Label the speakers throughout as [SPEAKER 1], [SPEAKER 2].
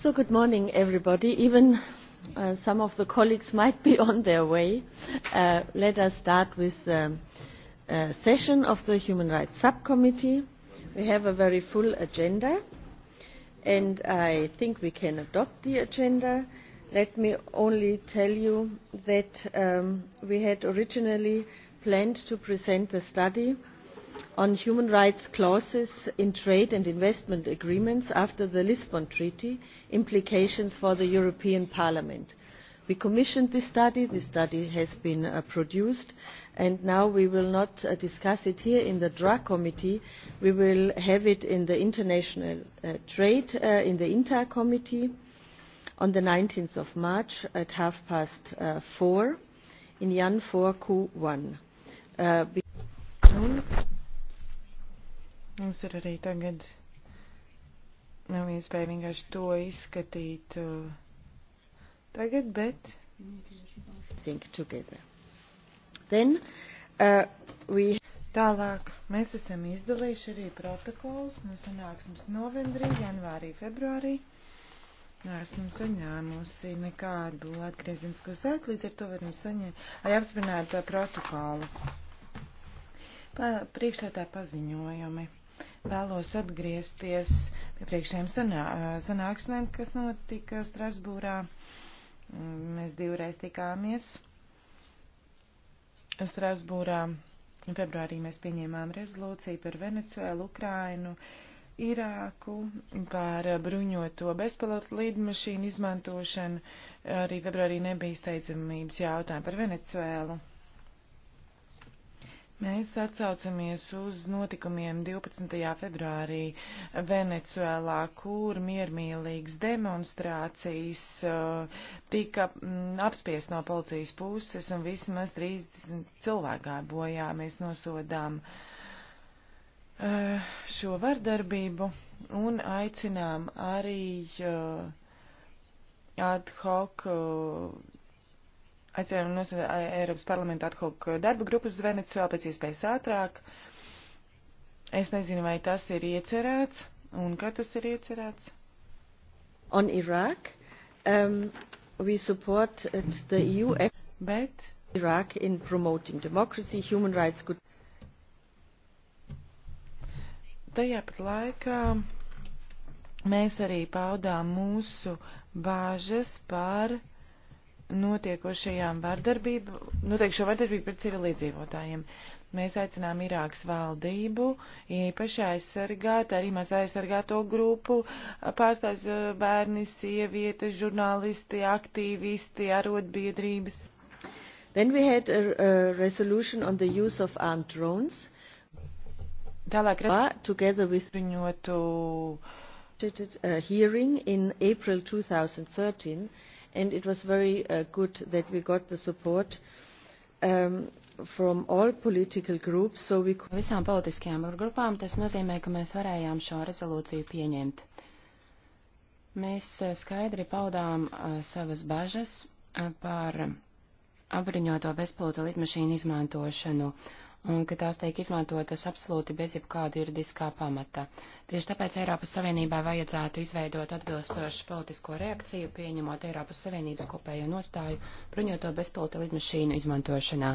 [SPEAKER 1] So good morning, everybody. Even uh, some of the colleagues might be on their way. Uh, let us start with the uh, session of the Human Rights Subcommittee. We have a very full agenda, and I think we can adopt the agenda. Let me only tell you that um, we had originally planned to present the study uh, on human rights clauses in trade and investment agreements after the lisbon treaty implications for the european parliament. we commissioned this study the study has been uh, produced and now we will not uh, discuss it here in the drug committee we will have it in the international uh, trade uh, in the inter committee on the 19th of march at half past uh, four in yan 4q1 uh,
[SPEAKER 2] Mums ir arī tagad nav iespēja vienkārši to izskatīt uh, tagad, bet. Think together. Then, uh, we... Tālāk mēs esam izdalījuši arī protokols no nu, sanāksmes novembrī, janvārī, februārī. Nu, esmu saņēmusi nekādu atgriezinisko saiti, līdz ar to varam saņemt, arī apsprināt protokolu. Pa, priekšētā paziņojumi. Vēlos atgriezties pie priekšējiem sanā, sanāksmēm, kas notika Strasbūrā. Mēs divreiz tikāmies Strasbūrā. Februārī mēs pieņēmām rezolūciju par Venecuēlu, Ukrainu, Irāku, par bruņoto bezpilotu lidmašīnu izmantošanu. Arī februārī nebija steidzamības jautājumi par Venecuēlu. Mēs atsaucamies uz notikumiem 12. februārī Venecuēlā, kur miermīlīgas demonstrācijas uh, tika mm, apspies no policijas puses un vismaz 30 cilvēku gāja bojā. Mēs nosodām uh, šo vardarbību un aicinām arī uh, ad hoc. Uh, Aicinām nosaukt eh, Eiropas parlamenta atkūk darba grupas uz Venecijā pēc iespējas ātrāk. Es nezinu, vai tas ir iecerēts un kad tas ir iecerēts.
[SPEAKER 1] On Iraq, um, we support uh, the EU bet Iraq in promoting democracy, human rights, good.
[SPEAKER 2] Tajā pat laikā mēs arī paudām mūsu bāžas par uh, notiekošajām vardarbību, notiekšo vardarbību pret civilīdzīvotājiem. Mēs aicinām Irākas valdību īpaši aizsargāt arī maz aizsargāto grupu pārstāvis eh, bērni, sievietes, žurnālisti, aktīvisti, arotbiedrības. Then we had a, a resolution on the use of armed drones.
[SPEAKER 1] Tālāk, together with viņotu uh, hearing in April 2013 and it was very uh, good that we
[SPEAKER 3] got the support um, from all political groups. So we could... Visām politiskajām grupām tas nozīmē, ka mēs varējām šo rezolūciju pieņemt. Mēs uh, skaidri paudām uh, savas bažas uh, par apbruņoto bezpilota lidmašīnu izmantošanu uh, un ka tās tiek izmantotas absolūti bez jebkāda juridiskā pamata. Tieši tāpēc Eiropas Savienībā vajadzētu izveidot atbilstošu politisko reakciju, pieņemot Eiropas Savienības kopējo nostāju bruņoto bezpilota lidmašīnu izmantošanā.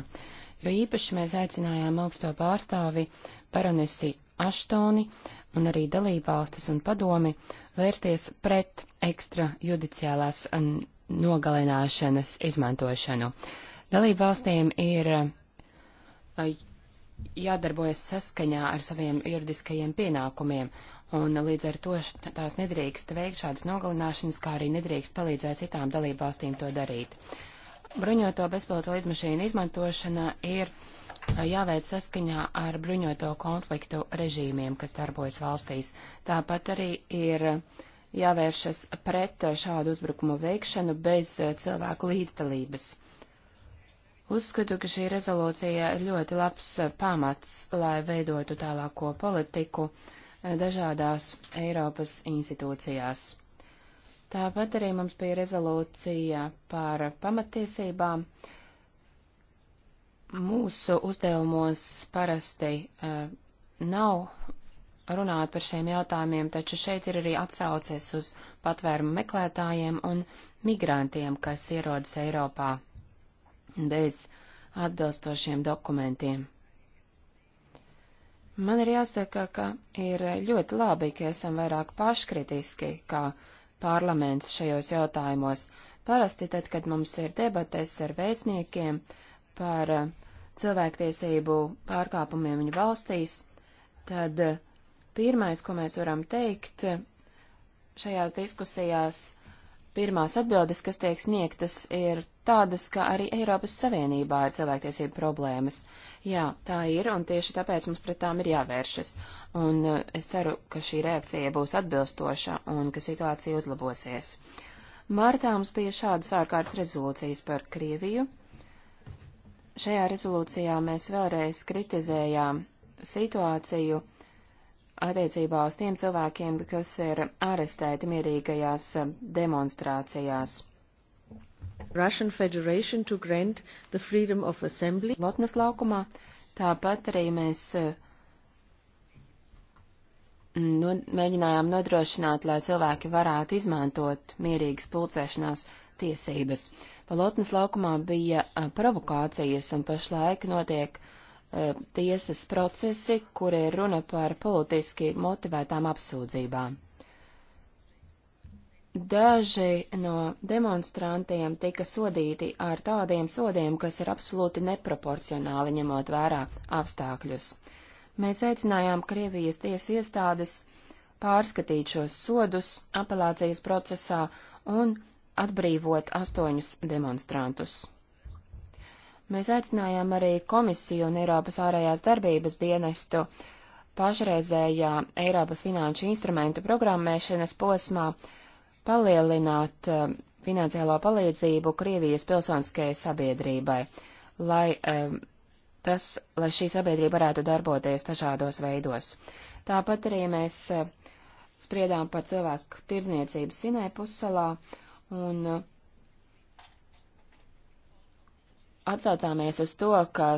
[SPEAKER 3] Jo īpaši mēs aicinājām augsto pārstāvi Paronesi Aštoni un arī dalībvalstis un padomi vērsties pret ekstrajudiciālās nogalināšanas izmantošanu. Dalībvalstīm ir jādarbojas saskaņā ar saviem juridiskajiem pienākumiem, un līdz ar to tās nedrīkst veikt šādas nogalināšanas, kā arī nedrīkst palīdzēt citām dalībvalstīm to darīt. Bruņoto bezpilota lidmašīnu izmantošana ir jāveic saskaņā ar bruņoto konfliktu režīmiem, kas darbojas valstīs. Tāpat arī ir jāvēršas pret šādu uzbrukumu veikšanu bez cilvēku līdzdalības. Uzskatu, ka šī rezolūcija ir ļoti labs eh, pamats, lai veidotu tālāko politiku eh, dažādās Eiropas institūcijās. Tāpat arī mums bija rezolūcija par pamatiesībām. Mūsu uzdevumos parasti uh, nav runāt par šiem jautājumiem, taču šeit ir arī atsaucies uz patvērumu meklētājiem un migrantiem, kas ierodas Eiropā bez atbilstošiem dokumentiem. Man ir jāsaka, ka ir ļoti labi, ka esam vairāk paškritiski kā parlaments šajos jautājumos. Parasti tad, kad mums ir debates ar vēstniekiem par cilvēktiesību pārkāpumiem viņu valstīs, tad pirmais, ko mēs varam teikt šajās diskusijās, Pirmās atbildes, kas tiek sniegtas, ir tādas, ka arī Eiropas Savienībā ir cilvēktiesība problēmas. Jā, tā ir, un tieši tāpēc mums pret tām ir jāvēršas. Un eh, es ceru, ka šī reakcija būs atbilstoša un ka situācija uzlabosies. Martā mums bija šādas ārkārtas rezolūcijas par Krieviju. Šajā rezolūcijā mēs vēlreiz kritizējām situāciju attiecībā uz tiem cilvēkiem, kas ir arestēti mierīgajās demonstrācijās. Russian Federation to grant the freedom of assembly. Lotnes laukumā tāpat arī mēs mm, no, mēģinājām nodrošināt, lai cilvēki varētu izmantot mierīgas pulcēšanās tiesības. Palotnes laukumā bija provokācijas un pašlaik notiek uh, Eh, tiesas procesi, kur ir runa par politiski motivētām apsūdzībām. Daži no demonstrantiem tika sodīti ar tādiem sodiem, kas ir absolūti neproporcionāli ņemot vērā apstākļus. Mēs aicinājām Krievijas tiesu iestādes pārskatīt šos sodus apelācijas procesā un atbrīvot astoņus demonstrantus. Mēs aicinājām arī komisiju un Eiropas ārējās darbības dienestu pašreizējā Eiropas finanšu instrumentu programmēšanas posmā palielināt uh, finansiālo palīdzību Krievijas pilsoniskajai sabiedrībai, lai, um, tas, lai šī sabiedrība varētu darboties dažādos veidos. Tāpat arī mēs uh, spriedām par cilvēku tirdzniecību Sinai pussalā un uh, atsaucāmies uz to, ka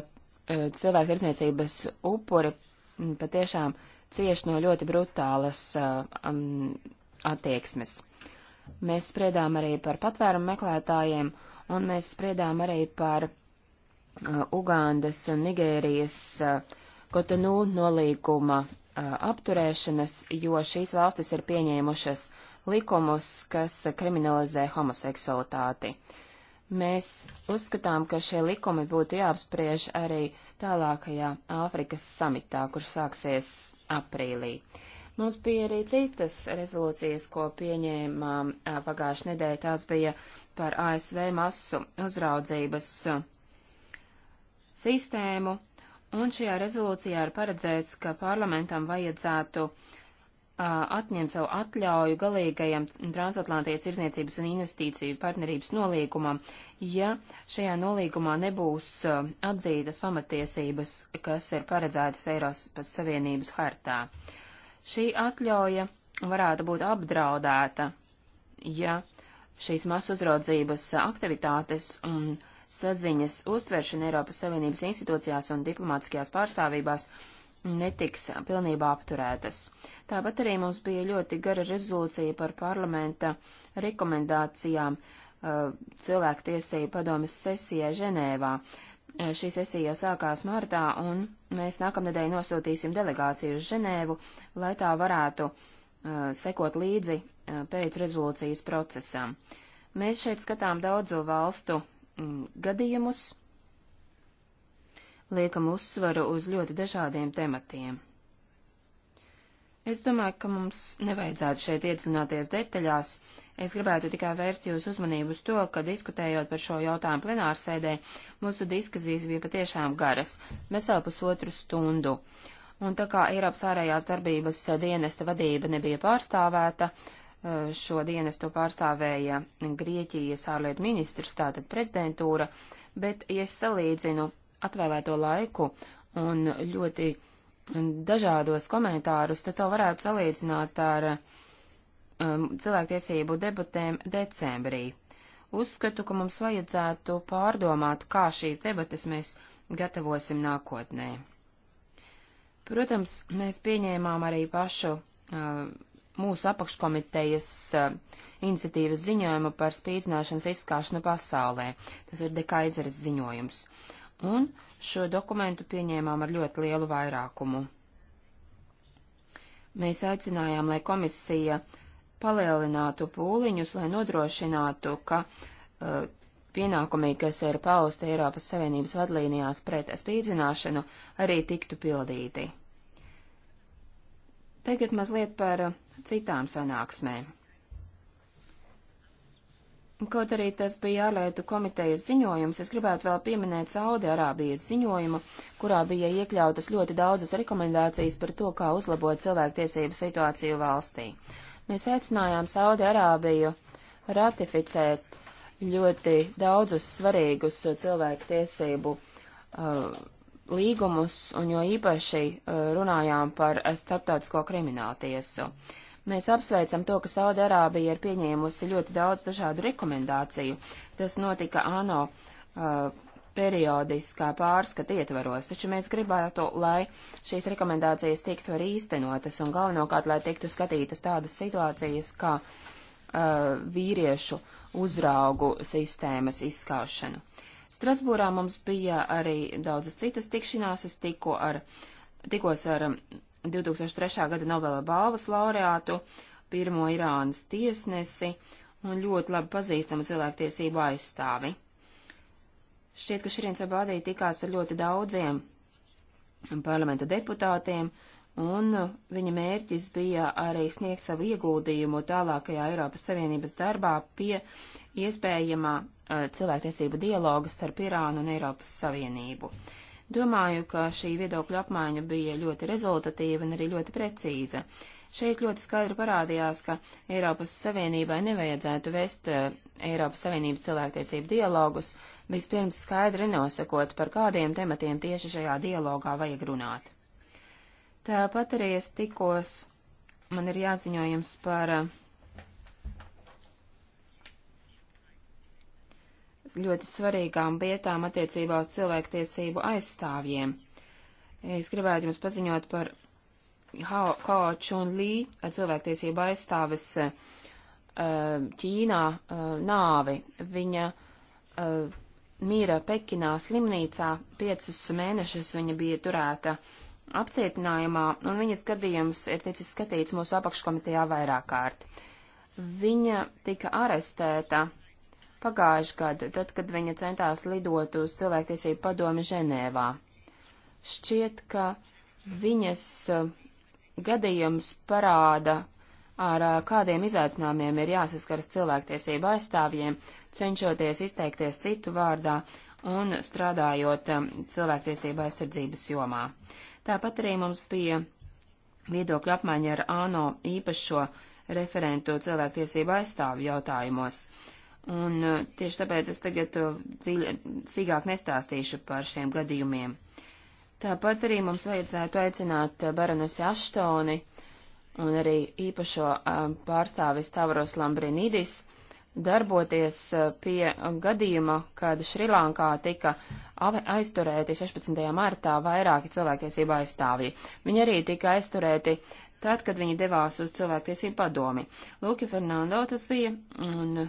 [SPEAKER 3] e, cilvēku tirsniecības upuri patiešām cieš no ļoti brutālas um, attieksmes. Mēs spriedām arī par patvērumu meklētājiem, un mēs spriedām arī par uh, Ugandas un Nigērijas uh, Kotonu nolīguma uh, apturēšanas, jo šīs valstis ir pieņēmušas likumus, kas kriminalizē homoseksualitāti. Uh, Mēs uzskatām, ka šie likumi būtu jāapspriež arī tālākajā Āfrikas samitā, kurš sāksies aprīlī. Mums bija arī citas rezolūcijas, ko pieņēmām pagājušajā nedēļā. Tās bija par ASV masu uzraudzības sistēmu, un šajā rezolūcijā ir paredzēts, ka parlamentam vajadzētu uh, atņemt savu atļauju galīgajam transatlantijas izniecības un investīciju partnerības nolīgumam, ja šajā nolīgumā nebūs atzītas pamatiesības, kas ir paredzētas Eiropas Savienības hartā. Šī atļauja varētu būt apdraudēta, ja šīs masu uzraudzības aktivitātes un saziņas uztveršana Eiropas Savienības institūcijās un diplomātiskajās pārstāvībās uh, netiks pilnībā apturētas. Tāpat arī mums bija ļoti gara rezolūcija par parlamenta rekomendācijām uh, cilvēktiesību padomas sesijai Ženēvā. Uh, šī sesija jau sākās martā, un mēs nākamnedēļ nosūtīsim delegāciju uz Ženēvu, lai tā varētu uh, sekot līdzi uh, pēc rezolūcijas procesam. Mēs šeit skatām daudzu valstu mm, gadījumus, liekam uzsvaru uz ļoti dažādiem tematiem. Es domāju, ka mums nevajadzētu šeit iedziļināties detaļās. Es gribētu tikai vērst jūs uzmanību uz to, ka diskutējot par šo jautājumu plenārsēdē, mūsu diskusijas bija patiešām garas, veselu pusotru stundu. Un tā kā Eiropas ārējās darbības dienesta vadība nebija pārstāvēta, eh, šo dienestu pārstāvēja Grieķijas ārlietu ministrs, tātad prezidentūra, bet, ja es salīdzinu atvēlēto laiku un ļoti dažādos komentārus, tad to varētu salīdzināt ar um, cilvēktiesību debatēm decembrī. Uzskatu, ka mums vajadzētu pārdomāt, kā šīs debates mēs gatavosim nākotnē. Protams, mēs pieņēmām arī pašu uh, mūsu apakškomitejas uh, iniciatīvas ziņojumu par spīdzināšanas izskāšanu pasaulē. Tas ir dekaizeres ziņojums un šo dokumentu pieņēmām ar ļoti lielu vairākumu. Mēs aicinājām, lai komisija palielinātu pūliņus, lai nodrošinātu, ka uh, pienākumi, kas ir pausti Eiropas Savienības vadlīnijās pret spīdzināšanu, arī tiktu pildīti. Tagad mazliet par citām sanāksmēm. Kaut arī tas bija ārlietu komitejas ziņojums, es gribētu vēl pieminēt Saudi Arābijas ziņojumu, kurā bija iekļautas ļoti daudzas rekomendācijas par to, kā uzlabot cilvēktiesību situāciju valstī. Mēs aicinājām Saudi Arābiju ratificēt ļoti daudzus svarīgus cilvēktiesību uh, līgumus, un jo īpaši uh, runājām par starptautisko krimināltiesu. tiesu. Mēs apsveicam to, ka Saudarābija ir pieņēmusi ļoti daudz dažādu rekomendāciju. Tas notika ANO uh, periodiskā pārskata ietvaros, taču mēs gribētu, lai šīs rekomendācijas tiktu arī īstenotas un galvenokārt, lai tiktu skatītas tādas situācijas, kā uh, vīriešu uzraugu sistēmas izskaušanu. Strasbūrā mums bija arī daudzas citas tikšanās, es tiku ar, tikos ar 2003. gada Nobela balvas laureātu, pirmo Irānas tiesnesi un ļoti labi pazīstamu cilvēktiesību aizstāvi. Šķiet, ka Širins Abādī tikās ar ļoti daudziem parlamenta deputātiem, un viņa mērķis bija arī sniegt savu ieguldījumu tālākajā Eiropas Savienības darbā pie iespējamā eh, cilvēktiesību dialoga starp Irānu un Eiropas Savienību. Uh, Domāju, ka šī viedokļa apmaiņa bija ļoti rezultatīva un arī ļoti precīza. Šeit ļoti skaidri parādījās, ka Eiropas Savienībai nevajadzētu vest eh, Eiropas Savienības cilvēktiesību dialogus, vispirms skaidri nosakot, par kādiem tematiem tieši šajā dialogā vajag runāt. Tāpat arī es tikos, man ir jāziņojums par uh, ļoti svarīgām lietām attiecībā uz cilvēktiesību aizstāvjiem. Es gribētu jums paziņot par Kao Čunlī, cilvēktiesību aizstāves eh, Ķīnā eh, nāvi. Viņa eh, mīra Pekinā slimnīcā, piecus mēnešus viņa bija turēta apcietinājumā, un viņas gadījums ir ticis skatīts mūsu apakškomitejā vairāk kārt. Viņa tika arestēta pagājuši gadu, tad, kad viņa centās lidot uz cilvēktiesību padomi Ženēvā. Šķiet, ka viņas eh, gadījums parāda, ar eh, kādiem izaicinājumiem ir jāsaskaras cilvēktiesību aizstāvjiem, cenšoties izteikties citu vārdā un strādājot eh, cilvēktiesību aizsardzības jomā. Tāpat arī mums bija viedokļu apmaiņa ar ANO īpašo referentu cilvēktiesību aizstāvu jautājumos. Uh, Un uh, tieši tāpēc es tagad uh, dziļi, sīkāk nestāstīšu par šiem gadījumiem. Tāpat arī mums vajadzētu aicināt uh, baronesi Aštoni un arī īpašo pārstāvis Tavros Lambrinidis darboties pie gadījuma, kad Šrilankā tika aizturēti 16. martā vairāki cilvēktiesība aizstāvji. Viņi arī tika aizturēti tad, kad viņi devās uz cilvēktiesību padomi. Lūki Fernando tas bija, un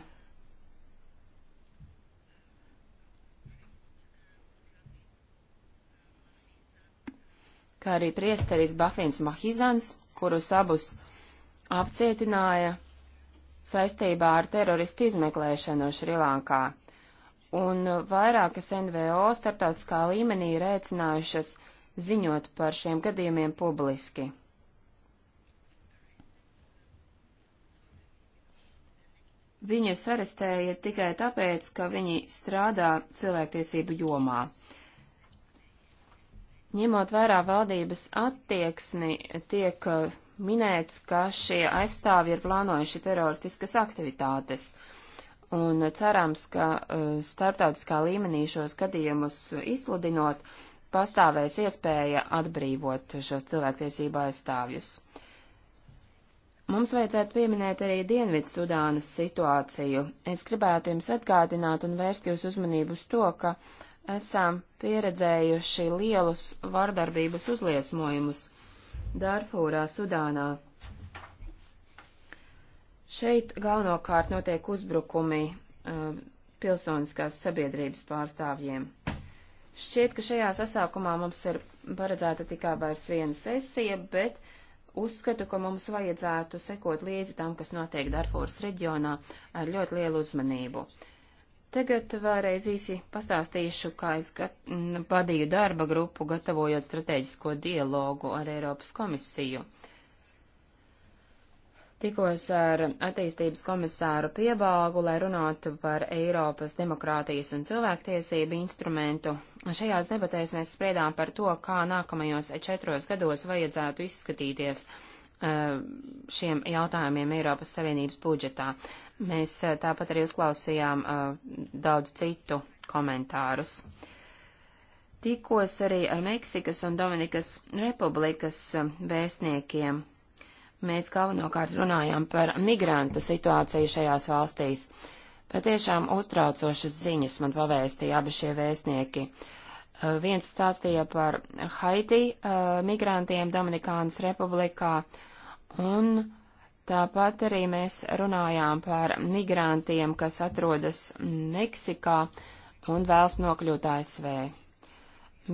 [SPEAKER 3] kā arī priesteris Bafins Mahizans, kurus abus apcietināja saistībā ar teroristu izmeklēšanu Šrilankā. Un vairākas NVO starptautiskā līmenī ir aicinājušas ziņot par šiem gadījumiem publiski. Viņus arestēja tikai tāpēc, ka viņi strādā cilvēktiesību jomā. Ņemot vērā valdības attieksmi, tiek uh, minēts, ka šie aizstāvi ir plānojuši teroristiskas aktivitātes. Un cerams, ka uh, starptautiskā līmenī šos gadījumus izsludinot, pastāvēs iespēja atbrīvot šos cilvēktiesību aizstāvjus. Mums vajadzētu pieminēt arī Dienvidu Sudānas situāciju. Es gribētu jums atgādināt un vērst jūs uzmanību uz to, ka esam pieredzējuši lielus vardarbības uzliesmojumus Darfūrā, Sudānā. Šeit galvenokārt notiek uzbrukumi uh, pilsoniskās sabiedrības pārstāvjiem. Šķiet, ka šajā sasākumā mums ir paredzēta tikai vairs viena sesija, bet uzskatu, ka mums vajadzētu sekot līdzi tam, kas notiek Darfūras reģionā ar ļoti lielu uzmanību. Uh, Tagad vēlreiz īsi pastāstīšu, kā es vadīju darba grupu, gatavojot strateģisko dialogu ar Eiropas komisiju. Tikos ar attīstības komisāru piebalgu, lai runātu par Eiropas demokrātijas un cilvēktiesību instrumentu. Šajās debatēs mēs spriedām par to, kā nākamajos četros gados vajadzētu izskatīties Eh, šiem jautājumiem Eiropas Savienības budžetā. Mēs eh, tāpat arī uzklausījām eh, daudz citu komentārus. Tikos arī ar Meksikas un Dominikas Republikas vēstniekiem. Mēs galvenokārt runājām par migrantu situāciju šajās valstīs. Patiešām uztraucošas ziņas man pavēstīja abi šie vēstnieki. Uh, Eh, viens stāstīja par Haiti eh, migrantiem Dominikānas republikā, un tāpat arī mēs runājām par migrantiem, kas atrodas Meksikā un vēlas nokļūt ASV.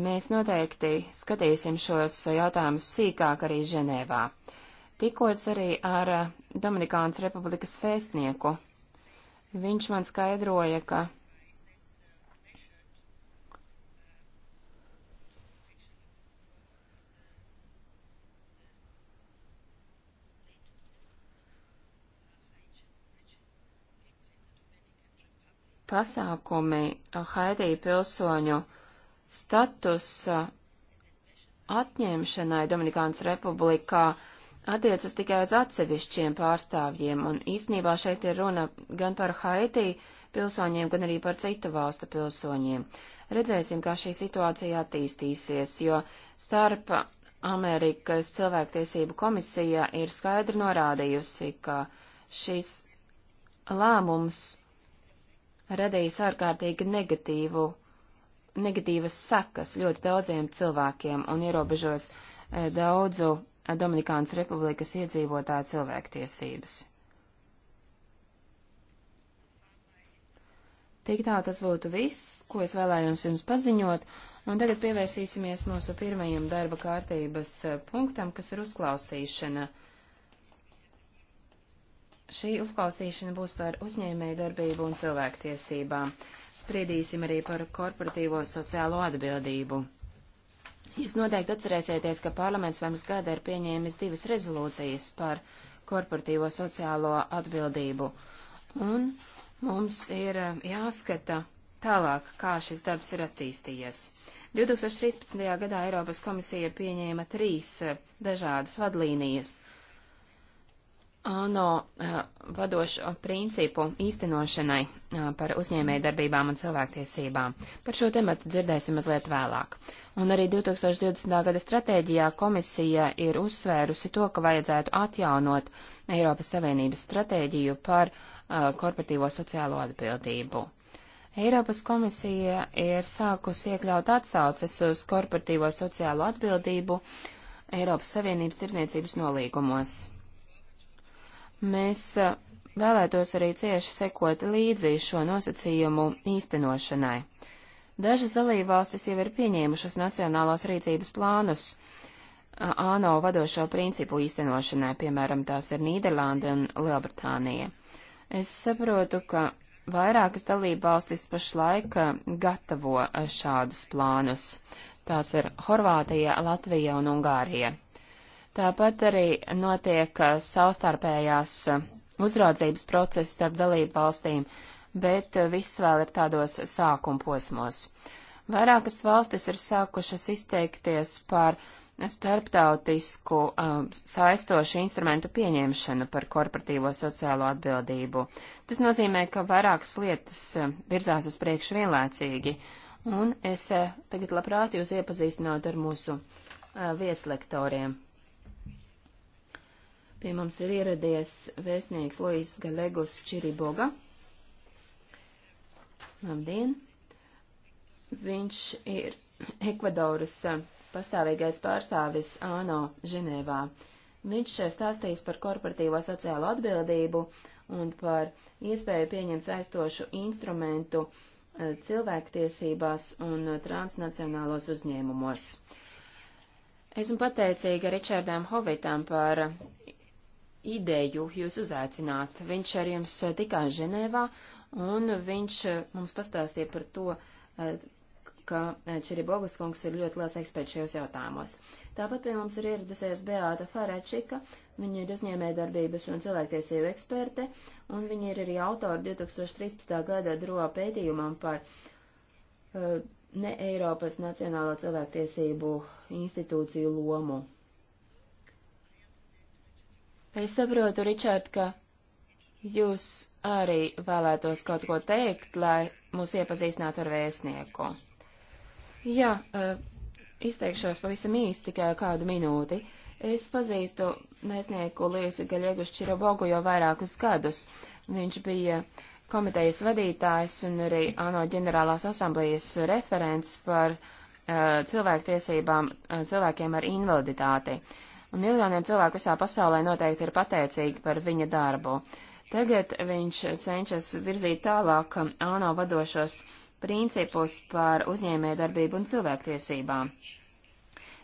[SPEAKER 3] Mēs noteikti skatīsim šos jautājumus sīkāk arī Ženēvā. Tikos arī ar Dominikānas republikas vēstnieku. Viņš man skaidroja, ka pasākumi eh, Haitī pilsoņu statusa eh, atņemšanai Dominikānas republikā attiecas tikai uz atsevišķiem pārstāvjiem, un īsnībā šeit ir runa gan par Haitī pilsoņiem, gan arī par citu valstu pilsoņiem. Redzēsim, kā šī situācija attīstīsies, jo starp Amerikas cilvēktiesību komisija ir skaidri norādījusi, ka šis lēmums radījis ārkārtīgi negatīvu, negatīvas sekas ļoti daudziem cilvēkiem un ierobežos e, daudzu Dominikānas republikas iedzīvotāju cilvēktiesības. Tik tā tas būtu viss, ko es vēlējos jums paziņot, un tagad pievērsīsimies mūsu pirmajam darba kārtības e, punktam, kas ir uzklausīšana. Šī uzklausīšana būs par uzņēmēju darbību un cilvēktiesībām. Spriedīsim arī par korporatīvo sociālo atbildību. Jūs noteikti atcerēsieties, ka parlaments pirms gada ir pieņēmis divas rezolūcijas par korporatīvo sociālo atbildību, un mums ir eh, jāskata tālāk, kā šis darbs ir attīstījies. 2013. gadā Eiropas komisija pieņēma trīs eh, dažādas vadlīnijas ANO eh, vadošo principu īstenošanai eh, par uzņēmējdarbībām un cilvēktiesībām. Par šo tematu dzirdēsim mazliet vēlāk. Un arī 2020. gada stratēģijā komisija ir uzsvērusi to, ka vajadzētu atjaunot Eiropas Savienības stratēģiju par uh, korporatīvo sociālo atbildību. Eiropas komisija ir sākusi iekļaut atsauces uz korporatīvo sociālo atbildību Eiropas Savienības tirdzniecības nolīgumos. Mēs vēlētos arī cieši sekot līdzi šo nosacījumu īstenošanai. Dažas dalībvalstis jau ir pieņēmušas nacionālos rīcības plānus ANO vadošo principu īstenošanai, piemēram, tās ir Nīderlanda un Lielbritānija. Es saprotu, ka vairākas dalībvalstis pašlaik gatavo šādus plānus. Tās ir Horvātija, Latvija un Ungārija. Tāpat arī notiek uh, savstarpējās uh, uzraudzības procesi starp dalību valstīm, bet uh, viss vēl ir tādos sākuma posmos. Vairākas valstis ir sākušas izteikties par starptautisku uh, saistošu instrumentu pieņemšanu par korporatīvo sociālo atbildību. Tas nozīmē, ka vairākas lietas virzās uz priekšu vienlaicīgi, un es uh, tagad labprāt jūs iepazīstinātu ar mūsu uh, vieslektoriem. Pie mums ir ieradies vēstnieks Lois Galegus Čiriboga. Labdien! Viņš ir Ekvadoras pastāvīgais pārstāvis ANO Ženēvā. Viņš stāstīs par korporatīvo sociālo atbildību un par iespēju pieņemt saistošu instrumentu eh, cilvēktiesībās un transnacionālos uzņēmumos. Esmu pateicīga Ričardām Hovitam par ideju jūs uzaicināt. Viņš ar jums eh, tikās Ženēvā, un viņš eh, mums pastāstīja par to, eh, ka Čiribogas kungs ir ļoti liels eksperts šajos jautājumos. Tāpat pie mums ir ieradusies Beāta Farečika, viņa ir uzņēmējdarbības un cilvēktiesību eksperte, un viņa ir arī autora 2013. gada droā pētījumam par uh, ne Eiropas Nacionālo cilvēktiesību institūciju lomu Es saprotu, Ričard, ka jūs arī vēlētos kaut ko teikt, lai mūs iepazīstinātu ar vēstnieku. Jā, eh, izteikšos pavisam īsti tikai kādu minūti. Es pazīstu vēstnieku Liesu Gaļiegu Šķirobogu jau vairākus gadus. Viņš bija komitejas vadītājs un arī ANO ģenerālās asamblējas referents par uh, cilvēktiesībām uh, cilvēkiem ar invaliditāti. Uh, un miljoniem cilvēku visā pasaulē noteikti ir pateicīgi par viņa darbu. Tagad viņš cenšas virzīt tālāk ANO vadošos principus par uzņēmē darbību un cilvēktiesībām.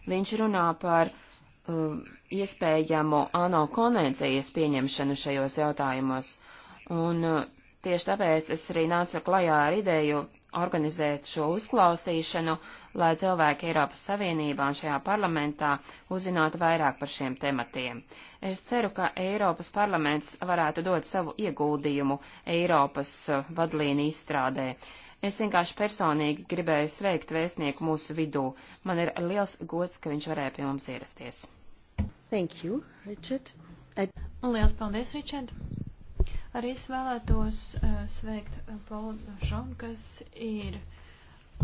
[SPEAKER 3] Viņš runā par uh, iespējamu ANO konvencijas pieņemšanu šajos jautājumos, un uh, tieši tāpēc es arī nācu klajā ar ideju organizēt šo uzklausīšanu, lai cilvēki Eiropas Savienībā un šajā parlamentā uzzinātu vairāk par šiem tematiem. Es ceru, ka Eiropas parlaments varētu dot savu ieguldījumu Eiropas uh, vadlīnu izstrādē. Es vienkārši personīgi gribēju sveikt vēstnieku mūsu vidū. Man ir liels gods, ka viņš varēja pie mums ierasties. Thank you, Richard.
[SPEAKER 4] I... Liels paldies, Richard. Arī es vēlētos uh, sveikt eh, Paulu Šonu, kas ir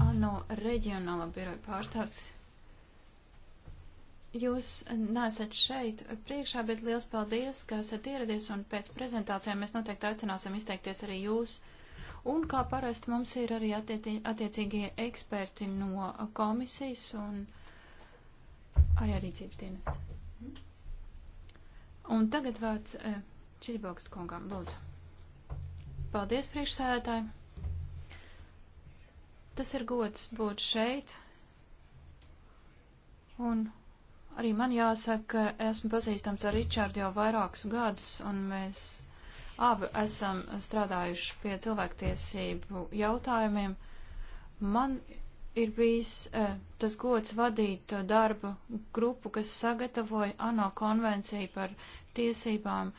[SPEAKER 4] ANO reģionāla biroja pārstāvs. Jūs nesat šeit priekšā, bet liels paldies, ka esat ieradies, un pēc prezentācijām mēs noteikti aicināsim izteikties arī jūs. Un kā parasti mums ir arī attieti, attiecīgie eksperti no komisijas un arī arī cības dienas. Un tagad vārds. Uh, Čiriboks kungam, lūdzu. Paldies, priekšsēdētāji. Tas ir gods būt šeit. Un arī man jāsaka, esmu pazīstams ar Ričārdu jau vairākus gadus, un mēs abi esam strādājuši pie cilvēktiesību jautājumiem. Man ir bijis eh, tas gods vadīt darbu grupu, kas sagatavoja ANO konvenciju par tiesībām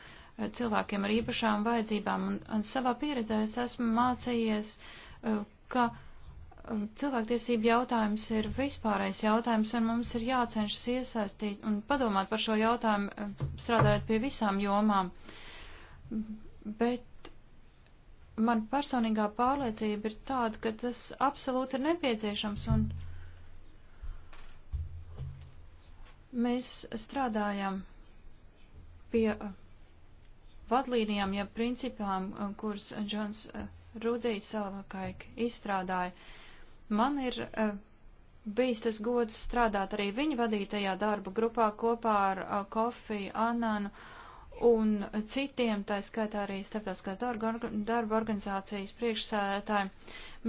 [SPEAKER 4] cilvēkiem ar īpašām vajadzībām. Un, un savā pieredzē es esmu mācījies, e, ka e, cilvēktiesību jautājums ir vispārējais jautājums, un mums ir jācenšas iesaistīt un padomāt par šo jautājumu, e, strādājot pie visām jomām. Bet man personīgā pārliecība ir tāda, ka tas absolūti ir nepieciešams, un mēs strādājam pie vadlīnijām, ja principām, um, kuras Džons uh, Rudijs savakaik izstrādāja. Man ir uh, bijis tas gods strādāt arī viņa vadītajā darba grupā kopā ar uh, Kofi, Ananu un citiem, tā skaitā arī starptautiskās darba organizācijas priekšsēdētāji.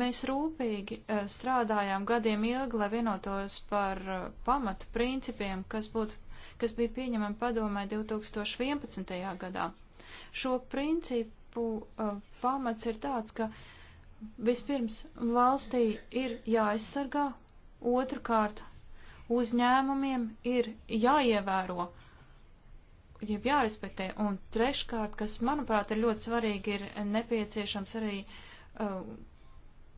[SPEAKER 4] Mēs rūpīgi strādājām gadiem ilgi, lai vienotos par pamatu principiem, kas, būtu, kas bija pieņemami padomē 2011. gadā. Šo principu uh, pamats ir tāds, ka vispirms valstī ir jāaizsargā, otrkārt uzņēmumiem ir jāievēro, jeb jārespektē, un treškārt, kas manuprāt ir ļoti svarīgi, ir nepieciešams arī uh,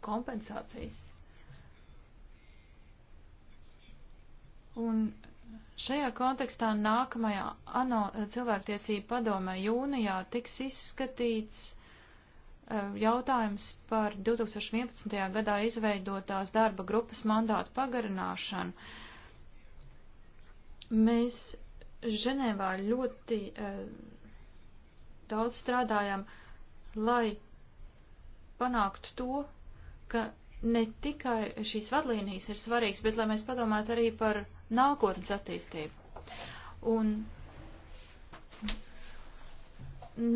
[SPEAKER 4] kompensācijas. Un Šajā kontekstā nākamajā ANO cilvēktiesība padomē jūnijā tiks izskatīts eh, jautājums par 2011. gadā izveidotās darba grupas mandātu pagarināšanu. Mēs Ženēvā ļoti eh, daudz strādājam, lai panāktu to, ka ne tikai šīs vadlīnijas ir svarīgas, bet lai mēs padomātu arī par nākotnes attīstību. Un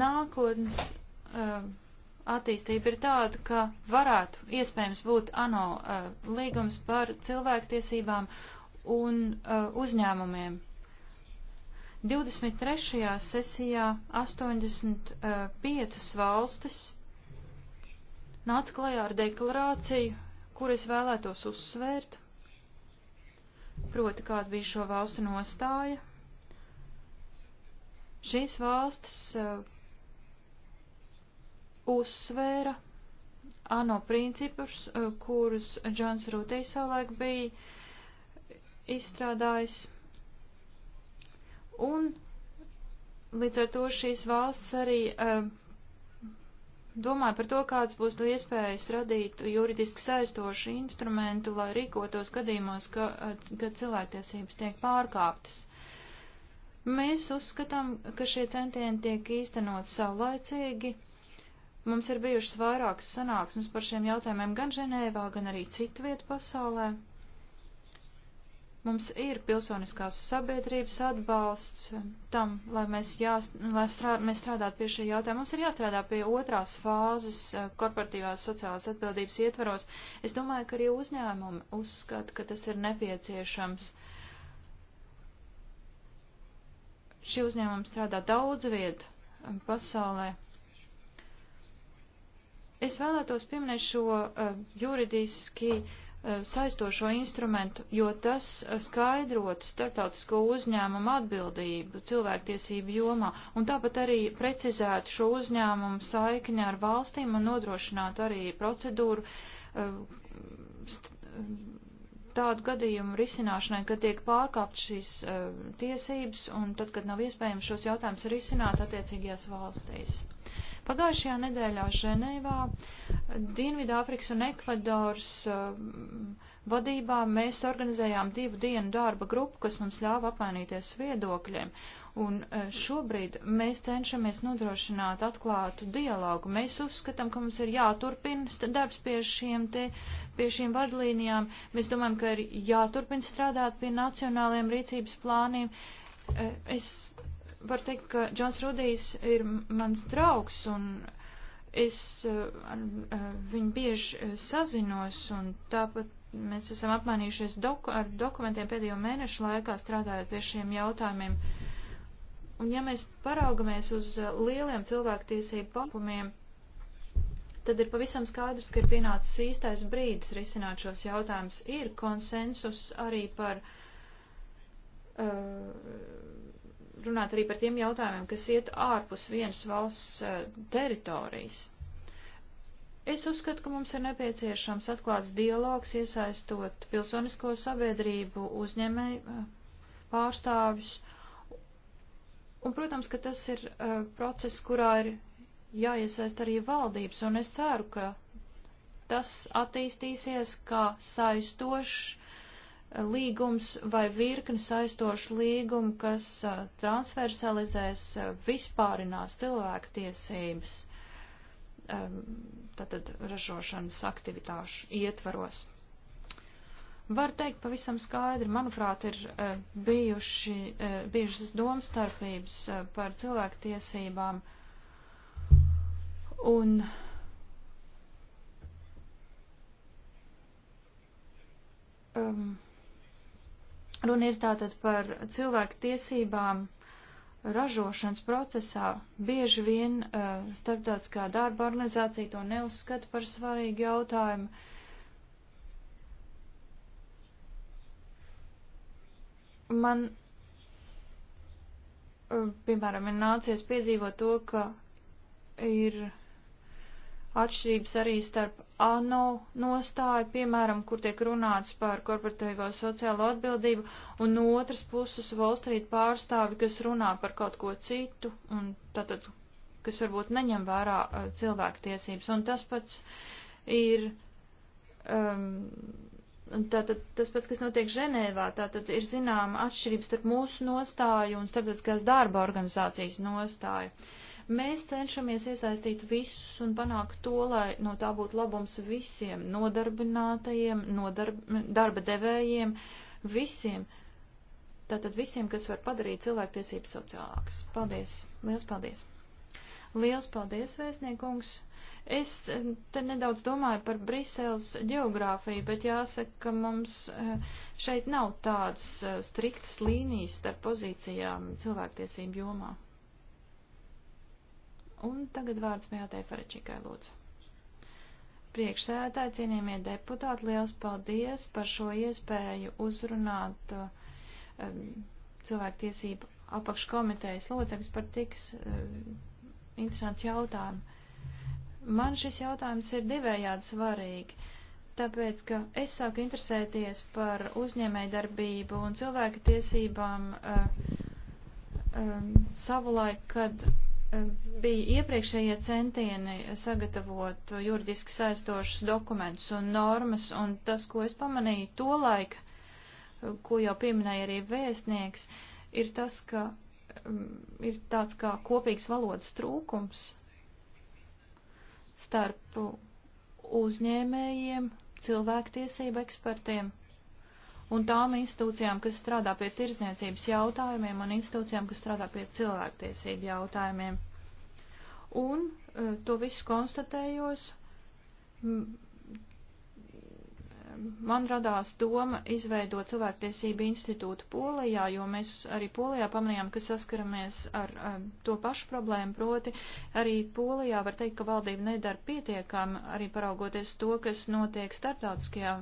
[SPEAKER 4] nākotnes uh, attīstība ir tāda, ka varētu iespējams būt ANO uh, līgums par cilvēktiesībām un uh, uzņēmumiem. 23. sesijā 85 uh, valstis nāca klajā ar deklarāciju, kur es vēlētos uzsvērt, proti kāda bija šo valstu nostāja. Šīs valstis uh, uzsvēra ANO principus, uh, kurus Džons Rūtīs savulaik bija izstrādājis. Un līdz ar to šīs valsts arī uh, domāju par to, kāds būs to iespējas radīt juridiski saistošu instrumentu, lai rīkotos gadījumos, ka, kad cilvēktiesības tiek pārkāptas. Mēs uzskatām, ka šie centieni tiek īstenot saulaicīgi. Mums ir bijušas vairākas sanāksmes par šiem jautājumiem gan Ženēvā, gan arī citu vietu pasaulē. Mums ir pilsoniskās sabiedrības atbalsts tam, lai mēs, jās, lai strā, mēs strādātu pie šī jautājuma. Mums ir jāstrādā pie otrās fāzes eh, korporatīvās sociālās atbildības ietvaros. Es domāju, ka arī uzņēmumi uzskata, ka tas ir nepieciešams. Šie uzņēmumi strādā daudz viet eh, pasaulē. Es vēlētos pieminēt šo uh, juridiski uh, Eh, saistošo instrumentu, jo tas eh, skaidrotu starptautisko uzņēmumu atbildību cilvēktiesību jomā un tāpat arī precizētu šo uzņēmumu saikni ar valstīm un nodrošinātu arī procedūru eh, tādu gadījumu risināšanai, kad tiek pārkāpt šīs tiesības un tad, kad nav iespējams šos jautājumus risināt attiecīgajās valstīs. Pagājušajā nedēļā Ženēvā Dienvidāfrikas un Ekvadors um, vadībā mēs organizējām divu dienu darba grupu, kas mums ļāva apmainīties viedokļiem. Un uh, šobrīd mēs cenšamies nodrošināt atklātu dialogu. Mēs uzskatām, ka mums ir jāturpina darbs pie šiem, te, pie šiem vadlīnijām. Mēs domājam, ka ir jāturpina strādāt pie nacionāliem rīcības plāniem. Uh, es var teikt, ka Džons Rudijs ir mans draugs un es uh, ar uh, viņu bieži uh, sazinos un tāpat mēs esam apmainījušies doku, ar dokumentiem pēdējo mēnešu laikā strādājot pie šiem jautājumiem. Un ja mēs paraugamies uz lieliem cilvēktiesību pakumiem, tad ir pavisam skaidrs, ka ir pienācis īstais brīdis risināt šos jautājumus. Ir konsensus arī par uh, runāt arī par tiem jautājumiem, kas iet ārpus vienas valsts eh, teritorijas. Es uzskatu, ka mums ir nepieciešams atklāts dialogs, iesaistot pilsonisko sabiedrību, uzņēmēju eh, pārstāvjus. Un, protams, ka tas ir uh, process, kurā ir jāiesaist arī valdības, un es ceru, ka tas attīstīsies kā saistošs līgums vai virkni saistošu līgumu, kas transversalizēs, vispārinās cilvēku tiesības tātad ražošanas aktivitāšu ietvaros. Var teikt pavisam skaidri, manuprāt, ir bijuši, bijušas domstarpības par cilvēku tiesībām un um, Runa ir tātad par cilvēku tiesībām ražošanas procesā. Bieži vien uh, starptautiskā darba organizācija to neuzskata par svarīgu jautājumu. Man, uh, piemēram, ir nācies piedzīvot to, ka ir atšķirības arī starp ANO nostāju, piemēram, kur tiek runāts par korporatīvo sociālo atbildību, un no otras puses Wall Street pārstāvi, kas runā par kaut ko citu, un tātad, kas varbūt neņem vērā uh, cilvēku tiesības. Un tas pats ir. Um, Tātad tas pats, kas notiek Ženēvā, tātad ir zināma atšķirības starp mūsu nostāju un starptautiskās darba organizācijas nostāju. Uh, Mēs cenšamies iesaistīt visus un panākt to, lai no tā būtu labums visiem nodarbinātajiem, nodarb, darba devējiem, visiem. Tātad visiem, kas var padarīt cilvēktiesības sociālākas. Paldies! Liels paldies! Liels paldies, vēstniekungs! Es eh, te nedaudz domāju par Briseles geogrāfiju, bet jāsaka, ka mums eh, šeit nav tādas eh, striktas līnijas starp pozīcijām cilvēktiesību jomā. Un tagad vārds Mjātei Faračikai lūdzu. Priekšsēdētāji, cienījamie deputāti, liels paldies par šo iespēju uzrunāt um, cilvēktiesību apakškomitejas locekļus par tiks um, interesantu jautājumu. Man šis jautājums ir divējādi svarīgi, tāpēc, ka es sāku interesēties par uzņēmēju darbību un cilvēka tiesībām uh, um, savulaik, kad bija iepriekšējie centieni sagatavot juridiski saistošus dokumentus un normas, un tas, ko es pamanīju to laika, ko jau pieminēja arī vēstnieks, ir tas, ka mm, ir tāds kā kopīgs valodas trūkums starp uzņēmējiem, cilvēktiesību ekspertiem un tām institūcijām, kas strādā pie tirzniecības jautājumiem un institūcijām, kas strādā pie cilvēktiesību jautājumiem. Un eh, to visu konstatējos, man radās doma izveidot cilvēktiesību institūtu Polijā, jo mēs arī Polijā pamanījām, ka saskaramies ar um, to pašu problēmu, proti arī Polijā var teikt, ka valdība nedara pietiekami, arī paraugoties to, kas notiek starptautiskajā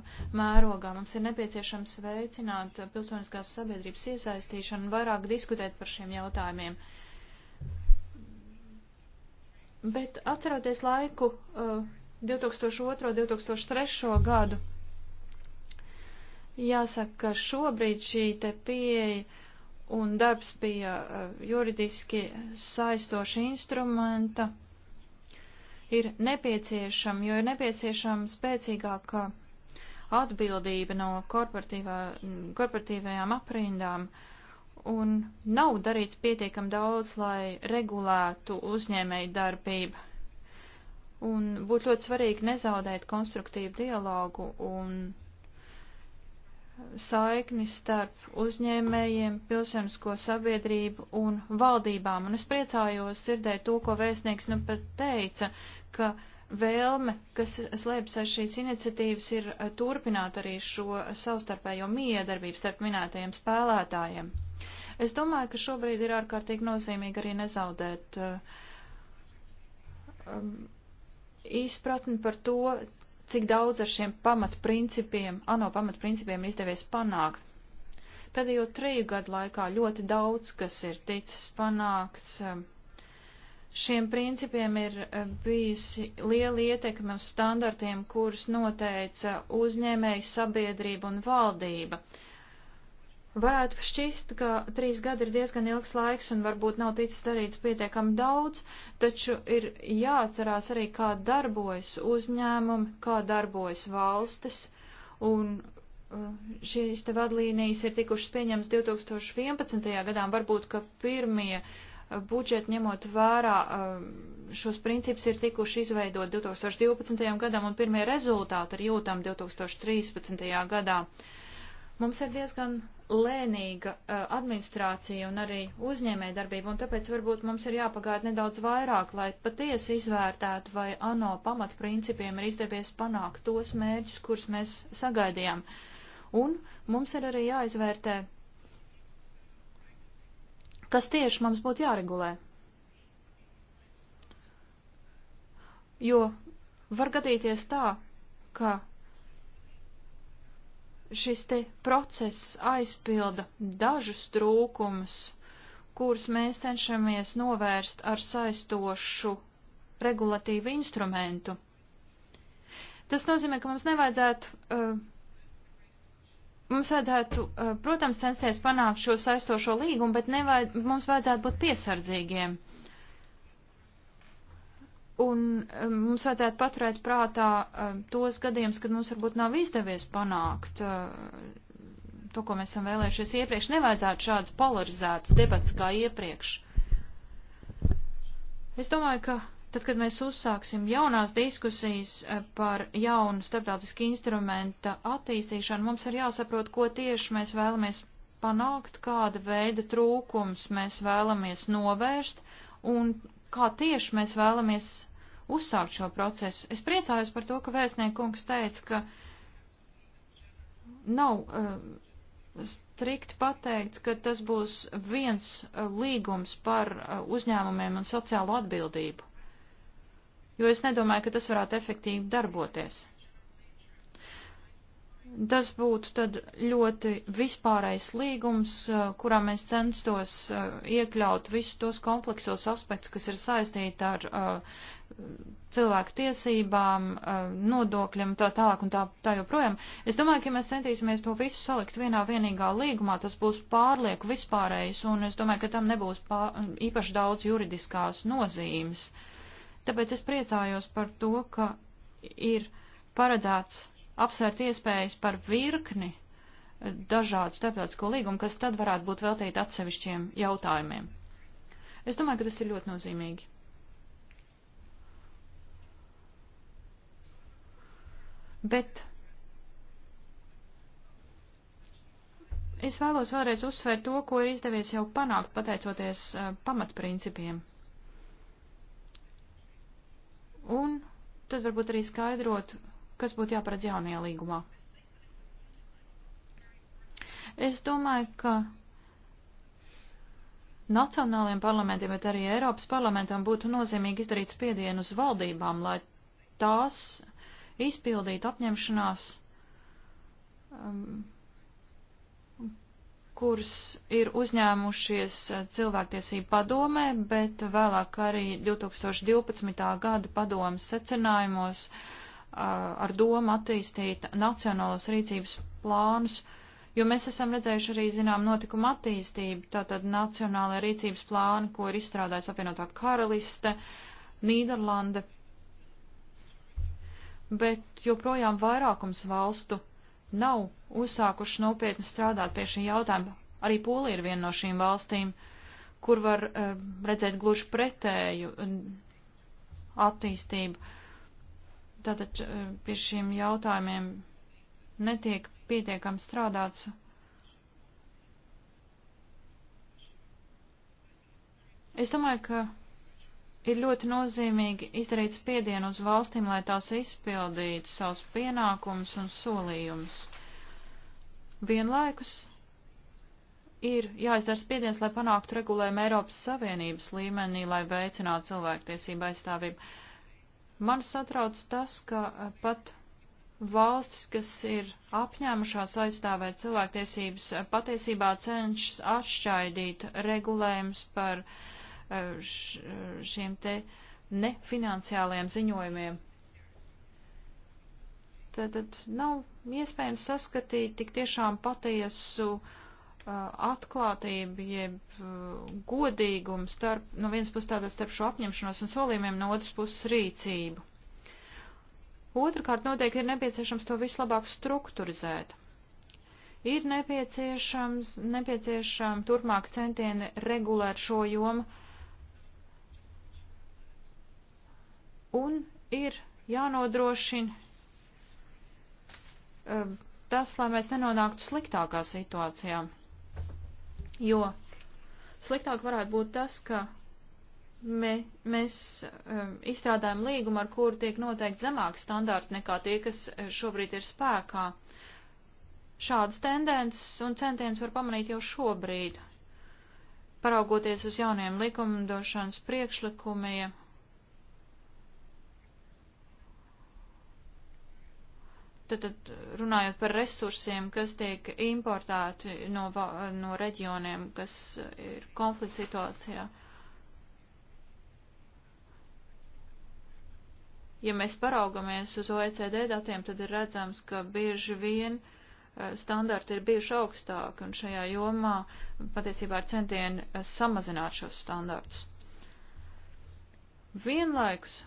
[SPEAKER 4] mērogā. Mums ir nepieciešams veicināt pilsoniskās sabiedrības iesaistīšanu un vairāk diskutēt par šiem jautājumiem. Bet atceroties laiku uh, 2002. 2003. gadu, Jāsaka, ka šobrīd šī te pieeja un darbs pie eh, juridiski saistoša instrumenta ir nepieciešama, jo ir nepieciešama spēcīgāka atbildība no korporatīvajām aprindām, un nav darīts pietiekam daudz, lai regulētu uzņēmēju darbību. Un būtu ļoti svarīgi nezaudēt konstruktīvu dialogu un saikni starp uzņēmējiem, pilsonisko sabiedrību un valdībām. Un es priecājos dzirdēt to, ko vēstnieks nu pat teica, ka vēlme, kas slēpjas aiz šīs iniciatīvas, ir eh, turpināt arī šo savstarpējo miedarbību starp minētajiem spēlētājiem. Es domāju, ka šobrīd ir ārkārtīgi nozīmīgi arī nezaudēt eh, um, izpratni par to, cik daudz ar šiem pamatprincipiem, ANO pamatprincipiem izdevies panākt. Pēdējo triju gadu laikā ļoti daudz, kas ir ticis panākts, um, šiem principiem ir um, bijusi liela ietekme uz standartiem, kurus noteica uzņēmēji, sabiedrība un valdība. Uh, Varētu šķist, ka trīs gadi ir diezgan ilgs laiks un varbūt nav ticis darīts pietiekami daudz, taču ir jāatcerās arī, kā darbojas uzņēmumi, kā darbojas valstis, un uh, šīs te vadlīnijas ir tikušas pieņems 2011. gadā, varbūt, ka pirmie uh, budžeti ņemot vērā uh, šos principus ir tikuši izveidot 2012. gadam un pirmie rezultāti ir jūtami 2013. gadā. Mums ir diezgan lēnīga uh, administrācija un arī uzņēmē darbība, un tāpēc varbūt mums ir jāpagaida nedaudz vairāk, lai patiesi izvērtētu, vai ANO pamatprincipiem ir izdevies panākt tos mērķus, kurus mēs sagaidījām. Un mums ir arī jāizvērtē, kas tieši mums būtu jāregulē. Jo var gadīties tā, ka šis te process aizpilda dažus trūkumus, kurus mēs cenšamies novērst ar saistošu regulatīvu instrumentu. Tas nozīmē, ka mums nevajadzētu, uh, mums vajadzētu, uh, protams, censties panākt šo saistošo līgumu, bet nevajad, mums vajadzētu būt piesardzīgiem. Uh, Un um, mums vajadzētu paturēt prātā um, tos gadījumus, kad mums varbūt nav izdevies panākt uh, to, ko mēs esam vēlējušies iepriekš. Nevajadzētu šāds polarizēts debats kā iepriekš. Es domāju, ka tad, kad mēs uzsāksim jaunās diskusijas uh, par jaunu starptautiski instrumenta attīstīšanu, mums ir jāsaprot, ko tieši mēs vēlamies panākt, kāda veida trūkums mēs vēlamies novērst un kā tieši mēs vēlamies uzsākt šo procesu. Es priecājos par to, ka vēstniekungs teica, ka nav uh, strikt pateikts, ka tas būs viens uh, līgums par uh, uzņēmumiem un sociālo atbildību, jo es nedomāju, ka tas varētu efektīvi darboties. Tas būtu tad ļoti vispārējs līgums, kurā mēs censtos iekļaut visus tos kompleksos aspektus, kas ir saistīti ar cilvēku tiesībām, nodokļiem, tā tālāk un tā, tā joprojām. Es domāju, ka ja mēs centīsimies to visu salikt vienā vienīgā līgumā, tas būs pārlieku vispārējs, un es domāju, ka tam nebūs pār, īpaši daudz juridiskās nozīmes. Tāpēc es priecājos par to, ka ir paredzēts apsvērt iespējas par virkni dažādu starptautisko līgumu, kas tad varētu būt veltīti atsevišķiem jautājumiem. Es domāju, ka tas ir ļoti nozīmīgi. Bet es vēlos vēlreiz uzsvērt to, ko ir izdevies jau panākt, pateicoties uh, pamatprincipiem. Un tad varbūt arī skaidrot, kas būtu jāparedz jaunajā līgumā. Es domāju, ka nacionāliem parlamentiem, bet arī Eiropas parlamentam būtu nozīmīgi izdarīt spiedienu uz valdībām, lai tās izpildītu apņemšanās, um, kuras ir uzņēmušies cilvēktiesību padomē, bet vēlāk arī 2012. gada padomas secinājumos uh, Uh, ar domu attīstīt nacionālos rīcības plānus, jo mēs esam redzējuši arī, zinām, notikuma attīstību, tātad nacionālajā rīcības plāni, ko ir izstrādājis apvienotā karaliste, Nīderlande, bet joprojām vairākums valstu nav uzsākuši nopietni strādāt pie šī jautājuma. Arī Polija ir viena no šīm valstīm, kur var uh, redzēt gluži pretēju uh, attīstību. Tātad eh, pie šiem jautājumiem netiek pietiekami strādāts. Es domāju, ka ir ļoti nozīmīgi izdarīt spiedienu uz valstīm, lai tās izpildītu savus pienākumus un solījumus. Vienlaikus ir jāizdara spiediens, lai panāktu regulējumu Eiropas Savienības līmenī, lai veicinātu cilvēktiesību aizstāvību. Man satrauc tas, ka eh, pat valstis, kas ir apņēmušās aizstāvēt cilvēktiesības, eh, patiesībā cenšas atšķaidīt regulējums par eh, šiem te nefinanciālajiem ziņojumiem. Tad, tad nav iespējams saskatīt tik tiešām patiesu uh, Uh, atklātība, jeb uh, godīgums starp, no vienas puses tāda starp šo apņemšanos un solījumiem, no otras puses rīcību. Otrakārt, noteikti ir nepieciešams to visu labāk strukturizēt. Ir nepieciešams, nepieciešams turpmāk centieni regulēt šo jomu, un ir jānodrošina um, tas, lai mēs nenonāktu sliktākā situācijā jo sliktāk varētu būt tas, ka me, mēs um, izstrādājam līgumu, ar kuru tiek noteikti zemāki standarti nekā tie, kas eh, šobrīd ir spēkā. Šādas tendences un centienus var pamanīt jau šobrīd. Paraugoties uz jauniem likumdošanas priekšlikumiem, Tātad runājot par resursiem, kas tiek importēti no, no reģioniem, kas ir konflikts situācijā. Ja mēs paraugamies uz OECD datiem, tad ir redzams, ka bieži vien eh, standarti ir bijuši augstāki, un šajā jomā patiesībā ir centieni samazināt šos standartus. Vienlaikus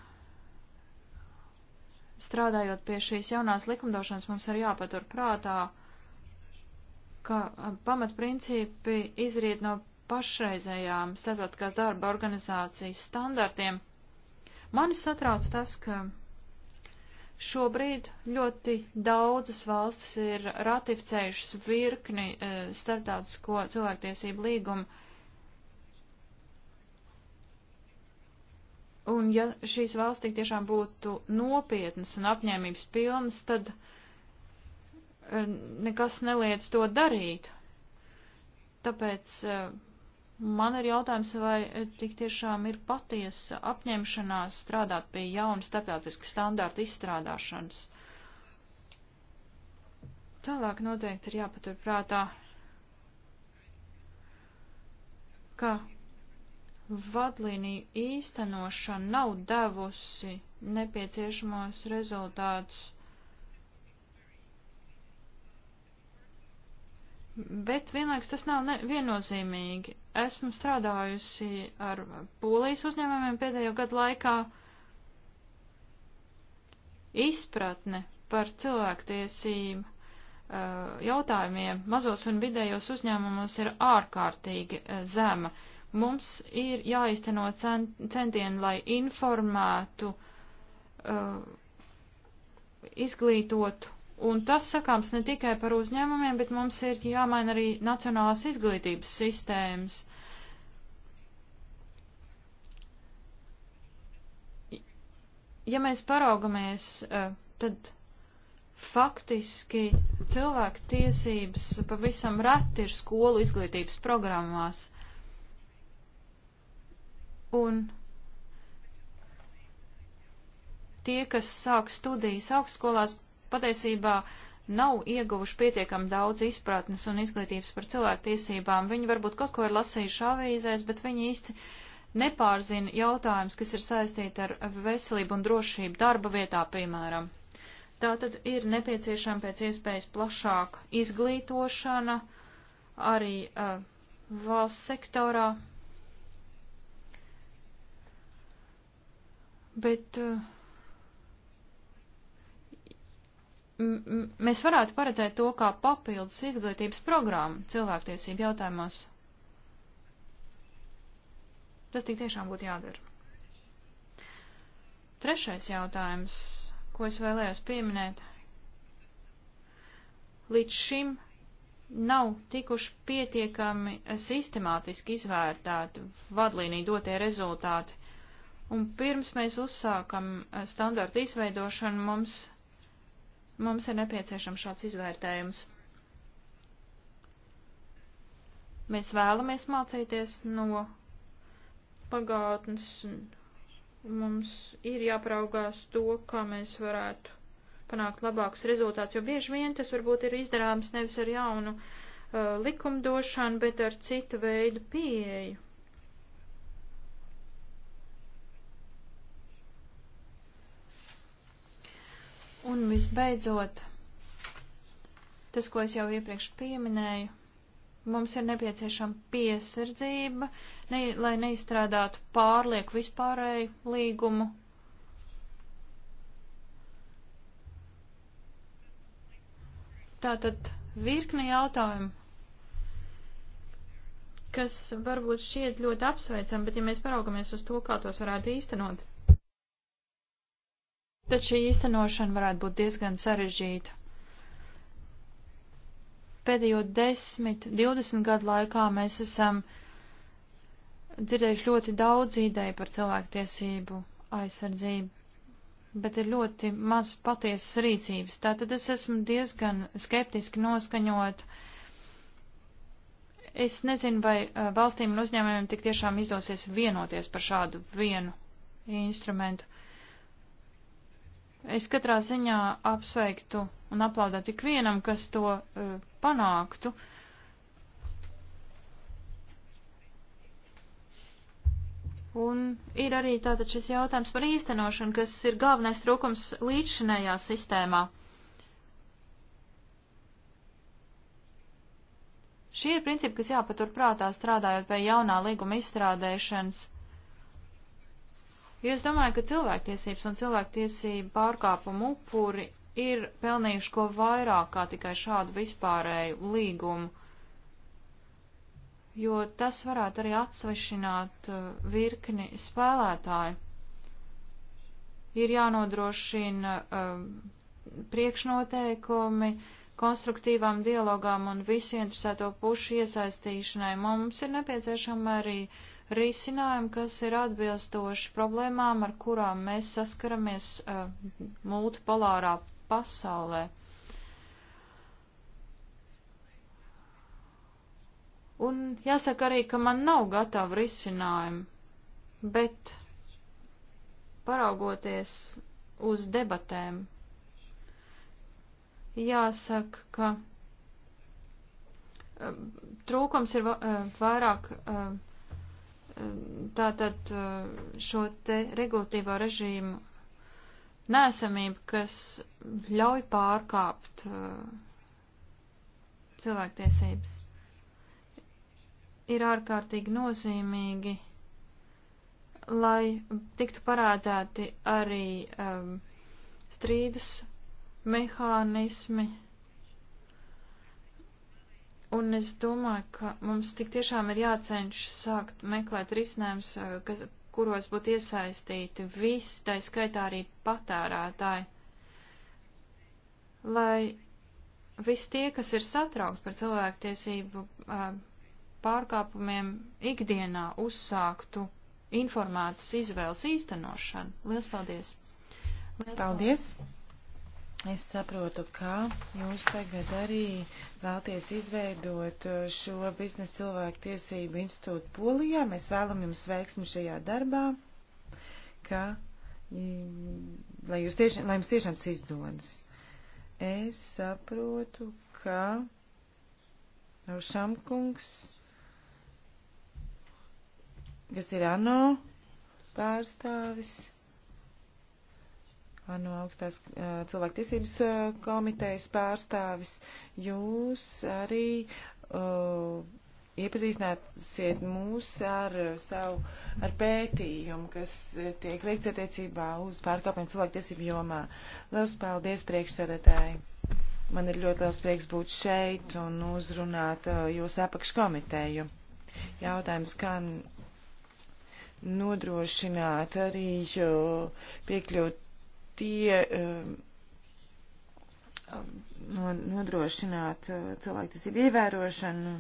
[SPEAKER 4] strādājot pie šīs jaunās likumdošanas, mums ir jāpatur prātā, ka pamatprincipi izriet no pašreizējām starptautiskās darba organizācijas standartiem. Mani satrauc tas, ka šobrīd ļoti daudzas valstis ir ratificējušas virkni e, starptautisko cilvēktiesību līgumu Un ja šīs valsts tik tiešām būtu nopietnas un apņēmības pilnas, tad e, nekas neliec to darīt. Tāpēc e, man ir jautājums, vai tik tiešām ir patiesa apņemšanās strādāt pie jaunu starptautisku standārtu izstrādāšanas. Tālāk noteikti ir jāpaturprātā, ka vadlīniju īstenošana nav devusi nepieciešamos rezultātus. Bet vienlaikus tas nav ne, viennozīmīgi. Esmu strādājusi ar polijas uzņēmumiem pēdējo gadu laikā. Izpratne par cilvēktiesību uh, jautājumiem mazos un vidējos uzņēmumos ir ārkārtīgi uh, zema. Uh, Mums ir jāizteno centieni, lai informētu, uh, izglītotu. Un tas sakāms ne tikai par uzņēmumiem, bet mums ir jāmaina arī nacionālās izglītības sistēmas. Ja mēs paraugamies, uh, tad faktiski cilvēku tiesības pavisam reti ir skolu izglītības programmās. Un tie, kas sāk studijas augstskolās, patiesībā nav ieguvuši pietiekam daudz izpratnes un izglītības par cilvēktiesībām. Viņi varbūt kaut ko ir lasījuši avīzēs, bet viņi īsti nepārzina jautājums, kas ir saistīti ar veselību un drošību darba vietā, piemēram. Tātad ir nepieciešama pēc iespējas plašāka izglītošana arī uh, valsts sektorā, Bet eh, mēs varētu paredzēt to kā papildus izglītības programmu cilvēktiesību jautājumos. Tas tik tiešām būtu jādara. Trešais jautājums, ko es vēlējos pieminēt. Līdz šim nav tikuši pietiekami sistemātiski izvērtēti vadlīniju dotie rezultāti. Un pirms mēs uzsākam eh, standartu izveidošanu, mums, mums ir nepieciešams šāds izvērtējums. Mēs vēlamies mācīties no pagātnes. Mums ir jāpraugās to, kā mēs varētu panākt labākus rezultātus, jo bieži vien tas varbūt ir izdarāms nevis ar jaunu uh, likumdošanu, bet ar citu veidu pieeju. Un visbeidzot, tas, ko es jau iepriekš pieminēju, mums ir nepieciešama piesardzība, ne, lai neizstrādātu pārlieku vispārēju līgumu. Tātad virkni jautājumu, kas varbūt šķiet ļoti apsveicami, bet ja mēs paraugamies uz to, kā tos varētu īstenot, Taču šī īstenošana varētu būt diezgan sarežģīta. Pēdējo 10, 20 gadu laikā mēs esam dzirdējuši ļoti daudz ideju par cilvēktiesību aizsardzību, bet ir ļoti maz patiesas rīcības. Tātad es esmu diezgan skeptiski noskaņot. Es nezinu, vai valstīm un uzņēmējiem tik tiešām izdosies vienoties par šādu vienu instrumentu. Es katrā ziņā apsveiktu un aplaudētu ikvienam, kas to uh, panāktu. Un ir arī tātad šis jautājums par īstenošanu, kas ir galvenais trūkums līdzšinējā sistēmā. Šie ir principi, kas jāpatur prātā strādājot pie jaunā līguma izstrādēšanas. Jo es domāju, ka cilvēktiesības un cilvēktiesība pārkāpuma upuri ir pelnījuši ko vairāk kā tikai šādu vispārēju līgumu, jo tas varētu arī atsvešināt uh, virkni spēlētāju. Ir jānodrošina um, priekšnoteikumi konstruktīvām dialogām un visu interesēto pušu iesaistīšanai. Mums ir nepieciešama arī uh, risinājumu, kas ir atbilstoši problēmām, ar kurām mēs saskaramies uh, multipolārā pasaulē. Un jāsaka arī, ka man nav gatava risinājuma, bet paraugoties uz debatēm, jāsaka, ka eh, trūkums ir eh, vairāk tātad eh, šo te regulatīvo režīmu nēsamību, kas ļauj pārkāpt eh, cilvēktiesības. Ir ārkārtīgi nozīmīgi, lai tiktu parādēti arī um, strīdus mehānismi, Un es domāju, ka mums tik tiešām ir jācenšas sākt meklēt risinājums, eh, kas, kuros būtu iesaistīti visi, tā skaitā arī patērētāji, lai visi tie, kas ir satraukti par cilvēktiesību eh, pārkāpumiem ikdienā uzsāktu informētas izvēles īstenošanu. Liels paldies!
[SPEAKER 2] Liels paldies! paldies. Es saprotu, ka jūs tagad arī vēlties izveidot eh, šo biznesa cilvēku tiesību institūtu Polijā. Mēs vēlam jums veiksmi šajā darbā, ka, mm, lai, jūs tieši, lai jums tiešām tas izdodas. Es saprotu, ka Šamkungs, kas ir ANO pārstāvis no augstās cilvēktiesības komitejas pārstāvis, jūs arī uh, iepazīstināsiet mūs ar savu ar pētījumu, kas tiek veikts attiecībā uz pārkāpumiem cilvēktiesību jomā. Liels paldies priekšsēdētāji! Man ir ļoti liels prieks būt šeit un uzrunāt uh, jūsu apakškomiteju. Jautājums, kā nodrošināt arī piekļūt tie um, um, nodrošināt uh, cilvēktiesību ievērošanu.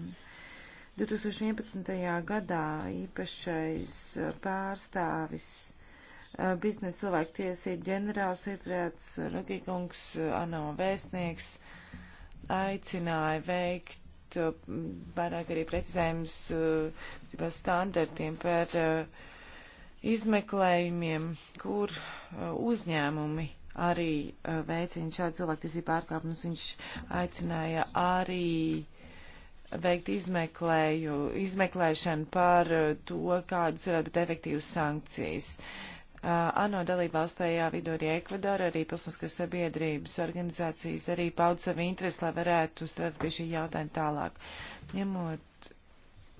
[SPEAKER 2] 2011. gadā īpašais uh, pārstāvis uh, biznesa cilvēktiesību ģenerāls sekretārts Rugikungs, ANO vēstnieks, aicināja veikt vairāk arī precizējums par standartiem par uh, izmeklējumiem, kur uh, uzņēmumi arī uh, veicina šādu cilvēktiesību pārkāpumus. Viņš aicināja arī veikt izmeklēju, izmeklēšanu par uh, to, kādas varētu būt efektīvas sankcijas. ANO dalībvalsts tajā vidū arī Ekvadora, arī pilsoniskās sabiedrības organizācijas arī paud savu interesi, lai varētu strādāt pie šī jautājuma tālāk. Ņemot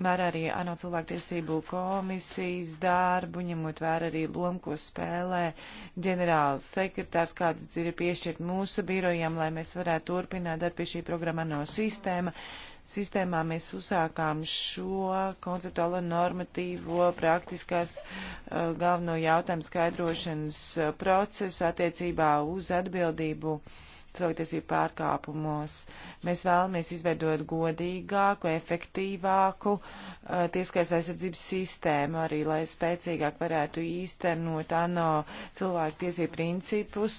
[SPEAKER 2] vērā arī ANO cilvēktiesību komisijas darbu, ņemot vērā arī lomu, ko spēlē ģenerāls sekretārs, kādas ir piešķirt mūsu birojam, lai mēs varētu turpināt darbu pie šī programma ANO sistēma. Sistēmā mēs uzsākām šo konceptuālo normatīvo praktiskās uh, galveno jautājumu skaidrošanas uh, procesu attiecībā uz atbildību. Uh, cilvēktiesību pārkāpumos. Mēs vēlamies izveidot godīgāku, efektīvāku uh, tieskais aizsardzības sistēmu, arī lai spēcīgāk varētu īstenot ANO cilvēktiesību principus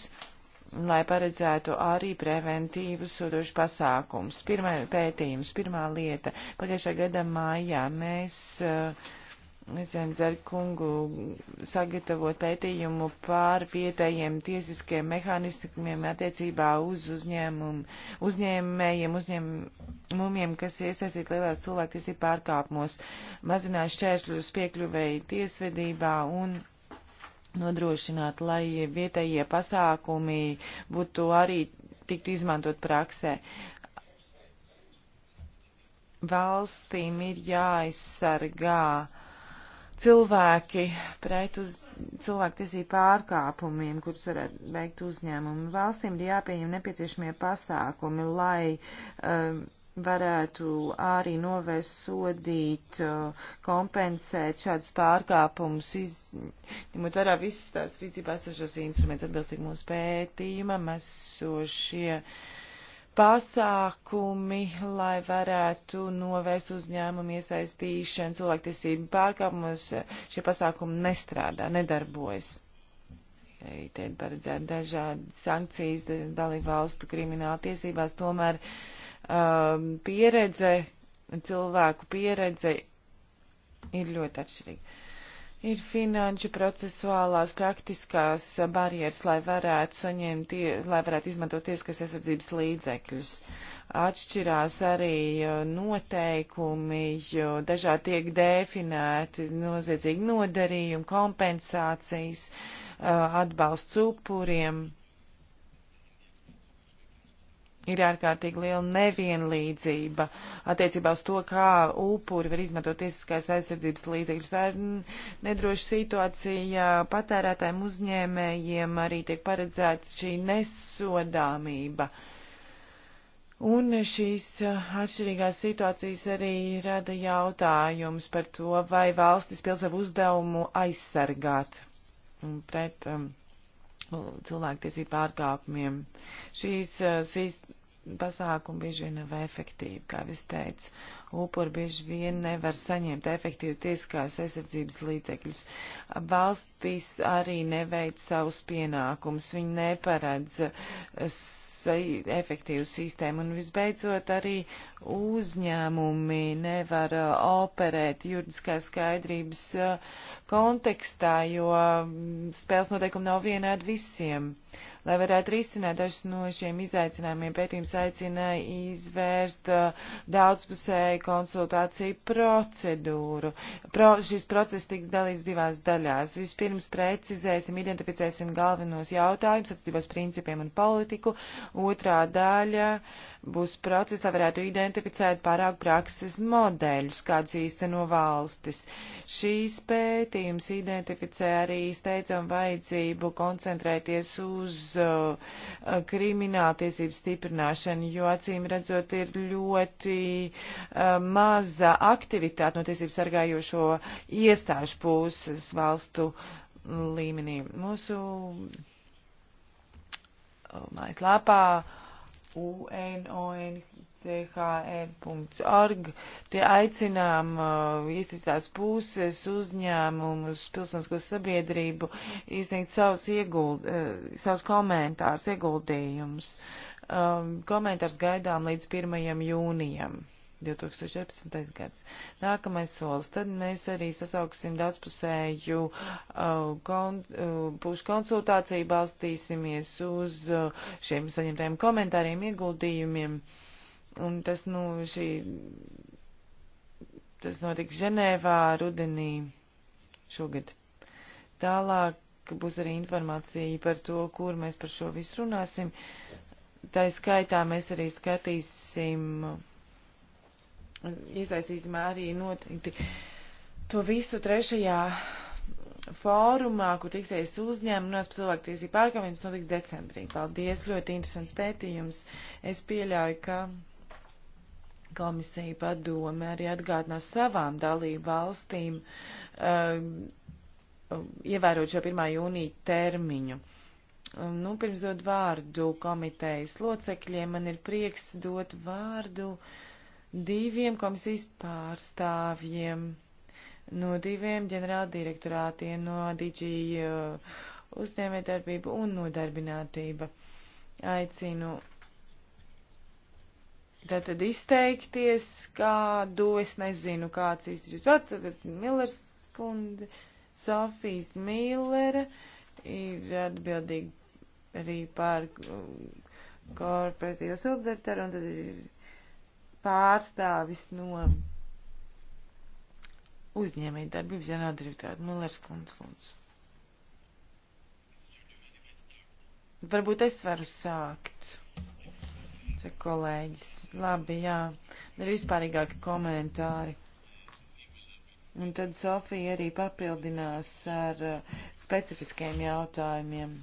[SPEAKER 2] lai paredzētu arī preventīvus sodošu pasākums. Pirmā pētījums, pirmā lieta. Pagājušā gada mājā mēs uh, Zemzer kungu sagatavot pētījumu pār vietējiem tiesiskiem mehānismiem attiecībā uz uzņēmumu, uzņēmējiem, uzņēmumiem, kas iesaistīt lielās cilvēktiesību pārkāpumos, mazināt šķēršļus piekļuvēji tiesvedībā un nodrošināt, lai vietējie pasākumi būtu arī tiktu izmantot praksē. Valstīm ir jāaizsargā cilvēki pret uz cilvēktiesību pārkāpumiem, kurus varētu veikt uzņēmumi. Valstīm ir jāpieņem nepieciešamie pasākumi, lai um, varētu arī novērst, sodīt, uh, kompensēt šādus pārkāpumus, ņemot vērā visus tās rīcībā esošos instrumentus atbilstīgi mūsu pētījumam esošie. Uh, pasākumi, lai varētu novērst uzņēmumu iesaistīšanu cilvēktiesību pārkāpumus, šie pasākumi nestrādā, nedarbojas. Te ir paredzēta dažādi sankcijas dalību valstu krimināla tiesībās, tomēr um, pieredze, cilvēku pieredze ir ļoti atšķirīga ir finanšu procesuālās praktiskās barjeras, lai varētu saņemt, lai varētu izmantot tieskas aizsardzības līdzekļus. Atšķirās arī noteikumi, jo dažādi tiek definēti noziedzīgi nodarījumi, kompensācijas, atbalsts upuriem ir ārkārtīgi liela nevienlīdzība attiecībā uz to, kā upuri var izmantot tiesiskās aizsardzības līdzekļus. Tā ir nedroša situācija patērētājiem uzņēmējiem, arī tiek paredzēta šī nesodāmība. Un šīs atšķirīgās situācijas arī rada jautājums par to, vai valstis pil savu uzdevumu aizsargāt pret um, Nu, cilvēktiesību pārkāpumiem. Šīs eh, sīst, pasākumi bieži vien nav efektīvi, kā es teicu. Upuri bieži vien nevar saņemt efektīvu tiesiskās aizsardzības līdzekļus. Valstis arī neveic savus pienākumus, viņi neparedz eh, E, efektīvu sistēmu. Un visbeidzot, arī uzņēmumi nevar e, operēt juridiskā skaidrības e, kontekstā, jo spēles noteikumi nav vienādi visiem. Lai varētu risināt dažus no šiem izaicinājumiem, pētījums aicina izvērst uh, daudzpusēju konsultāciju procedūru. Pro, šis process tiks dalīts divās daļās. Vispirms precizēsim, identificēsim galvenos jautājumus attiecībās principiem un politiku. Otrā daļa. Uh, būs process, lai varētu identificēt pārāk prakses modeļus, kādus īsteno valstis. Šīs pētījums identificē arī steidzam vajadzību koncentrēties uz uh, krimināltiesību stiprināšanu, jo acīm redzot ir ļoti uh, maza aktivitāte no tiesību sargājošo iestāžu puses valstu līmenī. Mūsu uh, mājaslapā uh, unonchr.org. Tie aicinām uh, iesaistās puses, uzņēmumus, pilsonisko sabiedrību izniegt savus, ieguld, uh, savus komentārus, ieguldījumus. Um, komentārs gaidām līdz 1. jūnijam. 2014. gads. Nākamais solis. Tad mēs arī sasauksim daudzpusēju uh, kon, uh, pušu konsultāciju, balstīsimies uz uh, šiem saņemtajiem komentāriem, ieguldījumiem. Un tas, nu, šī, tas notika Ženēvā rudenī šogad. Tālāk būs arī informācija par to, kur mēs par šo visu runāsim. Tā skaitā mēs arī skatīsim. Uh, Iesaistīsim arī noteikti to visu trešajā fórumā, kur tiksies uzņēmumi no cilvēktiesību pārkāpjums, notiks decembrī. Paldies, ļoti interesants pētījums. Es pieļauju, ka komisija padome arī atgādinās savām dalību valstīm um, ievērot šo 1. jūnija termiņu. Um, nu, pirms dot vārdu komitejas locekļiem, man ir prieks dot vārdu uh, diviem komisijas pārstāvjiem, no diviem ģenerāla direktorātiem, no DG uh, uzņēmējdarbība un nodarbinātība. Aicinu tātad izteikties, kādu es nezinu, kāds īsti jūs varat, tad Millers kundze, Sofijas Millera ir atbildīga arī par uh, korporatīvas observatoru, un tad ir pārstāvis no uzņēmēja darbības vienā direktāta Millers kundz lūdzu. Varbūt es varu sākt, saka kolēģis. Labi, jā, ir vispārīgāki komentāri. Un tad Sofija arī papildinās ar uh, specifiskiem jautājumiem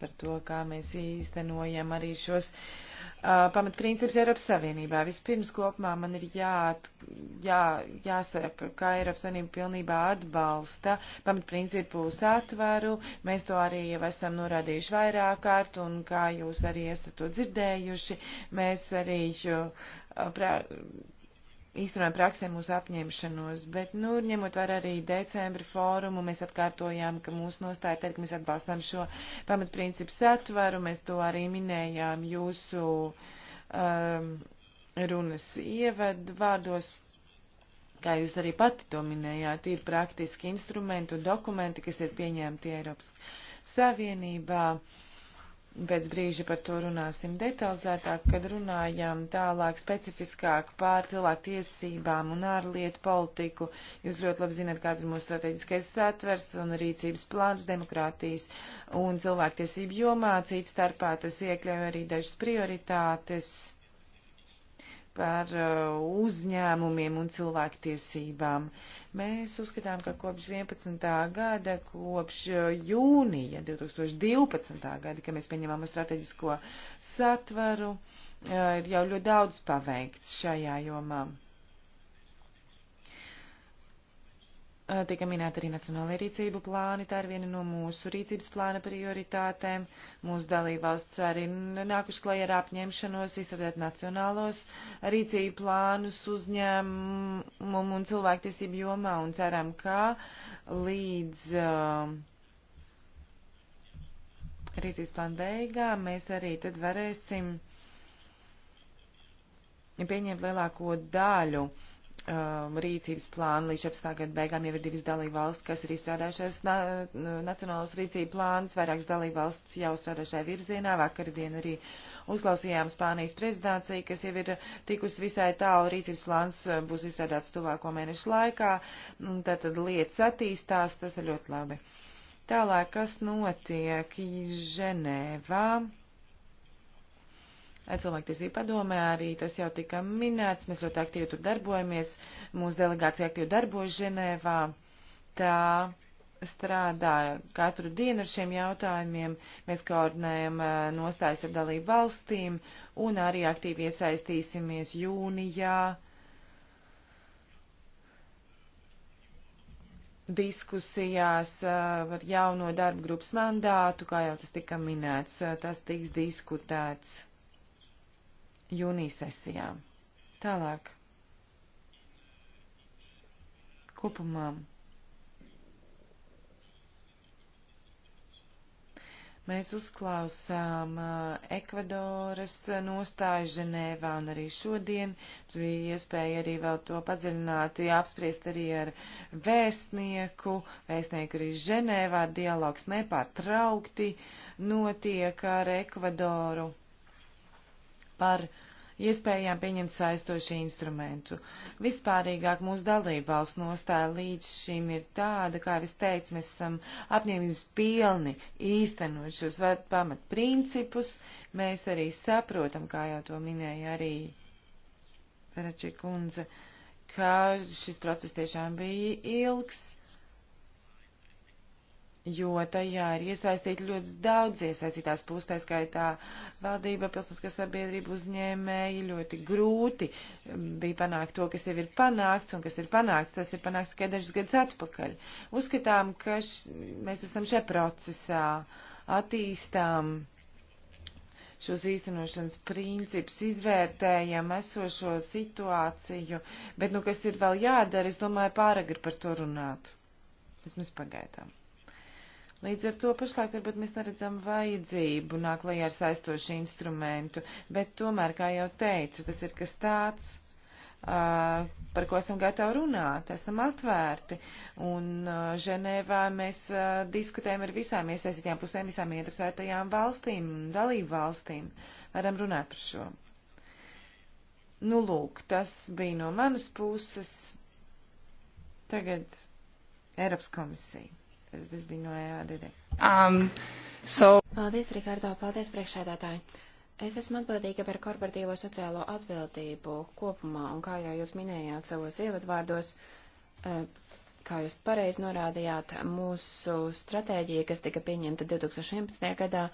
[SPEAKER 2] par to, kā mēs īstenojam arī šos uh, Uh, pamatprincips Eiropas Savienībā. Vispirms kopumā man ir jā, jā, jāsaka, ka Eiropas Savienība pilnībā atbalsta pamatprincipu satvaru. Mēs to arī jau esam norādījuši vairāk kārt, un kā jūs arī esat to dzirdējuši, mēs arī uh, prā, īstenojam praksē mūsu apņemšanos, bet, nu, ņemot vērā arī decembra fórumu, mēs atkārtojām, ka mūsu nostāja tad, ka mēs atbalstām šo pamatprincipu satvaru, mēs to arī minējām jūsu um, runas ievadvārdos, kā jūs arī pati to minējāt, ir praktiski instrumenti un dokumenti, kas ir pieņemti Eiropas Savienībā. Uh, Pēc brīža par to runāsim detalizētāk, kad runājam tālāk specifiskāk pār cilvēku tiesībām un ārlietu politiku. Jūs ļoti labi zināt, kāds ir mūsu strateģiskais satvers un rīcības plāns demokrātijas un cilvēktiesību jomā. Cīt starpā tas iekļauj arī dažas prioritātes par uh, uzņēmumiem un cilvēktiesībām. Mēs uzskatām, ka kopš 11. gada, kopš uh, jūnija 2012. gada, kad mēs pieņemam strateģisko satvaru, uh, ir jau ļoti daudz paveikts šajā jomā. Eh, tika minēta arī Nacionālajā rīcību plāni, tā ir viena no mūsu rīcības plāna prioritātēm. Mūsu dalībvalsts arī nākuši klajā ar apņemšanos izstrādāt nacionālos rīcību plānus uzņēmumu un cilvēktiesību jomā un ceram, ka līdz uh, rīcības plāna beigām mēs arī tad varēsim pieņemt lielāko daļu uh, um, rīcības plānu. Līdz 17. gada beigām jau ir divas dalībvalstis, kas ir izstrādājušas na nacionālus rīcību plānus. Vairākas dalībvalstis jau strādā šajā virzienā. Vakardien arī uzklausījām Spānijas prezidentāciju, kas jau ir tikusi visai tālu. Rīcības plāns uh, būs izstrādāts tuvāko mēnešu laikā. Tātad mm, lietas attīstās, tas ir ļoti labi. Tālāk, kas notiek Ženēvā? Cilvēktiesība padomē arī tas jau tika minēts, mēs ļoti aktīvi tur darbojamies, mūsu delegācija aktīvi darbojas Ženēvā, tā strādā katru dienu ar šiem jautājumiem, mēs koordinējam nostājas ar dalību valstīm un arī aktīvi iesaistīsimies jūnijā diskusijās par jauno darba grupas mandātu, kā jau tas tika minēts, tas tiks diskutēts jūnijas sesijā. Tālāk. Kopumā mēs uzklausām Ekvadoras nostāju Ženēvā un arī šodien. Mums bija iespēja arī vēl to padziļināt, apspriest arī ar vēstnieku. Vēstnieku arī Ženēvā dialogs nepārtraukti notiek ar Ekvadoru par uh, iespējām pieņemt saistošu instrumentu. Vispārīgāk mūsu dalība valsts nostāja līdz šim ir tāda, kā es teicu, mēs esam apņēmības pilni īstenot šos pamat principus. Mēs arī saprotam, kā jau to minēja arī Rači kundze, ka šis process tiešām bija ilgs jo tajā ir iesaistīti ļoti daudz iesaistītās puses, tā skaitā valdība, pilsētiskā sabiedrība, uzņēmēji, ļoti grūti bija panākt to, kas jau ir panākts un kas ir panākts, tas ir panākts tikai dažus gadus atpakaļ. Uzskatām, ka š, mēs esam šajā procesā, attīstām šos īstenošanas principus, izvērtējam esošo situāciju, bet, nu, kas ir vēl jādara, es domāju, pāragri par to runāt. Vismaz pagaidām. Līdz ar to pašlaik varbūt mēs neredzam vajadzību nāk lai ar saistošu instrumentu, bet tomēr, kā jau teicu, tas ir kas tāds, Uh, par ko esam gatavi runāt, esam atvērti. Un uh, Ženēvā mēs uh, diskutējam ar visām iesaistītām pusēm, visām interesētajām valstīm, dalību valstīm. Varam runāt par šo. Nu, lūk, tas bija no manas puses. Tagad Eiropas komisija. Es bez biju no EADD.
[SPEAKER 3] Um, so... Paldies, Rikārdo, paldies priekšsēdētāji. Es esmu atbildīga par korporatīvo sociālo atbildību kopumā, un kā jau jūs minējāt savos ievadvārdos, eh, kā jūs pareizi norādījāt, mūsu stratēģija, kas tika pieņemta 2011. gadā,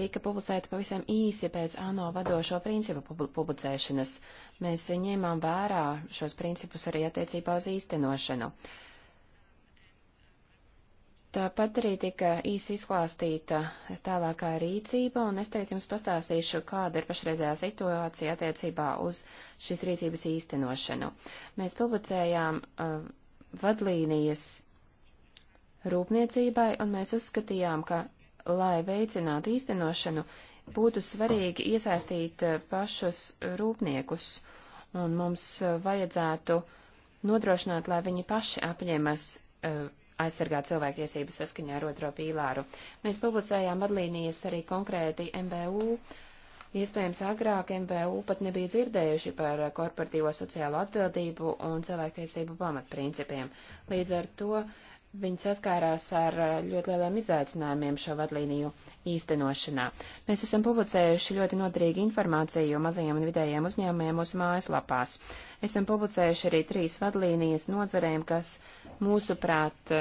[SPEAKER 3] tika publicēta pavisam īsi pēc ANO vadošo principu publicēšanas. Mēs ņēmām vērā šos principus arī attiecībā uz īstenošanu. Uh, Tāpat arī tika īsi izklāstīta tālākā rīcība, un es tagad jums pastāstīšu, kāda ir pašreizējā situācija attiecībā uz šīs rīcības īstenošanu. Mēs publicējām uh, vadlīnijas rūpniecībai, un mēs uzskatījām, ka, lai veicinātu īstenošanu, būtu svarīgi iesaistīt uh, pašus rūpniekus, un mums uh, vajadzētu nodrošināt, lai viņi paši apņemas uh, aizsargāt cilvēktiesības saskaņā ar otro pīlāru. Mēs publicējām vadlīnijas arī konkrēti MBU. Iespējams, agrāk MBU pat nebija dzirdējuši par korporatīvo sociālo atbildību un cilvēktiesību pamatprincipiem. Līdz ar to Viņi saskārās ar eh, ļoti lieliem izaicinājumiem šo vadlīniju īstenošanā. Mēs esam publicējuši ļoti noderīgu informāciju mazajiem un vidējiem uzņēmumiem mūsu mājaslapās. Esam publicējuši arī trīs vadlīnijas nozarēm, kas mūsuprāt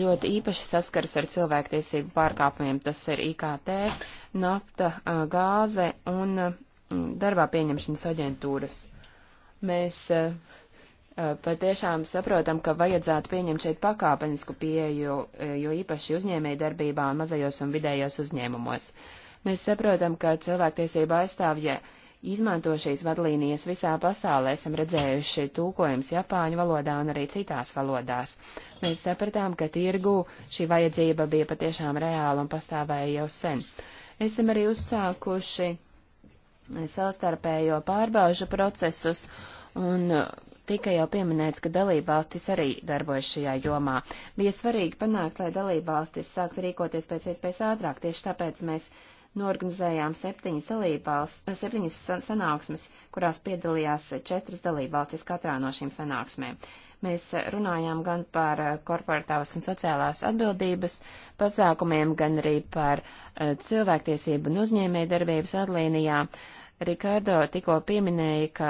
[SPEAKER 3] ļoti īpaši saskaras ar cilvēktiesību pārkāpumiem. Tas ir IKT, nafta, eh, gāze un mm, darbā pieņemšanas aģentūras. Mēs eh, Eh, patiešām saprotam, ka vajadzētu pieņemt šeit pakāpenisku pieeju, eh, jo īpaši uzņēmēja darbībā un mazajos un vidējos uzņēmumos. Mēs saprotam, ka cilvēktiesība aizstāvja izmanto šīs vadlīnijas visā pasaulē, esam redzējuši tulkojums Japāņu valodā un arī citās valodās. Mēs sapratām, ka tirgu šī vajadzība bija patiešām reāla un pastāvēja jau sen. Esam arī uzsākuši savstarpējo pārbaužu procesus un Tika jau pieminēts, ka dalībvalstis arī darbojas šajā jomā. Bija svarīgi panākt, lai dalībvalstis sāktu rīkoties pēc iespējas ātrāk, tieši tāpēc mēs norganizējām septiņas, septiņas sanāksmes, kurās piedalījās četras dalībvalstis katrā no šīm sanāksmēm. Mēs runājām gan par korporatīvās un sociālās atbildības pasākumiem, gan arī par eh, cilvēktiesību un uzņēmējdarbības atlīnijām. Uh, Rikārdo tikko pieminēja, ka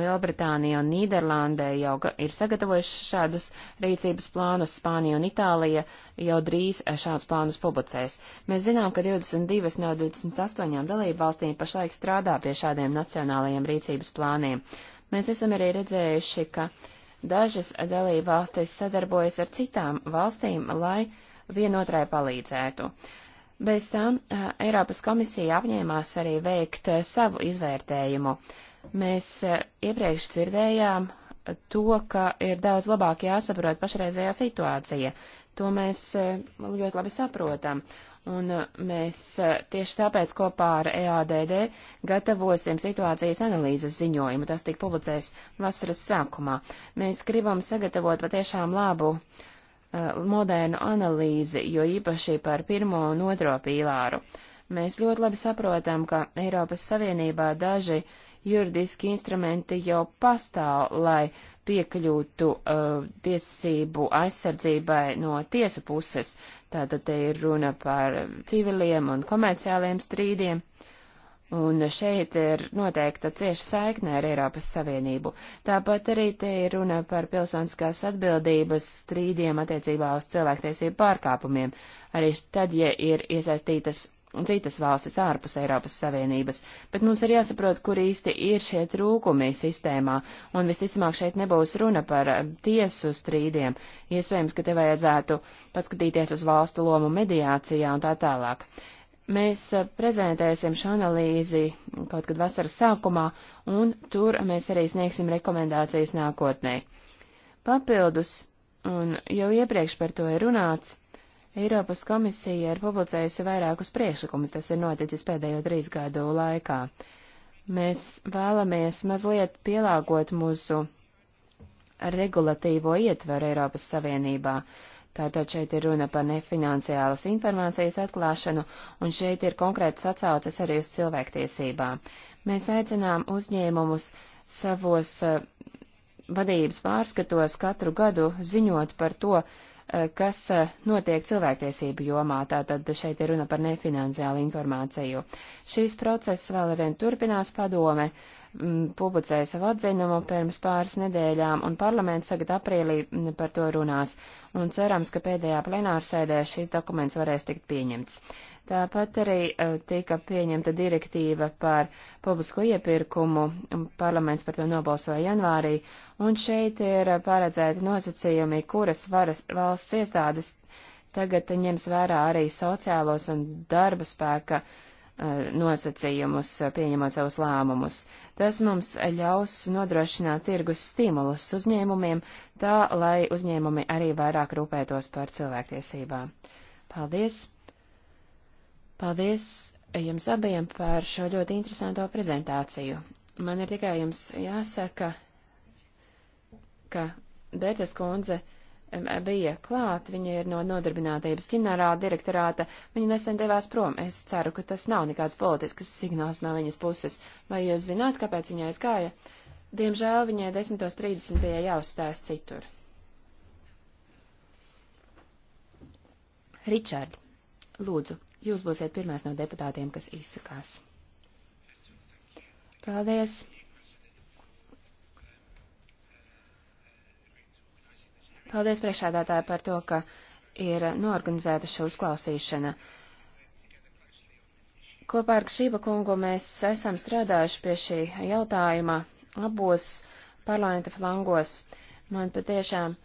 [SPEAKER 3] Lielbritānija un Nīderlandē jau ir sagatavojuši šādus rīcības plānus, Spānija un Itālija jau drīz eh, šādus plānus publicēs. Mēs zinām, ka 22 no 28 dalību valstīm pašlaik strādā pie šādiem nacionālajiem rīcības plāniem. Mēs esam arī redzējuši, ka dažas dalību valstis sadarbojas ar citām valstīm, lai vienotrai palīdzētu. Uh, Bez tam Eiropas komisija apņēmās arī veikt savu izvērtējumu. Mēs iepriekš dzirdējām to, ka ir daudz labāk jāsaprot pašreizējā situācija. To mēs ļoti labi saprotam. Un mēs tieši tāpēc kopā ar EADD gatavosim situācijas analīzes ziņojumu. Tas tika publicēts vasaras sākumā. Mēs gribam sagatavot patiešām labu uh, Eh, modernu analīzi, jo īpaši par pirmo un otro pīlāru. Mēs ļoti labi saprotam, ka Eiropas Savienībā daži juridiski instrumenti jau pastāv, lai piekļūtu uh, tiesību aizsardzībai no tiesu puses. Tātad te ir runa par civiliem un komerciāliem strīdiem. Un šeit ir noteikta cieša saikne ar Eiropas Savienību. Tāpat arī te ir runa par pilsoniskās atbildības strīdiem attiecībā uz cilvēktiesību pārkāpumiem, arī tad, ja ir iesaistītas citas valstis ārpus Eiropas Savienības, bet mums ir jāsaprot, kur īsti ir šie trūkumi sistēmā, un visticamāk šeit nebūs runa par eh, tiesu strīdiem. Iespējams, ka te vajadzētu paskatīties uz valstu lomu mediācijā un tā tālāk. Mēs eh, prezentēsim šo analīzi kaut kad vasaras sākumā, un tur mēs arī sniegsim rekomendācijas nākotnē. Papildus, un jau iepriekš par to ir runāts, Eiropas komisija ir publicējusi vairākus priekšlikumus, tas ir noticis pēdējo trīs gadu laikā. Mēs vēlamies mazliet pielāgot mūsu regulatīvo ietveru Eiropas Savienībā, Tātad šeit ir runa par nefinanciālas informācijas atklāšanu, un šeit ir konkrētas atsauces arī uz cilvēktiesībām. Mēs aicinām uzņēmumus savos uh, vadības pārskatos katru gadu ziņot par to, uh, kas uh, notiek cilvēktiesību jomā, tātad šeit ir runa par nefinanciālu informāciju. Šīs procesas vēl arvien turpinās padome, uh, Mm, publicēja savu atzinumu pirms pāris nedēļām, un parlaments tagad aprīlī mm, par to runās, un cerams, ka pēdējā plenārsēdē šīs dokuments varēs tikt pieņemts. Tāpat arī e, tika pieņemta direktīva par publisko iepirkumu, parlaments par to nobalsoja janvārī, un šeit ir paredzēti nosacījumi, kuras varas, valsts iestādes tagad ņems vērā arī sociālos un darba spēka uh, Eh, nosacījumus, eh, pieņemot savus lēmumus. Tas mums ļaus nodrošināt tirgus stimulus uzņēmumiem, tā lai uzņēmumi arī vairāk rūpētos par cilvēktiesībām. Paldies! Paldies jums abiem par šo ļoti interesanto prezentāciju. Man ir tikai jums jāsaka, ka Bērtas kundze bija klāt, viņa ir no nodarbinātības ģenerāla direktorāta, viņa nesen devās prom. Es ceru, ka tas nav nekāds politisks signāls no viņas puses. Vai jūs zināt, kāpēc viņa aizgāja? Diemžēl viņai 10.30 bija jāuzstājas citur. Ričard, lūdzu, jūs būsiet pirmais no deputātiem, kas izsakās. Paldies! Paldies priekšādātāji par to, ka ir norganizēta šī uzklausīšana. Kopā ar Šība kungu mēs esam strādājuši pie šī jautājuma abos parlamenta flangos. Man patiešām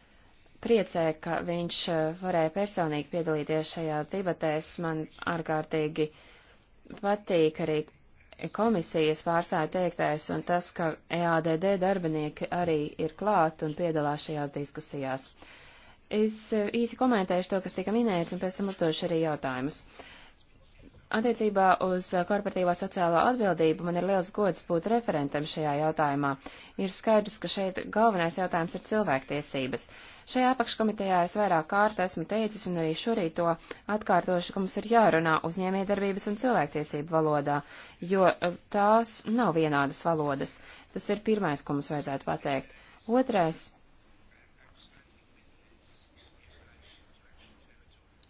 [SPEAKER 3] priecē, ka viņš eh, varēja personīgi piedalīties šajās debatēs. Man ārkārtīgi patīk arī komisijas pārstāja teiktais un tas, ka EADD darbinieki arī ir klāt un piedalās šajās diskusijās. Es eh, īsi komentēšu to, kas tika minēts, un pēc tam uzdošu arī jautājumus. Uh, Attiecībā uz uh, korporatīvā sociālo atbildību man ir liels gods būt referentam šajā jautājumā. Ir skaidrs, ka šeit galvenais jautājums ir cilvēktiesības. Šajā apakškomitejā es vairāk kārt esmu teicis un arī šorīt to atkārtošu, ka mums ir jārunā uzņēmējdarbības un cilvēktiesību valodā, jo uh, tās nav vienādas valodas. Tas ir pirmais, ko mums vajadzētu pateikt. Otrais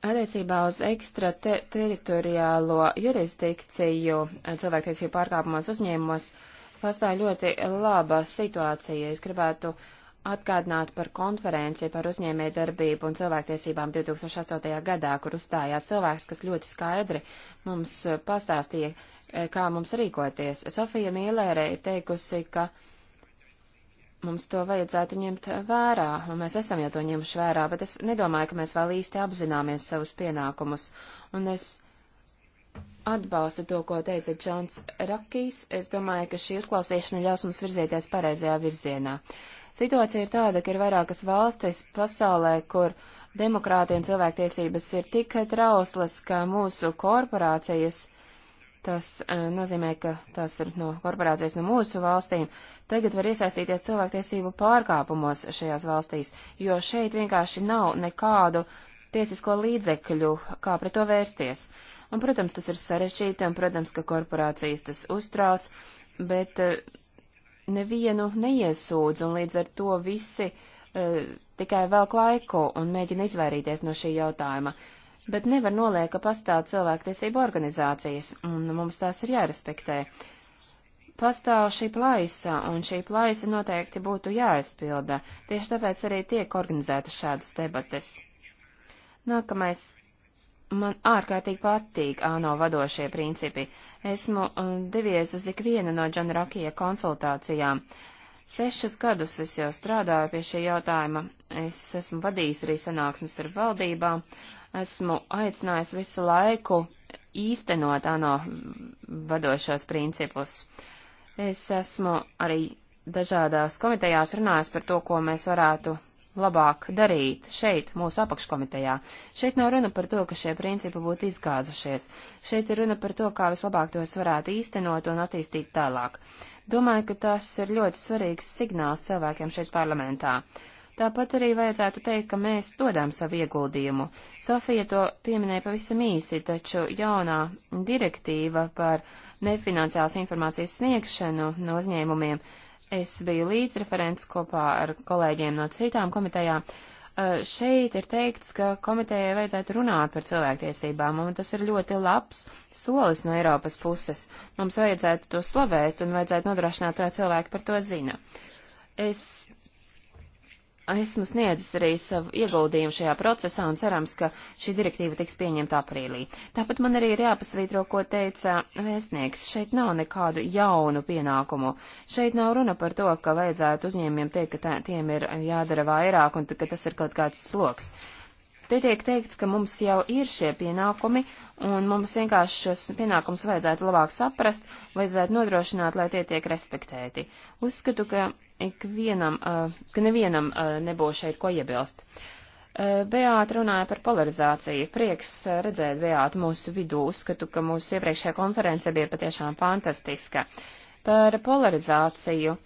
[SPEAKER 3] Attiecībā uz ekstrateritoriālo te jurisdikciju eh, cilvēktiesību pārkāpumos uzņēmumos pastāv ļoti laba situācija. Es gribētu atgādināt par konferenci par uzņēmēju darbību un cilvēktiesībām 2008. gadā, kur uzstājās cilvēks, kas ļoti skaidri mums eh, pastāstīja, eh, kā mums rīkoties. Sofija Mīlērē ir teikusi, ka mums to vajadzētu ņemt vērā, un mēs esam jau to ņemuši vērā, bet es nedomāju, ka mēs vēl īsti apzināmies savus pienākumus, un es atbalstu to, ko teica Džons Rakijs. Es domāju, ka šī uzklausīšana ļaus mums virzīties pareizajā virzienā. Situācija ir tāda, ka ir vairākas valstis pasaulē, kur demokrātija un cilvēktiesības ir tik trauslas, ka mūsu korporācijas Tas e, nozīmē, ka tās ir no korporācijas no mūsu valstīm. Tagad var iesaistīties cilvēktiesību pārkāpumos šajās valstīs, jo šeit vienkārši nav nekādu tiesisko līdzekļu, kā pret to vērsties. Un, protams, tas ir sarežģīti, un, protams, ka korporācijas tas uztrauc, bet e, nevienu neiesūdz, un līdz ar to visi uh, tikai velk laiku un mēģina izvairīties no šī jautājuma. Uh, bet nevar noliekt, ka pastāv cilvēktiesību organizācijas, un mums tās ir jārespektē. Pastāv šī plaisa, un šī plaisa noteikti būtu jāizpilda, tieši tāpēc arī tiek organizētas šādas debates. Nākamais man ārkārtīgi patīk ANO vadošie principi. Esmu uh, devies uz ikvienu no Džona Rakija konsultācijām. Uh, Sešus gadus es jau strādāju pie šī jautājuma. Es esmu vadījis arī sanāksmes ar valdībām. Esmu aicinājis visu laiku īstenot ANO vadošos principus. Es esmu arī dažādās komitejās runājis par to, ko mēs varētu labāk darīt šeit, mūsu apakškomitejā. Šeit nav runa par to, ka šie principi būtu izgāzušies. Šeit ir runa par to, kā vislabāk tos varētu īstenot un attīstīt tālāk. Domāju, ka tas ir ļoti svarīgs signāls cilvēkiem šeit parlamentā. Tāpat arī vajadzētu teikt, ka mēs dodām savu ieguldījumu. Sofija to pieminēja pavisam īsi, taču jaunā direktīva par nefinanciālas informācijas sniegšanu no uzņēmumiem. Es biju līdzreferents kopā ar kolēģiem no citām komitejām. Eh, šeit ir teikts, ka komitējai vajadzētu runāt par cilvēktiesībām, un tas ir ļoti labs solis no Eiropas puses. Mums vajadzētu to slavēt un vajadzētu nodrošināt, lai cilvēki par to zina. Es esmu sniedzis arī savu ieguldījumu šajā procesā un cerams, ka šī direktīva tiks pieņemta aprīlī. Tāpat man arī ir jāpasvītro, ko teica vēstnieks. Šeit nav nekādu jaunu pienākumu. Šeit nav runa par to, ka vajadzētu uzņēmiem teikt, ka tā, tiem ir jādara vairāk un ka tas ir kaut kāds sloks. Te tiek teikts, ka mums jau ir šie pienākumi, un mums vienkārši šos pienākumus vajadzētu labāk saprast, vajadzētu nodrošināt, lai tie tiek respektēti. Uzskatu, ka ikvienam, eh, ka nevienam eh, nebūs šeit ko iebilst. Eh, Beāta runāja par polarizāciju. Prieks redzēt Beātu mūsu vidū. Uzskatu, ka mūsu iepriekšējā konference bija patiešām fantastiska. Par polarizāciju.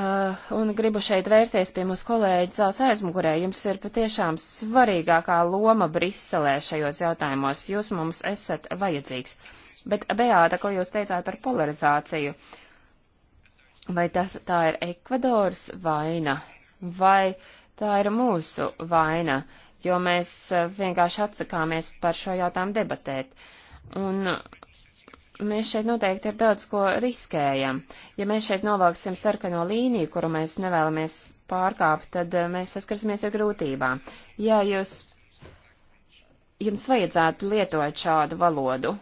[SPEAKER 3] Uh, un gribu šeit vērsties pie mūsu kolēģi zāles aizmugurē. Jums ir patiešām svarīgākā loma Briselē šajos jautājumos. Jūs mums esat vajadzīgs. Bet, Beāta, ko jūs teicāt par polarizāciju? Uh, Vai tas, tā ir Ekvadoras vaina, vai tā ir mūsu vaina, jo mēs e, vienkārši atsakāmies par šo jautājumu debatēt. Un mēs šeit noteikti ir daudz ko riskējam. Ja mēs šeit novalksim sarkano līniju, kuru mēs nevēlamies pārkāpt, tad e, mēs saskarsimies ar grūtībām. Jā, jūs, jums vajadzētu lietot šādu valodu.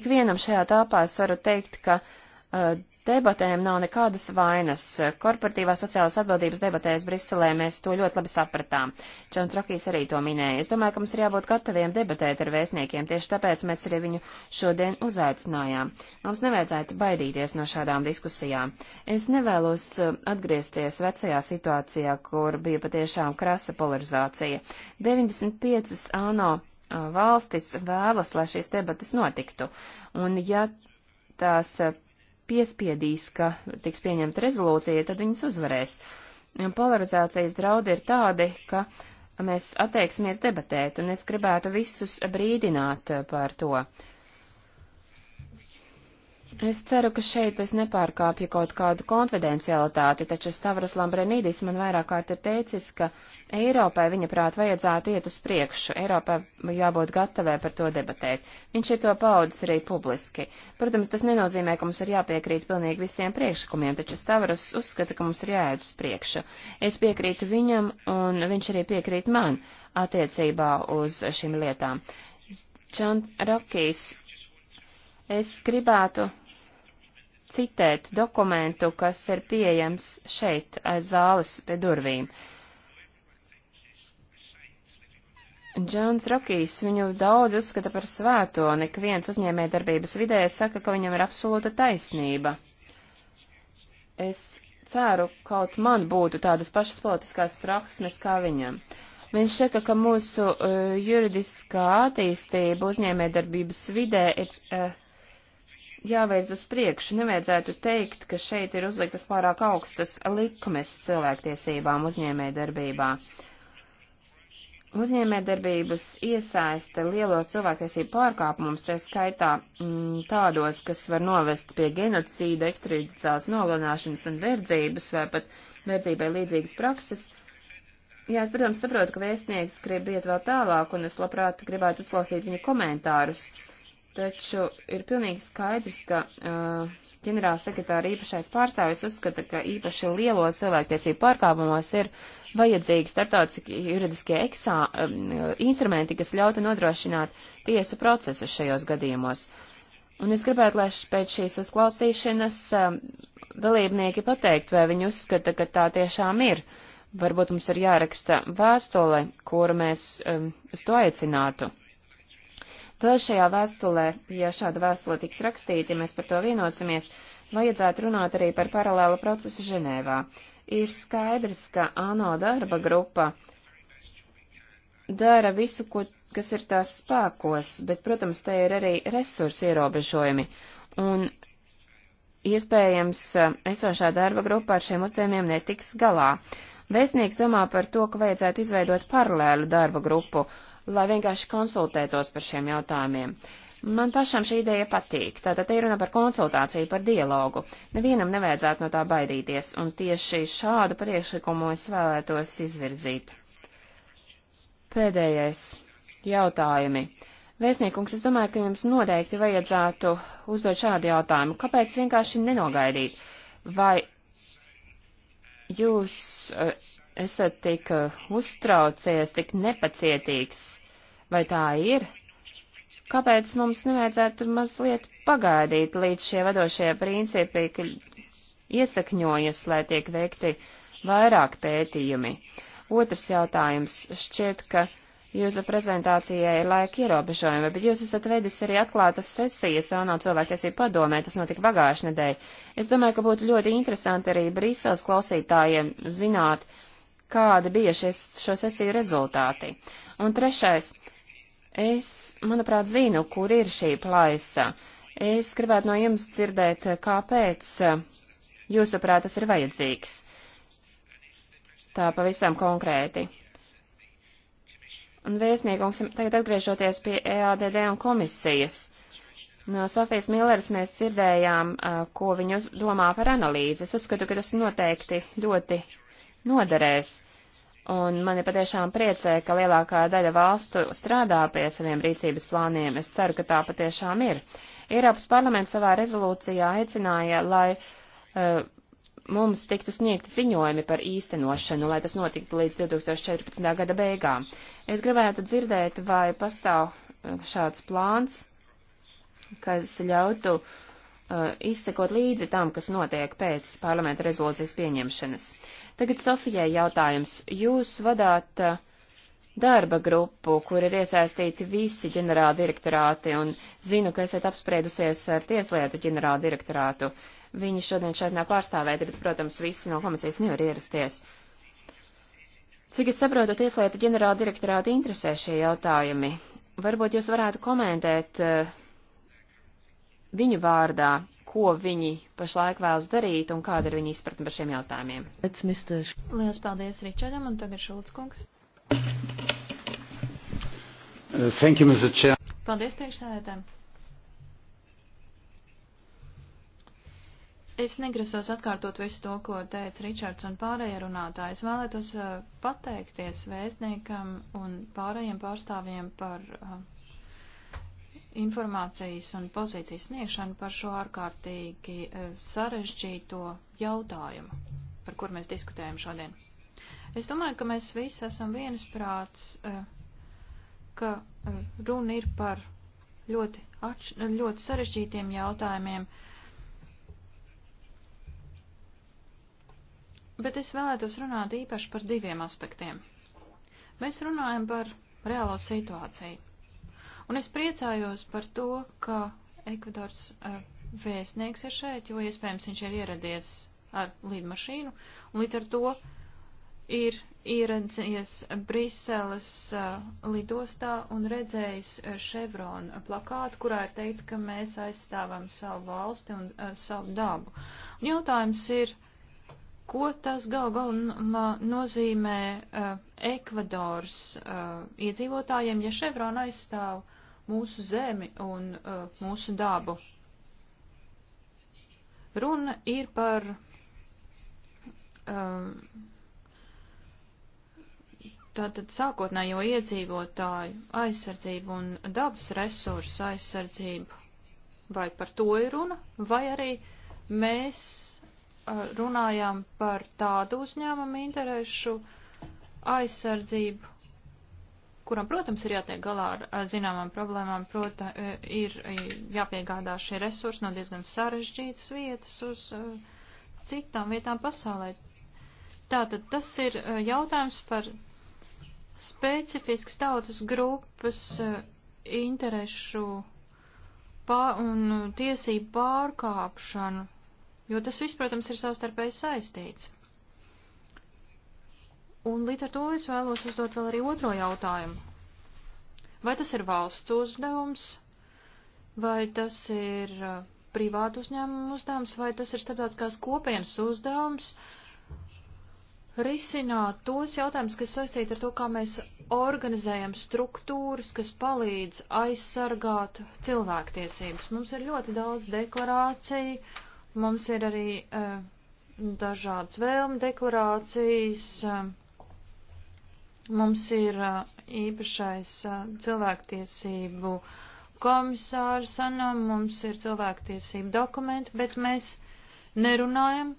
[SPEAKER 3] Ikvienam šajā tāpā es varu teikt, ka uh, Debatēm nav nekādas vainas. Korporatīvās sociālās atbildības debatēs Briselē mēs to ļoti labi sapratām. Džons Rokijs arī to minēja. Es domāju, ka mums ir jābūt gataviem debatēt ar vēstniekiem, tieši tāpēc mēs arī viņu šodien uzaicinājām. Mums nevajadzētu baidīties no šādām diskusijām. Es nevēlos uh, atgriezties vecajā situācijā, kur bija patiešām krasa polarizācija. 95 ANO uh, valstis vēlas, lai šīs debatas notiktu. Un ja tās uh, piespiedīs, ka tiks pieņemta rezolūcija, tad viņas uzvarēs. Polarizācijas draudi ir tādi, ka mēs attieksimies debatēt, un es gribētu visus brīdināt par to. Es ceru, ka šeit es nepārkāpju kaut kādu konfidencialitāti, taču Stavras Lambrenīdis man vairāk kārt ir teicis, ka Eiropai, viņa prāt, vajadzētu iet uz priekšu, Eiropai jābūt gatavai par to debatēt. Viņš ir to paudis arī publiski. Protams, tas nenozīmē, ka mums ir jāpiekrīt pilnīgi visiem priekšlikumiem, taču Stavras uzskata, ka mums ir jāiet uz priekšu. Es piekrītu viņam, un viņš arī piekrīt man attiecībā uz šīm lietām. Čant Rokijs, es gribētu citēt dokumentu, kas ir pieejams šeit aiz zāles pie durvīm. Džons Rokijs viņu daudz uzskata par svēto, un ik viens uzņēmē darbības vidē saka, ka viņam ir absolūta taisnība. Es ceru, kaut man būtu tādas pašas politiskās praksmes kā viņam. Viņš saka, ka mūsu uh, juridiskā attīstība uzņēmējdarbības vidē ir uh, jāveic uz priekšu. Nevajadzētu teikt, ka šeit ir uzliktas pārāk augstas likmes cilvēktiesībām uzņēmējdarbībā. Uzņēmējdarbības iesaista lielo cilvēktiesību pārkāpumus, tā skaitā m, mm, tādos, kas var novest pie genocīda, ekstrīdicās nogalināšanas un verdzības vai pat verdzībai līdzīgas prakses. Jā, es, protams, saprotu, ka vēstnieks grib iet vēl tālāk, un es labprāt gribētu uzklausīt viņa komentārus. Uh, Taču ir pilnīgi skaidrs, ka uh, ģenerāla sekretāra īpašais pārstāvis uzskata, ka īpaši lielo cilvēktiesību pārkāpumos ir vajadzīgi starptautiskie juridiskie eksā, uh, instrumenti, kas ļautu nodrošināt tiesu procesu šajos gadījumos. Un es gribētu, lai pēc šīs uzklausīšanas uh, dalībnieki pateikt, vai viņi uzskata, ka tā tiešām ir. Varbūt mums ir jāraksta vēstule, kuru mēs um, uz to aicinātu. Vēl šajā vēstulē, ja šāda vēstule tiks rakstīta, ja mēs par to vienosimies, vajadzētu runāt arī par paralēlu procesu Ženēvā. Ir skaidrs, ka ANO darba grupa dara visu, ko, kas ir tās spēkos, bet, protams, te ir arī resursi ierobežojumi. Un iespējams, esošā darba grupa ar šiem uzdevumiem netiks galā. Vēstnieks domā par to, ka vajadzētu izveidot paralēlu darba grupu, lai vienkārši konsultētos par šiem jautājumiem. Man pašam šī ideja patīk. Tātad te ir runa par konsultāciju, par dialogu. Nevienam nevajadzētu no tā baidīties, un tieši šādu priekšlikumu es vēlētos izvirzīt. Pēdējais jautājumi. Vēstniekungs, es domāju, ka jums noteikti vajadzētu uzdot šādu jautājumu. Kāpēc vienkārši nenogaidīt? Vai jūs eh, esat tik eh, uztraucies, tik nepacietīgs. Vai tā ir? Kāpēc mums nevajadzētu mazliet pagaidīt, līdz šie vadošie principi iesakņojas, lai tiek veikti vairāk pētījumi? Otrs jautājums. Šķiet, ka jūsu prezentācijai ir laika ierobežojumi, bet jūs esat veidis arī atklātas sesijas ANO cilvēktiesību padomē, tas notika pagājušajā nedēļā. Es domāju, ka būtu ļoti interesanti arī Brīseles klausītājiem zināt, uh, kādi bija šies, šo sesiju rezultāti. Un trešais, es, manuprāt, zinu, kur ir šī plaisa. Es gribētu no jums dzirdēt, kāpēc jūsuprāt tas ir vajadzīgs. Tā pavisam konkrēti. Un vēstniekums, tagad atgriežoties pie EADD un komisijas. No Sofijas Milleras mēs dzirdējām, ko viņa domā par analīzi. Es uzskatu, ka tas noteikti ļoti noderēs. Un mani patiešām priecē, ka lielākā daļa valstu strādā pie saviem rīcības plāniem. Es ceru, ka tā patiešām ir. Eiropas parlaments savā rezolūcijā aicināja, lai uh, mums tiktu sniegti ziņojumi par īstenošanu, lai tas notiktu līdz 2014. gada beigām. Es gribētu dzirdēt, vai pastāv eh, šāds plāns, kas ļautu uh, Uh, izsekot līdzi tam, kas notiek pēc parlamenta rezolūcijas pieņemšanas. Tagad Sofijai jautājums. Jūs vadāt uh, darba grupu, kur ir iesaistīti visi ģenerāla direktorāti, un zinu, ka esat apspriedusies ar tieslietu ģenerāla direktorātu. Viņi šodien šeit nav pārstāvēti, bet, protams, visi no komisijas nevar ierasties. Cik es saprotu, tieslietu ģenerāla direktorāta interesē šie jautājumi. Varbūt jūs varētu komentēt uh, viņu vārdā, ko viņi pašlaik vēlas darīt un kāda ir viņa izpratne par šiem jautājumiem.
[SPEAKER 1] Lielas
[SPEAKER 4] paldies Ričardam un tagad Šulc kungs.
[SPEAKER 5] Uh, thank you, Mr. Chair.
[SPEAKER 4] Paldies priekšsēdētājiem. Es negrasos atkārtot visu to, ko teica Ričards un pārējie runātāji. Es vēlētos uh, pateikties vēstniekam un pārējiem pārstāvjiem par uh, informācijas un pozīcijas sniegšanu par šo ārkārtīgi e, sarežģīto jautājumu, par kur mēs diskutējam šodien. Es domāju, ka mēs visi esam viensprāts, e, ka e, runa ir par ļoti, atš, ļoti sarežģītiem jautājumiem. Bet es vēlētos runāt īpaši par diviem aspektiem. Mēs runājam par reālo situāciju. Un es priecājos par to, ka Ekvadors uh, vēstnieks ir šeit, jo iespējams viņš ir ieradies ar līdmašīnu, un līdz ar to ir ieradies Briseles uh, lidostā un redzējis eh, Chevron plakātu, kurā ir teikts, ka mēs aizstāvam savu valsti un uh, savu dabu. Un jautājums ir, Ko tas gal galā nozīmē uh, Ekvadors uh, iedzīvotājiem, ja Ševron aizstāv mūsu zemi un uh, mūsu dabu? Runa ir par um, tātad sākotnējo iedzīvotāju aizsardzību un dabas resursu aizsardzību. Vai par to ir runa, vai arī mēs runājām par tādu uzņēmumu interesu aizsardzību, kuram, protams, ir jātiek galā ar zināmām problēmām, prota, ir jāpiegādā šie resursi no diezgan sarežģītas vietas uz citām vietām pasaulē. Tātad tas ir jautājums par specifisks tautas grupas interešu pār un tiesību pārkāpšanu jo tas viss, protams, ir savstarpēji saistīts. Un līdz ar to es vēlos uzdot vēl arī otro jautājumu. Vai tas ir valsts uzdevums, vai tas ir uh, privātu uzņēmumu uzdevums, vai tas ir starptautiskās kopienas uzdevums risināt tos jautājumus, kas saistīti ar to, kā mēs organizējam struktūras, kas palīdz aizsargāt cilvēktiesības. Mums ir ļoti daudz deklarāciju, Mums ir arī uh, dažādas vēlme deklarācijas. Eh, mums ir uh, īpašais uh, cilvēktiesību komisārs, anam, mums ir cilvēktiesību dokumenti, bet mēs nerunājam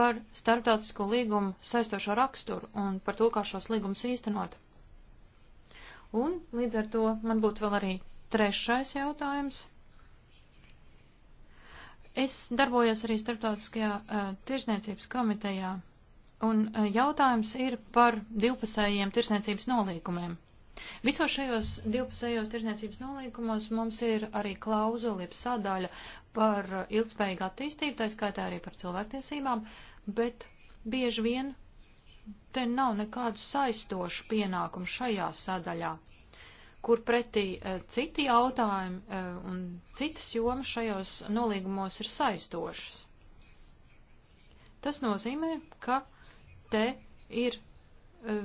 [SPEAKER 4] par starptautisko līgumu saistošo raksturu un par to, kā šos līgumus īstenot. Un līdz ar to man būtu vēl arī trešais jautājums. Es darbojos arī starptautiskajā uh, tirsniecības komitejā, un uh, jautājums ir par divpusējiem tirsniecības nolīkumiem. Visos šajos divpusējos tirsniecības nolīkumos mums ir arī klauzula, jeb sadaļa par ilgspējīgu attīstību, tā skaitā arī par cilvēktiesībām, bet bieži vien te nav nekādu saistošu pienākumu šajā sadaļā kur pretī e, citi jautājumi e, un citas jomas šajos nolīgumos ir saistošas. Tas nozīmē, ka te ir e,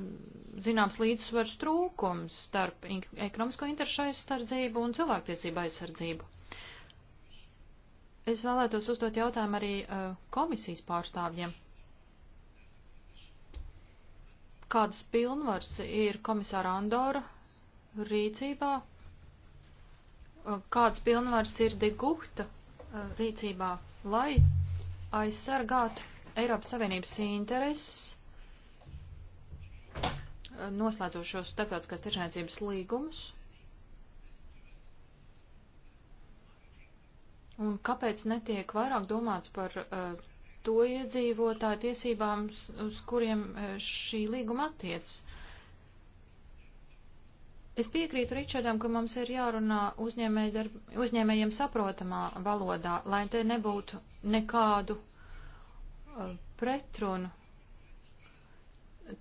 [SPEAKER 4] zināms līdzsvars trūkums starp ekonomisko interesu aizsardzību un cilvēktiesību aizsardzību. Es vēlētos uzdot jautājumu arī komisijas pārstāvjiem. Kādas pilnvars ir komisāra Andora rīcībā, uh, kāds pilnvars ir Digukta uh, rīcībā, lai aizsargātu Eiropas Savienības intereses, uh, noslēdzošos starptautiskās tiešniecības līgumus. Un kāpēc netiek vairāk domāts par uh, to iedzīvotāju tiesībām, uz kuriem uh, šī līguma attiecas? Uh, Es piekrītu Ričardam, ka mums ir jārunā uzņēmējiem saprotamā valodā, lai te nebūtu nekādu uh, pretrunu.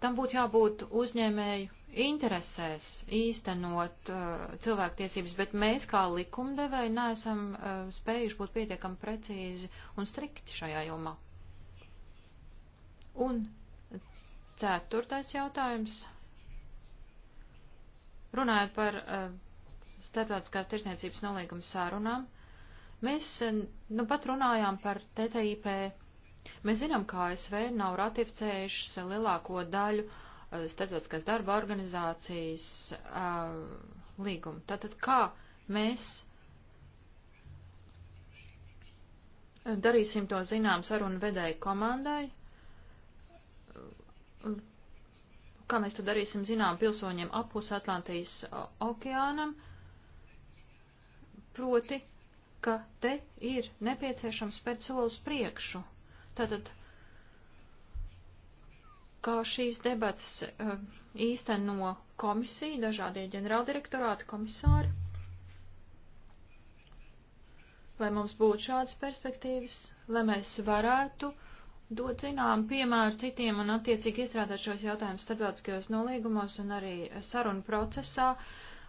[SPEAKER 4] Tam būtu jābūt uzņēmēju interesēs īstenot uh, cilvēktiesības, bet mēs kā likumdevēji neesam uh, spējuši būt pietiekami precīzi un strikti šajā jomā. Un ceturtais jautājums. Runājot par uh, starptautiskās tirsniecības nolīguma sārunām, mēs eh, nu pat runājām par TTIP. Mēs zinām, ka ASV nav ratificējušas lielāko daļu uh, starptautiskās darba organizācijas uh, līgumu. Tātad kā mēs darīsim to zinām sarunu vedēju komandai, kā mēs to darīsim zinām pilsoņiem apus Atlantijas okeānam, proti, ka te ir nepieciešams spērt solis priekšu. Tātad, kā šīs debatas e, īsteno komisija, dažādie ģenerāldirektorāti, komisāri, lai mums būtu šādas perspektīvas, lai mēs varētu uh, dot zinām piemēru citiem un attiecīgi izstrādāt šos jautājumus starptautiskajos nolīgumos un arī sarunu procesā,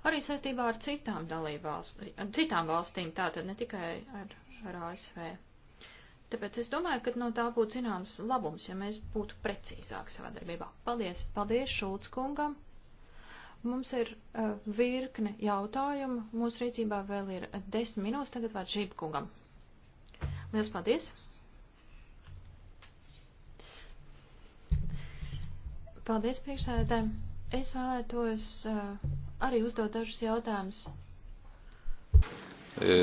[SPEAKER 4] arī saistībā ar citām dalībvalstīm, citām valstīm, tātad ne tikai ar, ar ASV. Tāpēc es domāju, ka no tā būtu zināms labums, ja mēs būtu precīzāki savā darbībā. Paldies, paldies Šulc kungam. Mums ir uh, virkne jautājumu, mūsu rīcībā vēl ir desmit minūtes, tagad vārds Žība kungam. Liels paldies! Paldies, priekšsēdētājiem. Es vēlētos uh, arī uzdot dažus jautājumus.
[SPEAKER 6] E,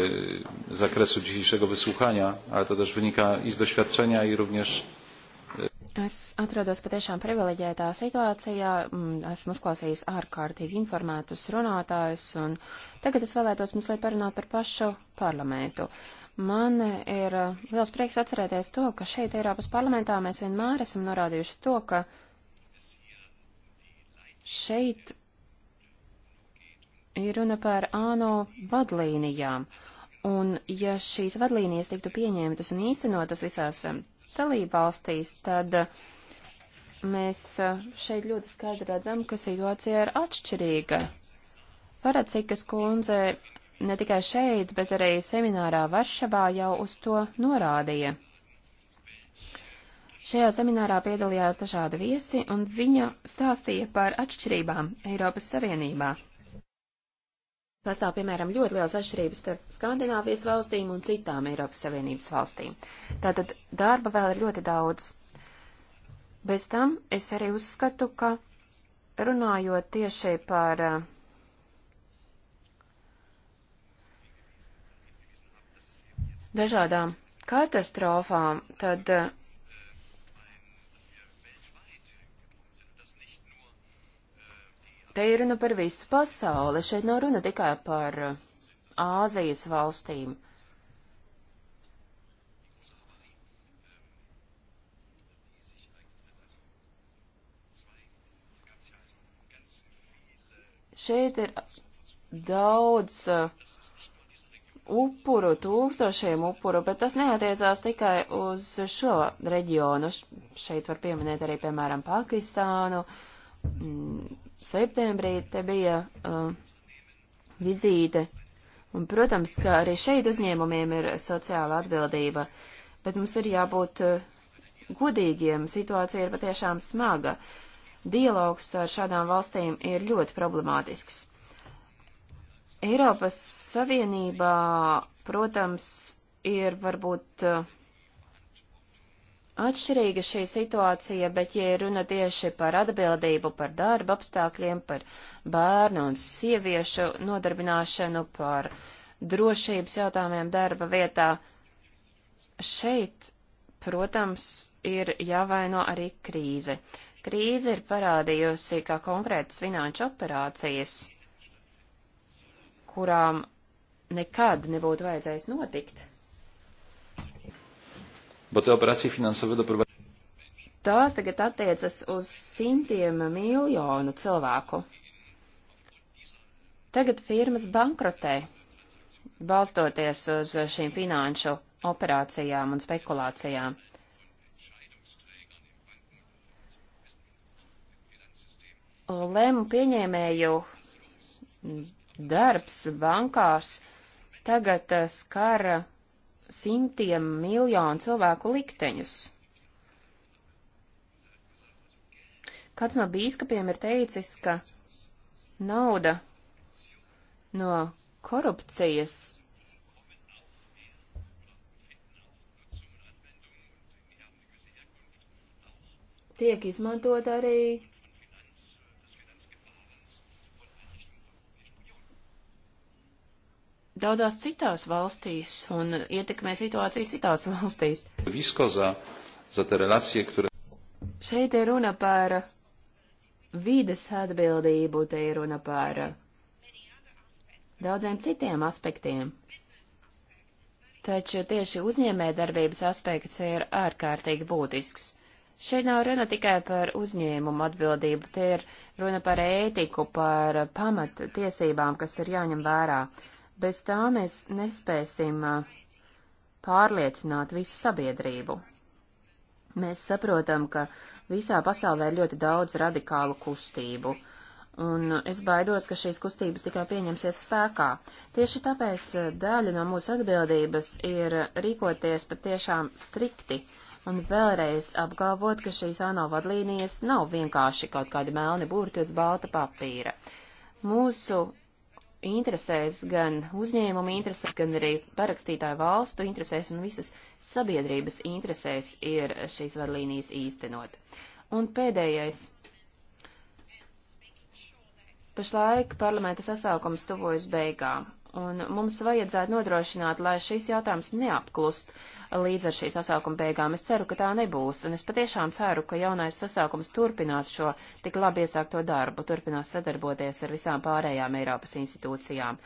[SPEAKER 6] z zakresu dzisiejszego wysłuchania, ale to też wynika i z doświadczenia, i również e, Es
[SPEAKER 3] atrodos patiešām privileģētā situācijā, mm, esmu uzklausījis ārkārtīgi informētus runātājus, un tagad es vēlētos mazliet parunāt par pašu parlamentu. Man ir eh, liels prieks atcerēties to, ka šeit Eiropas parlamentā mēs vienmēr esam norādījuši to, ka uh, Šeit ir runa par ANO vadlīnijām, un ja šīs vadlīnijas tiktu pieņemtas un īstenotas visās um, dalībvalstīs, tad uh, mēs uh, šeit ļoti skaidri redzam, ka situācija ir atšķirīga. Paracikas kundze ne tikai šeit, bet arī seminārā Varšavā jau uz to norādīja. Šajā seminārā piedalījās dažādi viesi, un viņa stāstīja par atšķirībām Eiropas Savienībā. Pastāv, piemēram, ļoti liels atšķirības starp Skandināvijas valstīm un citām Eiropas Savienības valstīm. Tātad darba vēl ir ļoti daudz. Bez tam es arī uzskatu, ka runājot tieši par uh, dažādām katastrofām, tad uh, Te ir runa par visu pasauli, šeit nav runa tikai par uh, Āzijas valstīm. Šeit ir daudz uh, upuru, tūkstošiem upuru, bet tas neatiecās tikai uz šo reģionu. Šeit var pieminēt arī, piemēram, Pakistānu, uh, Mm, septembrī te bija uh, vizīte. Un, protams, ka arī šeit uzņēmumiem ir sociāla atbildība, bet mums ir jābūt uh, godīgiem. Situācija ir patiešām smaga. Dialogs ar šādām valstīm ir ļoti problemātisks. Eiropas Savienībā, protams, ir varbūt uh, atšķirīga šī situācija, bet, ja runa tieši par atbildību, par darba apstākļiem, par bērnu un sieviešu nodarbināšanu, par drošības jautājumiem darba vietā, šeit, protams, ir jāvaino arī krīze. Krīze ir parādījusi, ka konkrētas finanšu operācijas, kurām nekad nebūtu vajadzējis notikt,
[SPEAKER 6] bo te operācija finansēta doprovodīt.
[SPEAKER 3] Tās tagad attiecas uz simtiem miljonu cilvēku. Tagad firmas bankrotē, balstoties uz šīm finanšu operācijām un spekulācijām. Lēmu pieņēmēju darbs bankās tagad skara simtiem miljonu cilvēku likteņus. Kāds no bīskapiem ir teicis, ka nauda no korupcijas tiek izmantot arī daudzās citās valstīs un ietekmē situāciju citās valstīs.
[SPEAKER 6] Viskozā, za te relācija, kura...
[SPEAKER 3] Šeit ir runa par vides atbildību, te ir runa par daudziem citiem aspektiem. Taču tieši uzņēmējdarbības aspekts ir ārkārtīgi būtisks. Šeit nav runa tikai par uzņēmumu atbildību, te ir runa par ētiku, par pamat tiesībām, kas ir jāņem vērā. Uh, Bez tā mēs nespēsim pārliecināt visu sabiedrību. Mēs saprotam, ka visā pasaulē ir ļoti daudz radikālu kustību, un es baidos, ka šīs kustības tikai pieņemsies spēkā. Tieši tāpēc daļa no mūsu atbildības ir rīkoties patiešām strikti un vēlreiz apgalvot, ka šīs ANO vadlīnijas nav vienkārši kaut kādi melni burti uz balta papīra. Mūsu interesēs, gan uzņēmumu interesēs, gan arī parakstītāju valstu interesēs un visas sabiedrības interesēs ir šīs vadlīnijas īstenot. Un pēdējais. Pašlaik parlamenta sasaukums tuvojas beigām, Un mums vajadzētu nodrošināt, lai šīs jautājums neapklust līdz ar šī sasaukuma beigām. Es ceru, ka tā nebūs, un es patiešām ceru, ka jaunais sasaukums turpinās šo tik labi iesākto darbu, turpinās sadarboties ar visām pārējām Eiropas institūcijām,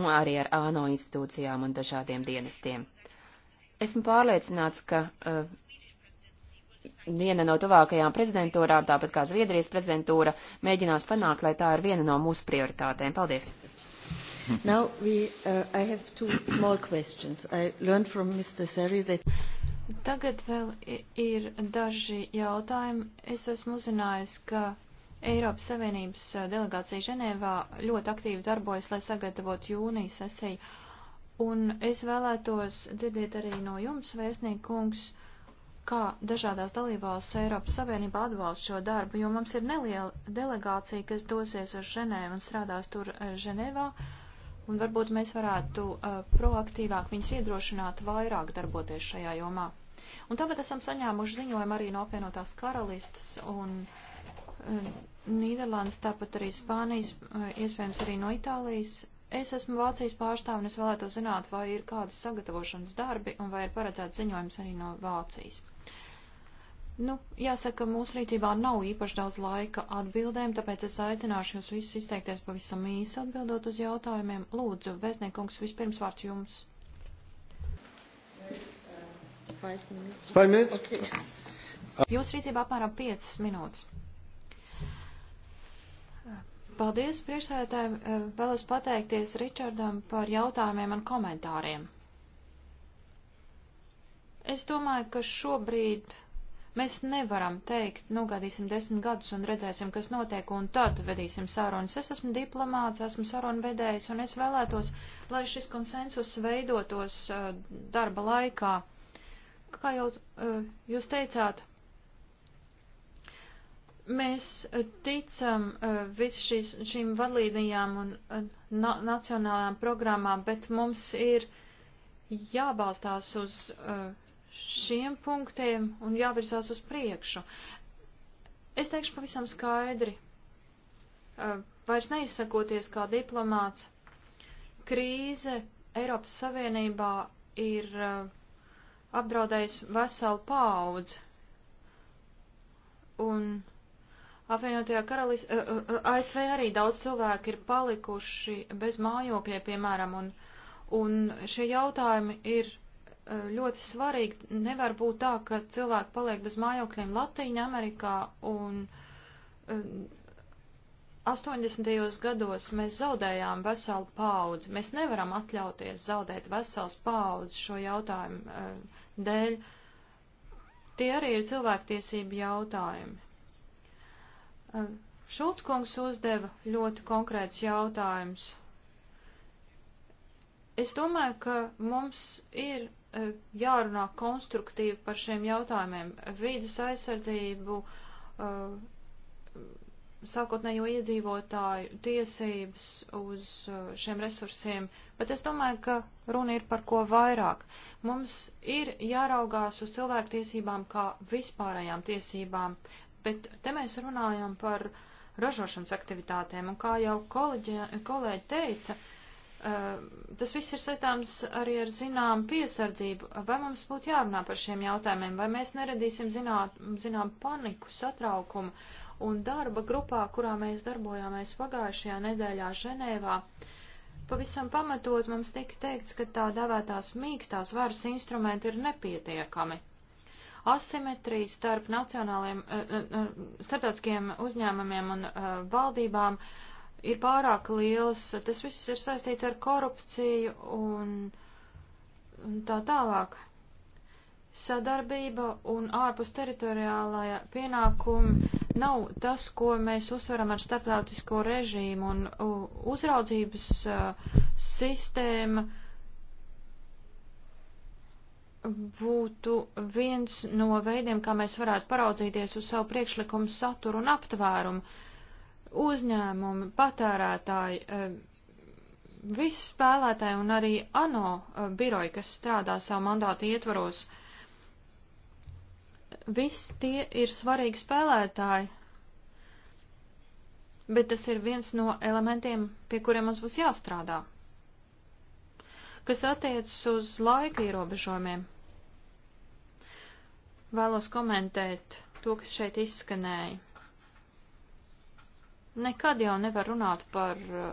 [SPEAKER 3] un arī ar ANO institūcijām un dažādiem dienestiem. Esmu pārliecināts, ka uh, viena no tuvākajām prezidentūrām, tāpat kā Zviedrijas prezidentūra, mēģinās panākt, lai tā ir viena no mūsu prioritātēm. Paldies!
[SPEAKER 1] Now we, uh, I have two small questions. I learned from Mr. Seri that.
[SPEAKER 4] Tagad vēl ir
[SPEAKER 1] daži jautājumi. Es
[SPEAKER 4] esmu uzzinājusi, ka Eiropas Savienības uh, delegācija Ženēvā ļoti aktīvi darbojas, lai sagatavotu jūniju sesiju. Un es vēlētos dzirdēt arī no jums, vēstniekungs, uh, kā dažādās dalībvalsts Eiropas Savienība atbalsta šo darbu, jo mums ir neliela delegācija, kas dosies uz Ženēvu un strādās tur eh, Ženēvā, un varbūt mēs varētu uh, proaktīvāk viņus iedrošināt vairāk darboties šajā jomā. Un tāpēc esam saņēmuši ziņojumu arī no apvienotās karalistas un uh, Nīderlandes, tāpat arī Spānijas, uh, iespējams arī no Itālijas. Es esmu Vācijas pārstāv un es vēlētu zināt, vai ir kādi sagatavošanas darbi un vai ir paredzēts ziņojums arī no Vācijas. Nu, jāsaka, mūsu rīcībā nav īpaši daudz laika atbildēm, tāpēc es aicināšu jūs visus izteikties pavisam īsi atbildot uz jautājumiem. Lūdzu, vēstniekungs, vispirms vārds jums.
[SPEAKER 1] Five
[SPEAKER 5] minutes.
[SPEAKER 4] Jūs rīcībā apmēram 5 minūtes. Paldies, priekšsēdētāji. Vēlos pateikties Ričardam par jautājumiem un komentāriem. Es domāju, ka šobrīd Mēs nevaram teikt, nogādīsim nu, desmit gadus un redzēsim, kas notiek, un tad vedīsim sarunas. Es esmu diplomāts, esmu sarunu vedējs, un es vēlētos, lai šis konsensus veidotos uh, darba laikā. Kā jau uh, jūs teicāt, mēs eh, ticam visu šīs, šīm vadlīnijām un na nacionālajām programmām, bet mums ir jābalstās uz uh, šiem punktiem un jāvirzās uz priekšu. Es teikšu pavisam skaidri, vairs neizsakoties kā diplomāts, krīze Eiropas Savienībā ir apdraudējis veselu paudzi. Un apvienotajā karalis, ASV arī daudz cilvēku ir palikuši bez mājokļiem, piemēram, un, un šie jautājumi ir ļoti svarīgi. Nevar būt tā, ka cilvēki paliek bez mājokļiem Latīņa Amerikā un 80. gados mēs zaudējām veselu paudzi. Mēs nevaram atļauties zaudēt vesels paudzes šo jautājumu dēļ. Tie arī ir cilvēktiesība jautājumi. Šulckungs uzdeva ļoti konkrēts jautājums. Es domāju, ka mums ir Eh, jārunā konstruktīvi par šiem jautājumiem. Vīdas aizsardzību, eh, sākotnējo iedzīvotāju tiesības uz eh, šiem resursiem, bet es domāju, ka runa ir par ko vairāk. Mums ir jāraugās uz cilvēktiesībām kā vispārējām tiesībām, bet te mēs runājam par ražošanas aktivitātēm, un kā jau kolēģi, kolēģi teica, uh, Eh, tas viss ir saistāms arī ar zinām piesardzību. Vai mums būtu jārunā par šiem jautājumiem, vai mēs neredīsim zināt, zinām paniku, satraukumu un darba grupā, kurā mēs darbojāmies pagājušajā nedēļā Ženēvā. Pavisam pamatot mums tika teikts, ka tā devētās mīkstās varas instrumenti ir nepietiekami. Asimetrija starp nacionāliem, eh, eh, starptautiskiem uzņēmumiem un valdībām uh, ir pārāk liels, tas viss ir saistīts ar korupciju un, un tā tālāk. Sadarbība un ārpus teritoriālajā pienākuma nav tas, ko mēs uzsveram ar starptautisko režīmu un uzraudzības uh, sistēma būtu viens no veidiem, kā mēs varētu paraudzīties uz savu priekšlikumu saturu un aptvērumu. Uh, uzņēmumi, patērētāji, eh, visi spēlētāji un arī ANO eh, biroji, kas strādā savu mandātu ietvaros, visi tie ir svarīgi spēlētāji, bet tas ir viens no elementiem, pie kuriem mums būs jāstrādā, kas attiecas uz laika ierobežojumiem. Vēlos komentēt to, kas šeit izskanēja. Nekad jau nevar runāt par eh,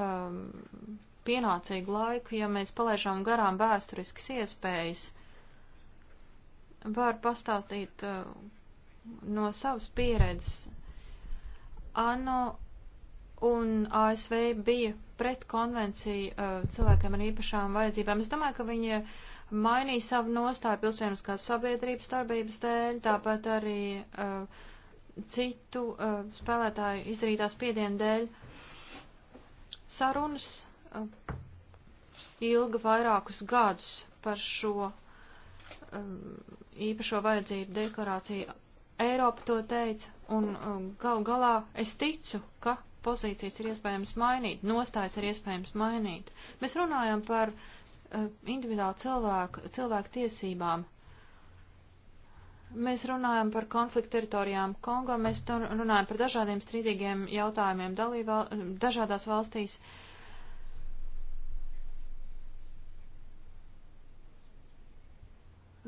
[SPEAKER 4] um, pienācīgu laiku, ja mēs palaižām garām vēsturiskas iespējas. Var pastāstīt uh, no savas pieredzes. ANO un ASV bija pret konvenciju uh, cilvēkiem ar īpašām vajadzībām. Es domāju, ka viņi uh, mainīja savu nostāju pilsēniskās sabiedrības darbības dēļ, tāpat arī uh, citu uh, spēlētāju izdarītās piedienu dēļ. Sarunas uh, ilga vairākus gadus par šo um, īpašo vajadzību deklarāciju. Eiropa to teica, un um, gal galā es ticu, ka pozīcijas ir iespējams mainīt, nostājas ir iespējams mainīt. Mēs runājam par uh, individuālu cilvēku, cilvēku tiesībām, Mēs runājam par konfliktu teritorijām Kongo, mēs runājam par dažādiem strīdīgiem jautājumiem dalībā, dažādās valstīs.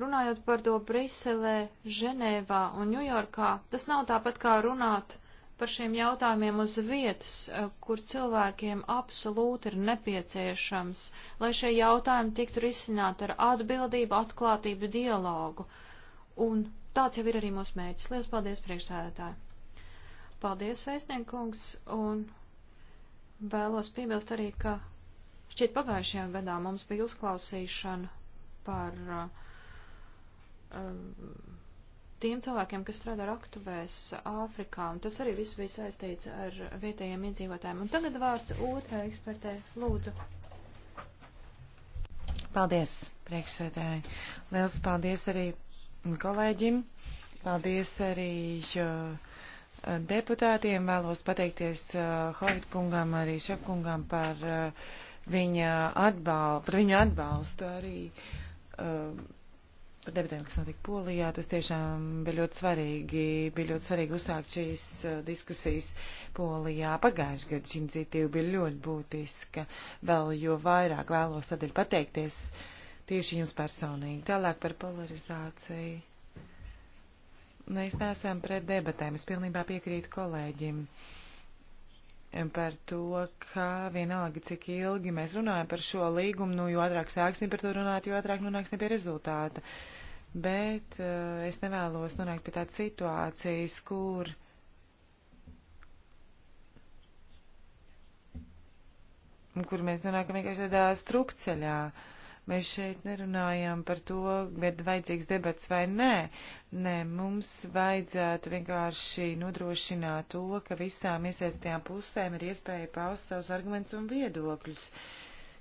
[SPEAKER 4] Runājot par to Briselē, Ženēvā un Ņujorkā, tas nav tāpat kā runāt par šiem jautājumiem uz vietas, eh, kur cilvēkiem absolūti ir nepieciešams, lai šie jautājumi tiktu risināti ar atbildību, atklātību, dialogu. Uh, Un tāds jau ir arī mūsu mērķis. Lielas paldies, priekšsēdētāji! Paldies, vēstniekungs, un vēlos piebilst arī, ka šķiet pagājušajā gadā mums bija uzklausīšana par um, tiem cilvēkiem, kas strādā raktuvēs Āfrikā, un tas arī viss bija saistīts ar vietējiem iedzīvotājiem. Un tagad vārds otrā ekspertē, lūdzu.
[SPEAKER 2] Paldies, priekšsēdēji. Liels paldies arī kolēģim. Paldies arī uh, deputātiem. Vēlos pateikties uh, Hovid kungam, arī Šepkungam par uh, viņa atbalstu, par viņu atbalstu arī um, par debatēm, kas notika Polijā. Tas tiešām bija ļoti svarīgi. Bija ļoti svarīgi uzsākt šīs diskusijas Polijā. Pagājušajā gadā šī iniciatīva bija ļoti būtiska. Vēl jo vairāk vēlos tad ir pateikties. Uh, tieši jums personīgi. Tālāk par polarizāciju. Mēs neesam pret debatēm. Es pilnībā piekrītu kolēģim par to, ka vienalga, cik ilgi mēs runājam par šo līgumu, nu, jo ātrāk sāksim par to runāt, jo ātrāk nonāksim pie rezultāta. Bet uh, es nevēlos nonākt pie tādas situācijas, kur kur mēs nonākam vienkārši tādā strupceļā. Uh, Mēs šeit nerunājam par to, bet vajadzīgs debats vai nē. Nē, mums vajadzētu vienkārši nodrošināt to, ka visām iesaistajām pusēm ir iespēja paust savus argumentus un viedokļus.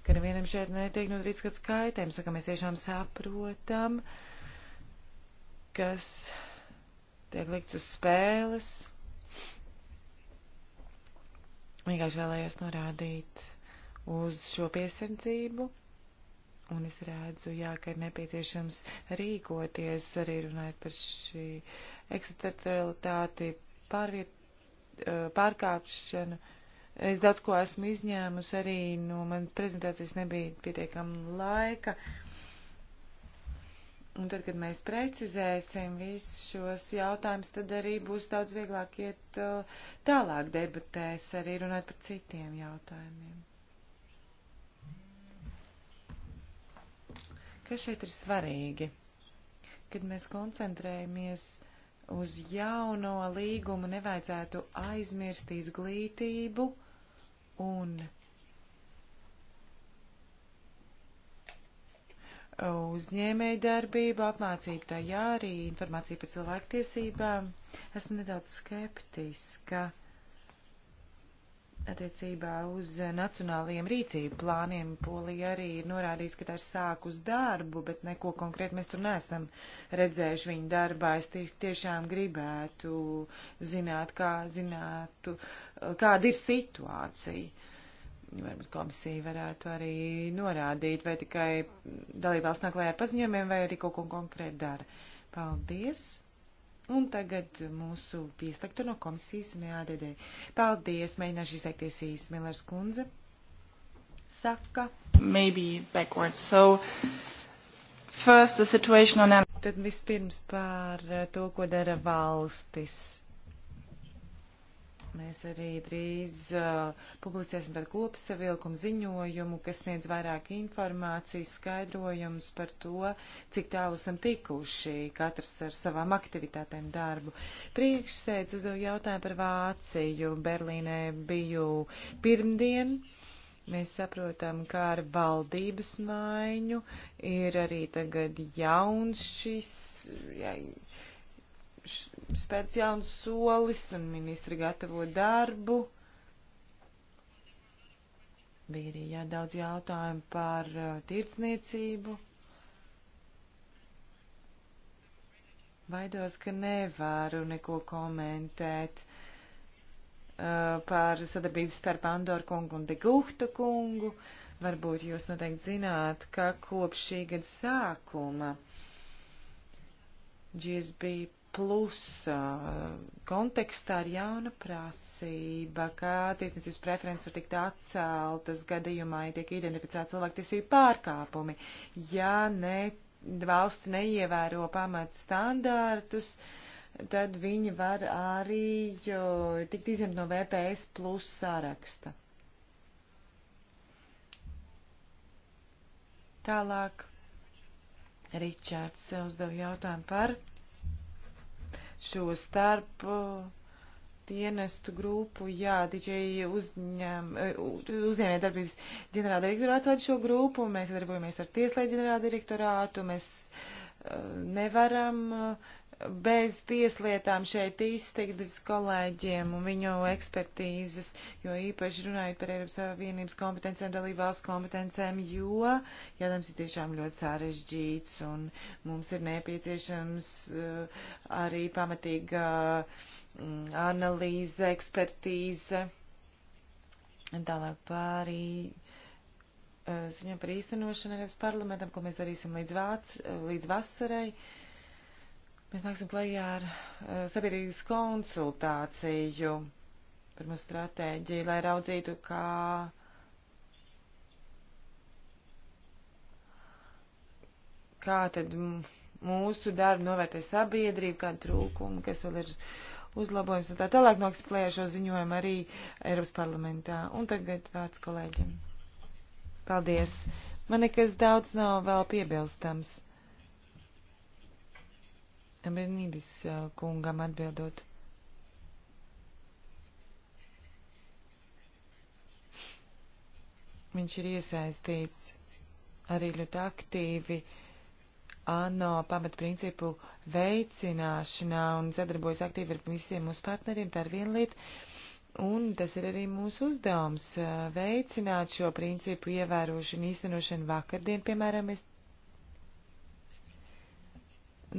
[SPEAKER 2] Ka nevienam šeit netiek nodarīts kāds kaitējums, ka mēs tiešām saprotam, kas tiek likts uz spēles. Vienkārši vēlējos norādīt uz šo piesardzību Un es redzu, jā, ka ir nepieciešams rīkoties, arī runājot par šī ekstraterritorialitāti, pārviet, pārkāpšanu. Es daudz ko esmu izņēmusi arī no manas prezentācijas nebija pietiekama laika. Un tad, kad mēs precizēsim visus šos jautājumus, tad arī būs daudz vieglāk iet tālāk debatēs, arī runāt par citiem jautājumiem. Kas šeit ir svarīgi? Kad mēs koncentrējamies uz jauno līgumu, nevajadzētu aizmirst izglītību un uzņēmēju darbību, apmācību tajā arī informāciju par cilvēktiesībām. Esmu nedaudz skeptiska. Ka Attiecībā uz nacionālajiem rīcību plāniem Polija arī ir norādījis, ka tā ir sākus darbu, bet neko konkrēti mēs tur nesam redzējuši viņu darbā. Es tiešām gribētu zināt, kā zinātu, kāda ir situācija. Varbūt komisija varētu arī norādīt, vai tikai dalībvalsts nāk lējā ar paziņojumiem, vai arī kaut ko konkrēti dara. Paldies! Un tagad mūsu piestaktu no komisijas un EADD. Paldies, mēģināšu izteikties īsi, Millers kundze. Saka. Maybe backwards. So, first the situation on... Tad vispirms par to, ko dara valstis. Mēs arī drīz uh, publicēsim tādu kopsavilkumu ziņojumu, kas sniedz vairāk informācijas, skaidrojums par to, cik tālu esam tikuši, katrs ar savām aktivitātēm darbu. Priekšsēdz uzdev jautājumu par Vāciju. Berlīnē biju pirmdien. Mēs saprotam, kā ar valdības maiņu ir arī tagad jauns šis. Jā, ja, spērts jauns solis un ministri gatavo darbu. Bija arī jādaudz jautājumu par tirdzniecību. Baidos, ka nevaru neko komentēt uh, par sadarbības starp Andoru kungu un Degulhta kungu. Varbūt jūs noteikti zināt, ka kopš šī gada sākuma GSB plus kontekstā ir jauna prasība, ka tiesnesības preferences var tikt atceltas gadījumā, ja tiek identificēti cilvēktiesību pārkāpumi, ja ne, valsts neievēro pamat standārtus, tad viņi var arī jo, tikt izņemt no VPS plus saraksta. Tālāk Ričards uzdev jautājumu par šo starp uh, dienestu grupu, jā, DJ uzņem, uh, uzņēmē darbības ģenerāldirektorāts vada šo grupu, mēs sadarbojamies ar tieslietu ģenerāldirektorātu, mēs uh, nevaram uh, bez tieslietām šeit iztikt bez kolēģiem un viņu ekspertīzes, jo īpaši runājot par Eiropas Savienības kompetencēm, dalībvalsts kompetencēm, jo jautājums ir tiešām ļoti sarežģīts un mums ir nepieciešams uh, arī pamatīga uh, analīze, ekspertīze. Un tālāk pārī uh, ziņā par īstenošanu Eiropas parlamentam, ko mēs darīsim līdz, vāc, uh, līdz vasarai. Uh, Mēs nāksim klajā ar eh, sabiedrības konsultāciju par mūsu stratēģiju, lai raudzītu, kā kā tad mūsu darbu novērtē sabiedrība, kāda trūkuma, kas vēl ir uzlabojums un tā tālāk nāks klajā šo ziņojumu arī Eiropas parlamentā. Un tagad vārds kolēģim. Paldies. Man nekas daudz nav vēl piebilstams. Embrinīdis kungam atbildot. Viņš ir iesaistīts arī ļoti aktīvi ANO pamatprincipu veicināšanā un sadarbojas aktīvi ar visiem mūsu partneriem, tā ir viena lieta. Un tas ir arī mūsu uzdevums veicināt šo principu ievērošanu, īstenošanu vakardien, piemēram, es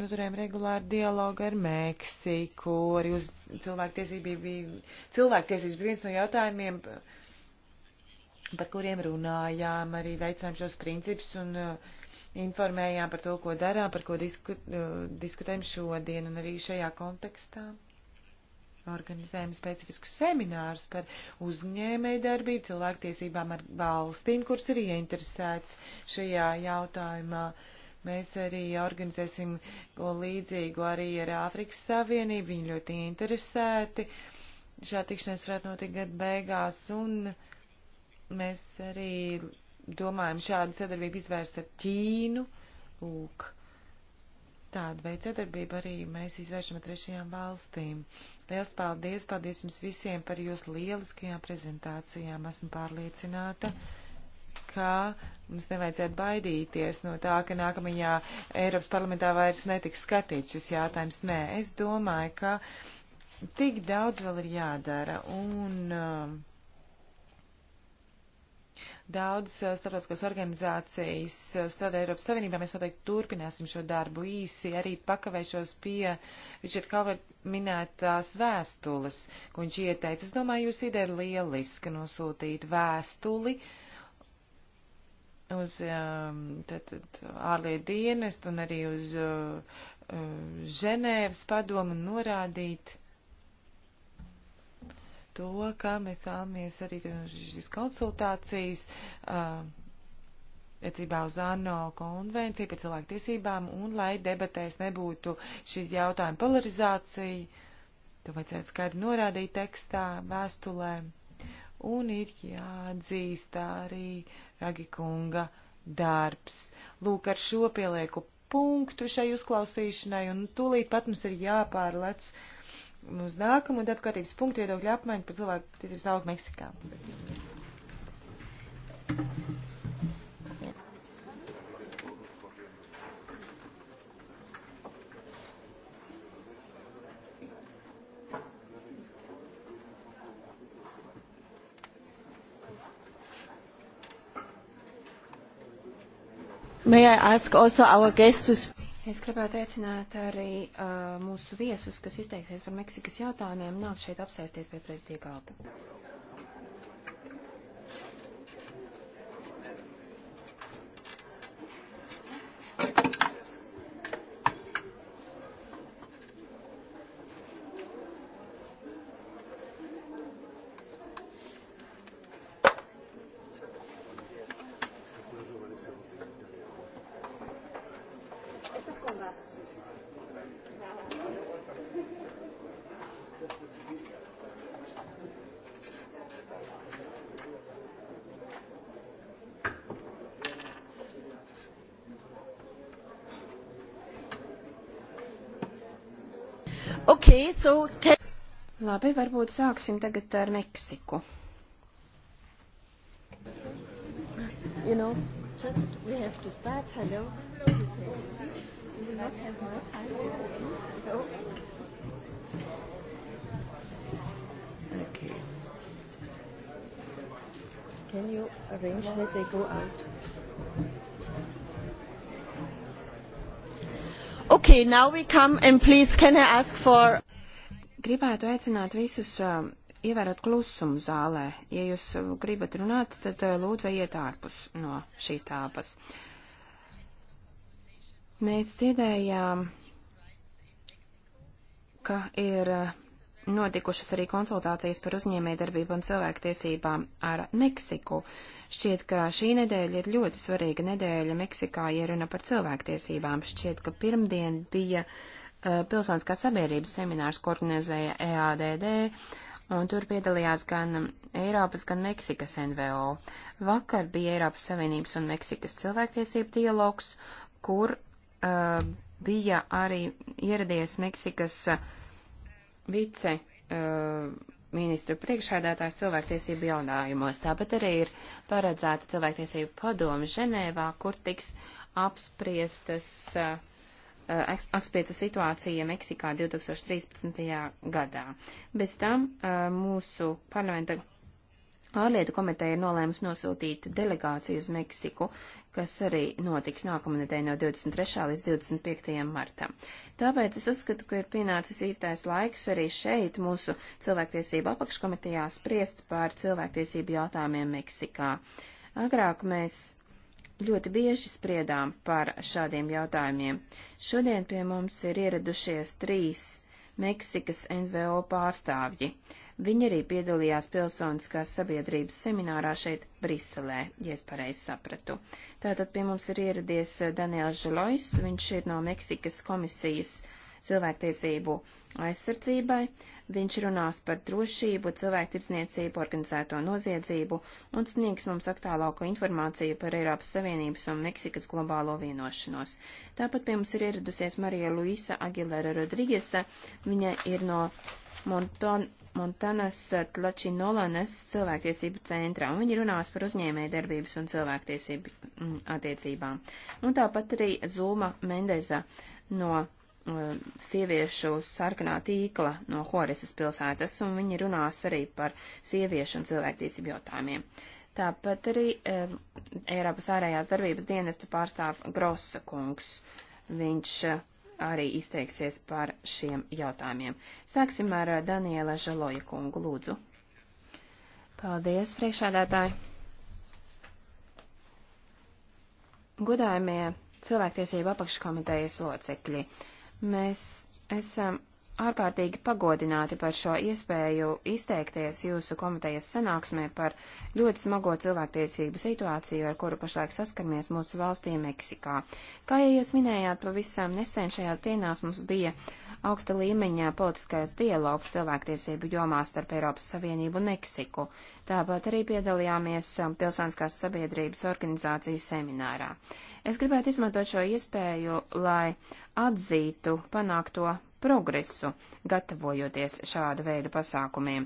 [SPEAKER 2] Noturējām nu, regulāru dialogu ar Meksiku, arī uz cilvēktiesību bija, cilvēktiesības bija viens no jautājumiem, par kuriem runājām, arī veicinām šos principus un uh, informējām par to, ko darām, par ko disku, uh, diskutējam šodien un arī šajā kontekstā. Organizējam specifiskus seminārus par uzņēmēju darbību, cilvēktiesībām ar valstīm, kuras ir ieinteresēts šajā jautājumā. Uh, Mēs arī organizēsim ko līdzīgu arī ar Āfrikas Savienību. Viņi ļoti interesēti. Šā tikšanās varētu notikt gada beigās, un mēs arī domājam šādu sadarbību izvērst ar Ķīnu. Lūk, tādu veidu sadarbību arī mēs izvēršam ar trešajām valstīm. Liels paldies, paldies jums visiem par jūsu lieliskajām prezentācijām. Esmu pārliecināta. Mm ka mums nevajadzētu baidīties no tā, ka nākamajā Eiropas parlamentā vairs netiks skatīts šis jautājums. Nē, es domāju, ka tik daudz vēl ir jādara un um, uh, daudz starptautiskās organizācijas uh, strādā Eiropas Savienībā. Mēs noteikti turpināsim šo darbu īsi. Arī pakavēšos pie Richard Howard minētās vēstules, ko viņš ieteica. Es domāju, jūs ideja ir lieliska nosūtīt vēstuli. Uh, uz tātad, um, ārlietu dienestu un arī uz uh, uh, Ženēvas padomu un norādīt to, kā mēs vēlamies arī šīs konsultācijas uh, attiecībā uz ANO konvenciju par cilvēktiesībām un lai debatēs nebūtu šīs jautājuma polarizācija. To vajadzētu skaidri norādīt tekstā, vēstulēm un ir jāatzīst arī Ragikunga darbs. Lūk, ar šo pielieku punktu šai uzklausīšanai, un tūlīt pat mums ir jāpārlec uz nākamu darbkārtības punktu viedokļu apmaiņu par cilvēku tiesības augu Meksikā. Thank you.
[SPEAKER 1] May I ask also our guests to speak?
[SPEAKER 3] Es gribētu aicināt arī uh, mūsu viesus, kas izteiksies par Meksikas jautājumiem, nāk šeit apsēsties pie prezidija galda. Okay, so... Labi, varbūt sāksim tagad ar Meksiku.
[SPEAKER 1] You know, just we have to start. Hello. We will not have more time. Hello. Okay. Can you arrange that they go out?
[SPEAKER 3] Okay, now we come and please can I ask for Gribētu aicināt visus uh, ievērot klusumu zālē. Ja jūs um, gribat runāt, tad uh, lūdzu iet ārpus no šīs tāpas. Mēs dzirdējām, ka ir uh, notikušas arī konsultācijas par uzņēmējdarbību un cilvēktiesībām ar Meksiku. Šķiet, ka šī nedēļa ir ļoti svarīga nedēļa Meksikā, ja runa par cilvēktiesībām. Šķiet, ka pirmdien bija uh, Eh, pilsoniskās sabiedrības seminārs, ko organizēja EADD, un tur piedalījās gan Eiropas, gan Meksikas NVO. Vakar bija Eiropas Savienības un Meksikas cilvēktiesību dialogs, kur uh, bija arī ieradies Meksikas eh, vice uh, ministru priekšādātājs cilvēktiesību jaunājumos. Tāpat arī ir paredzēta cilvēktiesību padome Ženēvā, kur tiks apspriestas uh, Eh, apspriesta situācija Meksikā 2013. gadā. Bez tam eh, mūsu parlamenta ārlietu komiteja ir nolēmusi nosūtīt delegāciju uz Meksiku, kas arī notiks nākamnedēļ no 23. līdz 25. martam. Tāpēc es uzskatu, ka ir pienācis īstais laiks arī šeit mūsu cilvēktiesību apakškomitejā spriest par cilvēktiesību jautājumiem Meksikā. Agrāk mēs Ļoti bieži spriedām par šādiem jautājumiem. Šodien pie mums ir ieradušies trīs Meksikas NVO pārstāvji. Viņi arī piedalījās pilsoniskās sabiedrības seminārā šeit Briselē, ja es pareizi sapratu. Tātad pie mums ir ieradies Daniels Žulois, viņš ir no Meksikas komisijas uh, cilvēktiesību aizsardzībai, viņš runās par drošību, cilvēktirdzniecību, organizēto noziedzību un sniegs mums aktuālāko informāciju par Eiropas Savienības un Meksikas globālo vienošanos. Tāpat pie mums ir ieradusies Marija Luisa Aguilera Rodrigesa, viņa ir no Monton, Montanas Tlačinolanas cilvēktiesību centrā, un viņi runās par uzņēmē darbības un cilvēktiesību mm, attiecībām. Un tāpat arī Zulma Mendeza no Um, sieviešu sarkanā tīkla no Horisas pilsētas, un viņi runās arī par sieviešu un cilvēktiesību jautājumiem. Tāpat arī e, Eiropas ārējās darbības dienesta pārstāv Grossa kungs. Viņš uh, arī izteiksies par šiem jautājumiem. Sāksim ar uh, Daniela Žaloja kungu, lūdzu. Paldies, priekšādātāji. Godājumie cilvēktiesību apakškomitejas locekļi. Mēs esam ārkārtīgi pagodināti par šo iespēju izteikties jūsu komitejas sanāksmē par ļoti smago cilvēktiesību situāciju, ar kuru pašlaik saskaramies mūsu valstī Meksikā. Kā jau jūs minējāt, pavisam nesen šajās dienās mums bija augsta līmeņā politiskais dialogs cilvēktiesību jomā starp Eiropas Savienību un Meksiku. Tāpat arī piedalījāmies pilsoniskās sabiedrības organizāciju seminārā. Es gribētu izmantot šo iespēju, lai atzītu panākto progresu, gatavojoties šāda veida pasākumiem.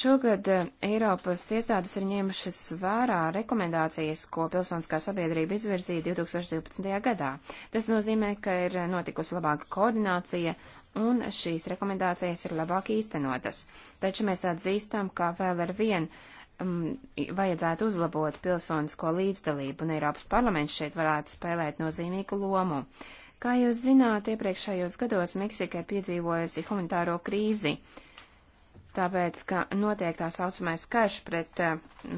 [SPEAKER 3] Šogad eh, Eiropas iestādes ir ņēmušas vērā rekomendācijas, ko pilsoniskā sabiedrība izvirzīja 2012. gadā. Tas nozīmē, ka ir notikusi labāka koordinācija un šīs rekomendācijas ir labāk īstenotas. Taču mēs atzīstam, ka vēl ar vien um, vajadzētu uzlabot pilsonisko līdzdalību un Eiropas parlaments šeit varētu spēlēt nozīmīgu lomu. Uh, Kā jūs zināt, iepriekšējos gados Meksika ir piedzīvojusi humanitāro krīzi, tāpēc, ka notiek tā saucamais karš pret uh,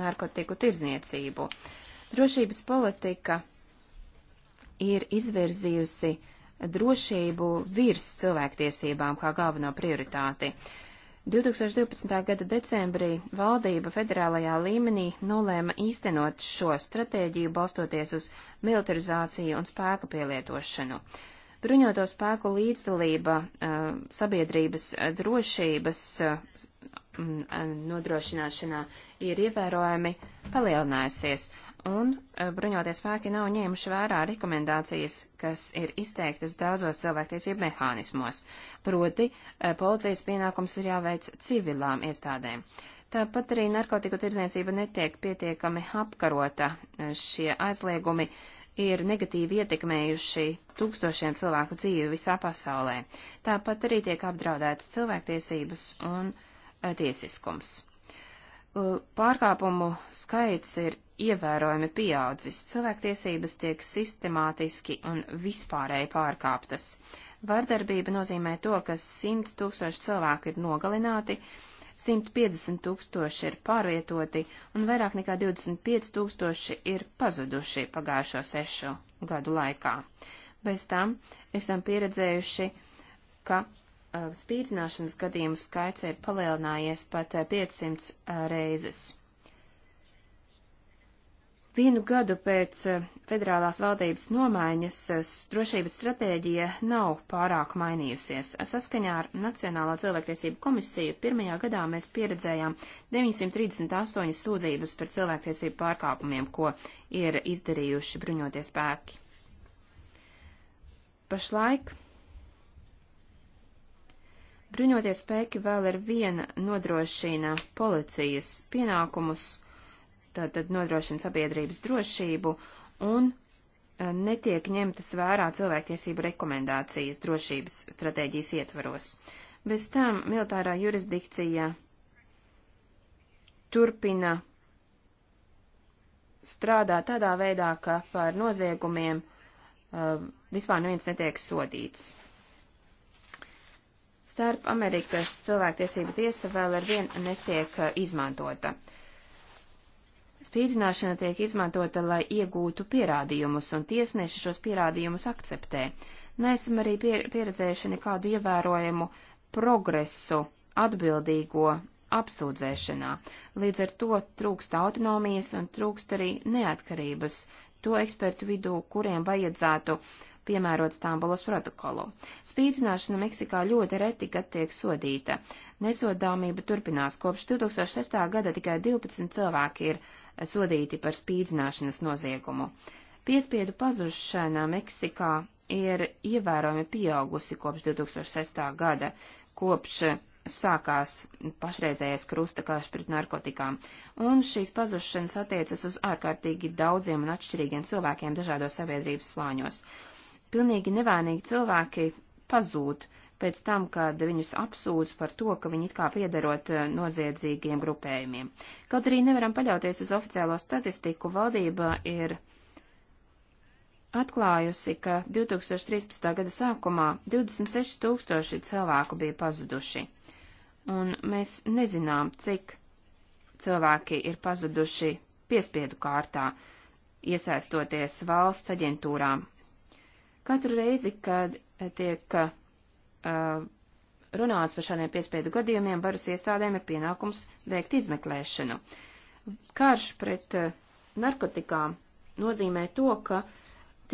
[SPEAKER 3] narkotiku tirdzniecību. Drošības politika ir izvirzījusi drošību virs cilvēktiesībām kā galveno prioritāti. Uh, 2012. gada decembrī valdība federālajā līmenī nolēma īstenot šo stratēģiju balstoties uz militarizāciju un spēka pielietošanu. Bruņoto spēku līdzdalība sabiedrības drošības nodrošināšanā ir ievērojami palielinājusies, un eh, bruņoties spēki nav ņēmuši vērā rekomendācijas, kas ir izteiktas daudzos cilvēktiesību mehānismos, proti eh, policijas pienākums ir jāveic civilām iestādēm. Tāpat arī narkotiku tirdzniecība netiek pietiekami apkarota. Eh, šie aizliegumi ir negatīvi ietekmējuši tūkstošiem cilvēku dzīvi visā pasaulē. Tāpat arī tiek apdraudētas cilvēktiesības un tiesiskums. Pārkāpumu skaits ir ievērojami pieaudzis, cilvēktiesības tiek sistemātiski un vispārēji pārkāptas. Vardarbība nozīmē to, ka 100 tūkstoši cilvēku ir nogalināti, 150 tūkstoši ir pārvietoti un vairāk nekā 25 tūkstoši ir pazuduši pagājušo sešu gadu laikā. Bez tam esam pieredzējuši, ka uh, spīdzināšanas gadījumu skaits ir palielinājies pat 500 uh, uh, reizes. Vienu gadu pēc eh, federālās valdības nomaiņas eh, drošības stratēģija nav pārāk mainījusies. Saskaņā ar Nacionālo cilvēktiesību komisiju pirmajā gadā mēs pieredzējām 938 sūdzības par cilvēktiesību pārkāpumiem, ko ir izdarījuši bruņoties spēki. Pašlaik bruņoties spēki vēl ir viena nodrošina policijas pienākumus tātad nodrošina sabiedrības drošību un e, netiek ņemtas vērā cilvēktiesību rekomendācijas drošības stratēģijas ietvaros. Bez tam militārā jurisdikcija turpina strādāt tādā veidā, ka par noziegumiem uh, vispār neviens netiek sodīts. Starp Amerikas cilvēktiesību tiesa vēl ar vien netiek uh, izmantota. Uh, Spīdzināšana tiek izmantota, lai iegūtu pierādījumus, un tiesneši šos pierādījumus akceptē. Neesam arī pieredzējuši nekādu ievērojumu progresu atbildīgo apsūdzēšanā. Līdz ar to trūkst autonomijas un trūkst arī neatkarības to ekspertu vidū, kuriem vajadzētu uh, piemērot Stambulas protokolu. Spīdzināšana Meksikā ļoti reti, kad tiek sodīta. Nesodāmība turpinās. Kopš 2006. gada tikai 12 cilvēki ir eh, sodīti par spīdzināšanas noziegumu. Piespiedu pazušana Meksikā ir ievērojami pieaugusi kopš 2006. gada, kopš sākās pašreizējais krusta karš pret narkotikām, un šīs pazušanas attiecas uz ārkārtīgi daudziem un atšķirīgiem cilvēkiem dažādos sabiedrības slāņos pilnīgi nevainīgi cilvēki pazūd pēc tam, kad viņus apsūdz par to, ka viņi it kā piedarot eh, noziedzīgiem grupējumiem. Kaut arī nevaram paļauties uz oficiālo statistiku, valdība ir atklājusi, ka 2013. gada sākumā 26 tūkstoši cilvēku bija pazuduši, un mēs nezinām, cik cilvēki ir pazuduši piespiedu kārtā, iesaistoties valsts aģentūrām Katru reizi, kad eh, tiek uh, runāts par šādiem piespiedu gadījumiem, varas iestādēm ir pienākums veikt izmeklēšanu. Karš pret uh, narkotikām nozīmē to, ka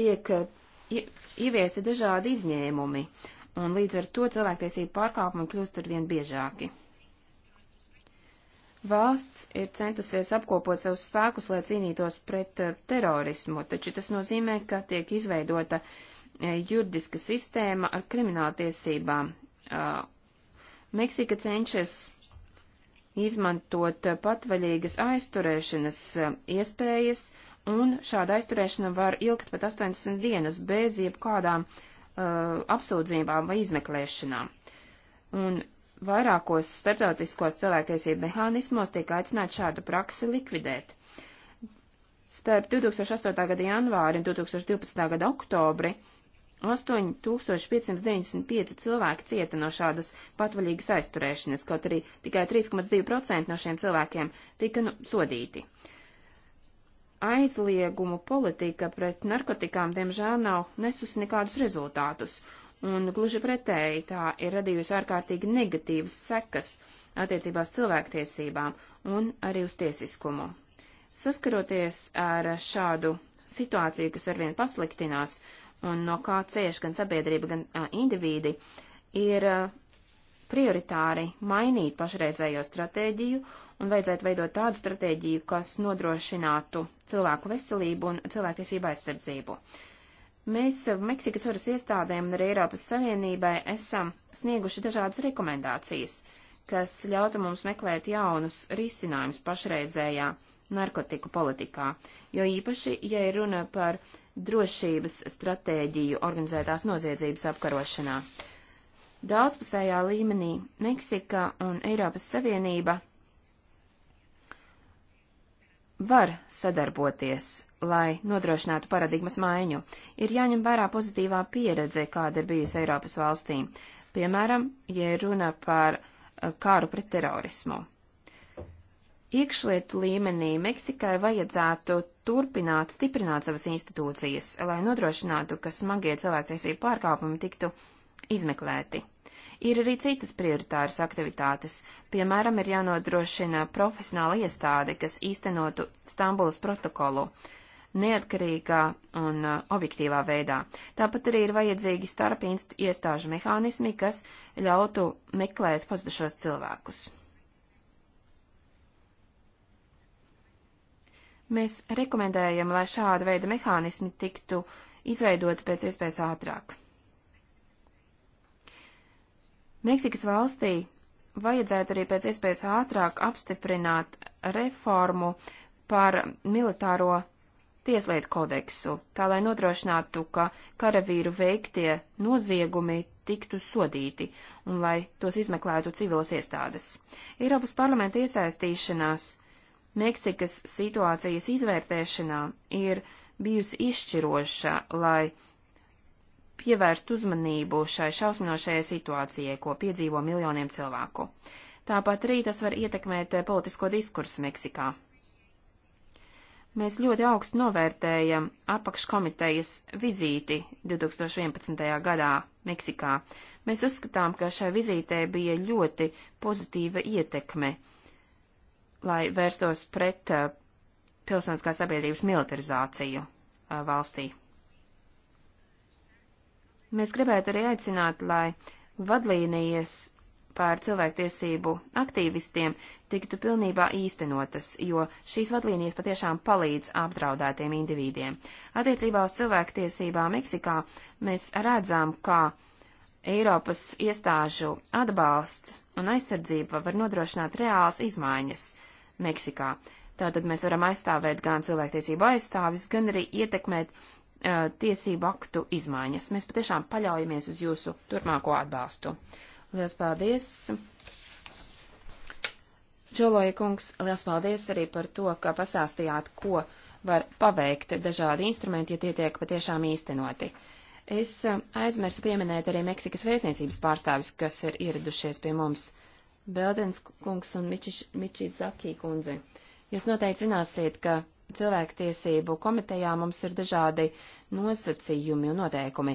[SPEAKER 3] tiek uh, ieviesti dažādi izņēmumi, un līdz ar to cilvēktiesību pārkāpumi kļūst arvien biežāki. Valsts ir centusies apkopot savus spēkus, lai cīnītos pret terorismu, taču tas nozīmē, ka tiek izveidota uh, E, juridiska sistēma ar krimināltiesībām. E, Meksika cenšas izmantot patvaļīgas aizturēšanas e, iespējas, un šāda aizturēšana var ilgt pat 80 dienas bez jebkādām uh, apsūdzībām vai izmeklēšanām. Un vairākos starptautiskos cilvēktiesību mehānismos tiek aicināt šādu praksi likvidēt. Starp 2008. gada janvāri un 2012. gada oktobri uh, 8595 cilvēki cieta no šādas patvaļīgas aizturēšanas, kaut arī tikai 3,2% no šiem cilvēkiem tika nu, sodīti. Aizliegumu politika pret narkotikām, diemžēl, nav nesusi nekādus rezultātus, un gluži pretēji tā ir radījusi ārkārtīgi negatīvas sekas attiecībās cilvēktiesībām un arī uz tiesiskumu. Saskaroties ar šādu situāciju, kas arvien pasliktinās, un no kā cieš gan sabiedrība, gan a, individi, ir a, prioritāri mainīt pašreizējo stratēģiju un vajadzētu veidot tādu stratēģiju, kas nodrošinātu cilvēku veselību un cilvēktiesību aizsardzību. Mēs Meksikas varas iestādēm un arī Eiropas Savienībai esam snieguši dažādas rekomendācijas, kas ļauta mums meklēt jaunus risinājumus pašreizējā narkotiku politikā, jo īpaši, ja ir runa par drošības stratēģiju organizētās noziedzības apkarošanā. Daudzpusējā līmenī Meksika un Eiropas Savienība var sadarboties, lai nodrošinātu paradigmas maiņu. Ir jāņem vērā pozitīvā pieredze, kāda ir bijusi Eiropas valstīm, piemēram, ja runa par eh, kāru pret terorismu. Iekšlietu līmenī Meksikai vajadzētu turpināt stiprināt savas institūcijas, lai nodrošinātu, ka smagie cilvēktiesību pārkāpumi tiktu izmeklēti. Ir arī citas prioritāras aktivitātes, piemēram, ir jānodrošina profesionāla iestāde, kas īstenotu Stambulas protokolu neatkarīgā un uh, objektīvā veidā. Tāpat arī ir vajadzīgi starp iestāžu mehānismi, kas ļautu meklēt pazudušos cilvēkus. Mēs rekomendējam, lai šāda veida mehānismi tiktu izveidoti pēc iespējas ātrāk. Meksikas valstī vajadzētu arī pēc iespējas ātrāk apstiprināt reformu par militāro tieslietu kodeksu, tā lai nodrošinātu, ka karavīru veiktie noziegumi tiktu sodīti un lai tos izmeklētu civilas iestādes. Eiropas parlamenta iesaistīšanās Meksikas situācijas izvērtēšanā ir bijusi izšķiroša, lai pievērst uzmanību šai šausminošajai situācijai, ko piedzīvo miljoniem cilvēku. Tāpat arī tas var ietekmēt politisko diskursu Meksikā. Mēs ļoti augstu novērtējam apakškomitejas vizīti 2011. gadā Meksikā. Mēs uzskatām, ka šai vizītē bija ļoti pozitīva ietekme lai vērstos pret uh, pilsoniskās sabiedrības militarizāciju uh, valstī. Mēs gribētu arī aicināt, lai vadlīnijas pār cilvēktiesību aktīvistiem tiktu pilnībā īstenotas, jo šīs vadlīnijas patiešām palīdz apdraudētiem indivīdiem. Attiecībā uz cilvēktiesībām Meksikā mēs redzam, kā Eiropas iestāžu atbalsts un aizsardzība var nodrošināt reāls izmaiņas Meksikā. Tātad mēs varam aizstāvēt gan cilvēktiesību aizstāvis, gan arī ietekmēt uh, tiesību aktu izmaiņas. Mēs patiešām paļaujamies uz jūsu turpmāko atbalstu. Lielas paldies! Čoloja kungs, liels paldies arī par to, ka pasāstījāt, ko var paveikt dažādi instrumenti, ja tie tiek patiešām īstenoti. Es aizmirsu pieminēt arī Meksikas vēstniecības pārstāvis, kas ir ieradušies pie mums. Beldens kungs un Mičis, Mičis Zakī kundze. Jūs noteikti zināsiet, ka cilvēktiesību komitejā mums ir dažādi nosacījumi un noteikumi.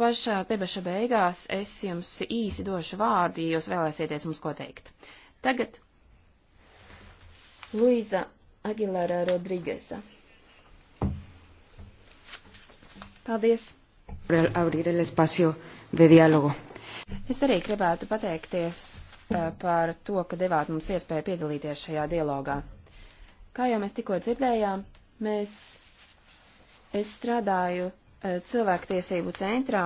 [SPEAKER 3] Pašā debaša beigās es jums īsi došu vārdu, ja jūs vēlēsieties mums ko teikt. Tagad Luisa Aguilera Rodrigesa. Paldies!
[SPEAKER 5] Abrir el espacio de diálogo.
[SPEAKER 3] Es arī gribētu pateikties Eh, par to, ka devāt mums iespēju piedalīties šajā dialogā. Kā jau mēs tikko dzirdējām, mēs, es strādāju eh, cilvēktiesību centrā,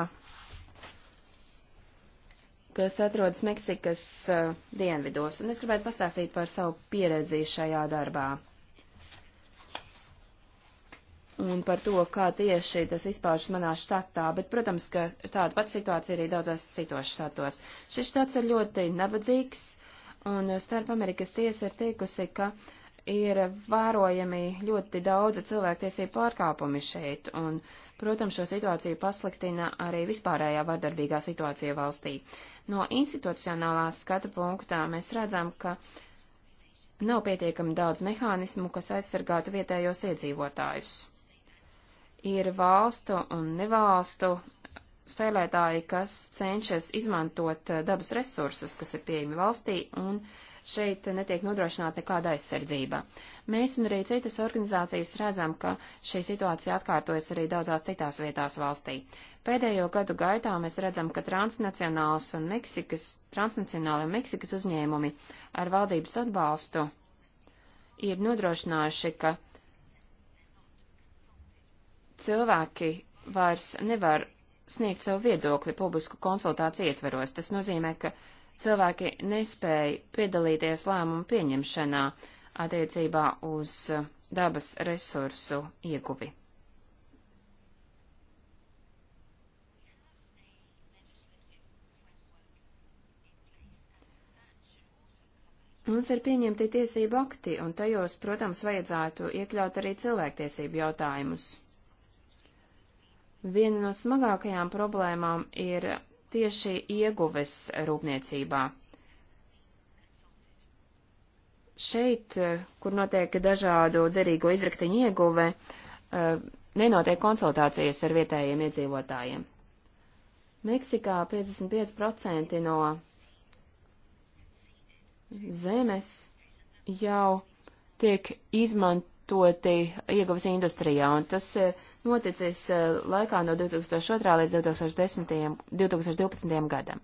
[SPEAKER 3] kas atrodas Meksikas eh, dienvidos, un es gribētu pastāstīt par savu pieredzi šajā darbā un par to, kā tieši tas izpaužas manā štatā, bet, protams, ka tāda pati situācija arī daudzās citos štatos. Šis štats ir ļoti nabadzīgs, un starp Amerikas tiesa ir teikusi, ka ir vērojami ļoti daudzi cilvēktiesību pārkāpumi šeit, un, protams, šo situāciju pasliktina arī vispārējā vardarbīgā situācija valstī. No institucionālās skatu punktā mēs redzam, ka nav pietiekami daudz mehānismu, kas aizsargātu vietējos iedzīvotājus ir valstu un nevalstu spēlētāji, kas cenšas izmantot eh, dabas resursus, kas ir pieejami valstī, un šeit netiek nodrošināta nekāda aizsardzība. Mēs un arī citas organizācijas redzam, ka šī situācija atkārtojas arī daudzās citās vietās valstī. Pēdējo gadu gaitā mēs redzam, ka transnacionāls un Meksikas, transnacionāli un Meksikas uzņēmumi ar valdības atbalstu ir nodrošinājuši, ka cilvēki vairs nevar sniegt savu viedokli publisku konsultāciju ietveros. Tas nozīmē, ka cilvēki nespēja piedalīties lēmumu pieņemšanā attiecībā uz dabas resursu ieguvi. Mums ir pieņemti tiesību akti, un tajos, protams, vajadzētu iekļaut arī cilvēktiesību jautājumus. Viena no smagākajām problēmām ir tieši ieguves rūpniecībā. Šeit, kur notiek dažādu derīgo izraktiņu ieguve, eh, nenotiek konsultācijas ar vietējiem iedzīvotājiem. Meksikā 55% no zemes jau tiek izmantoti ieguves industrijā, un tas ir eh, noticis eh, laikā no 2002. līdz 2010, 2012. gadam.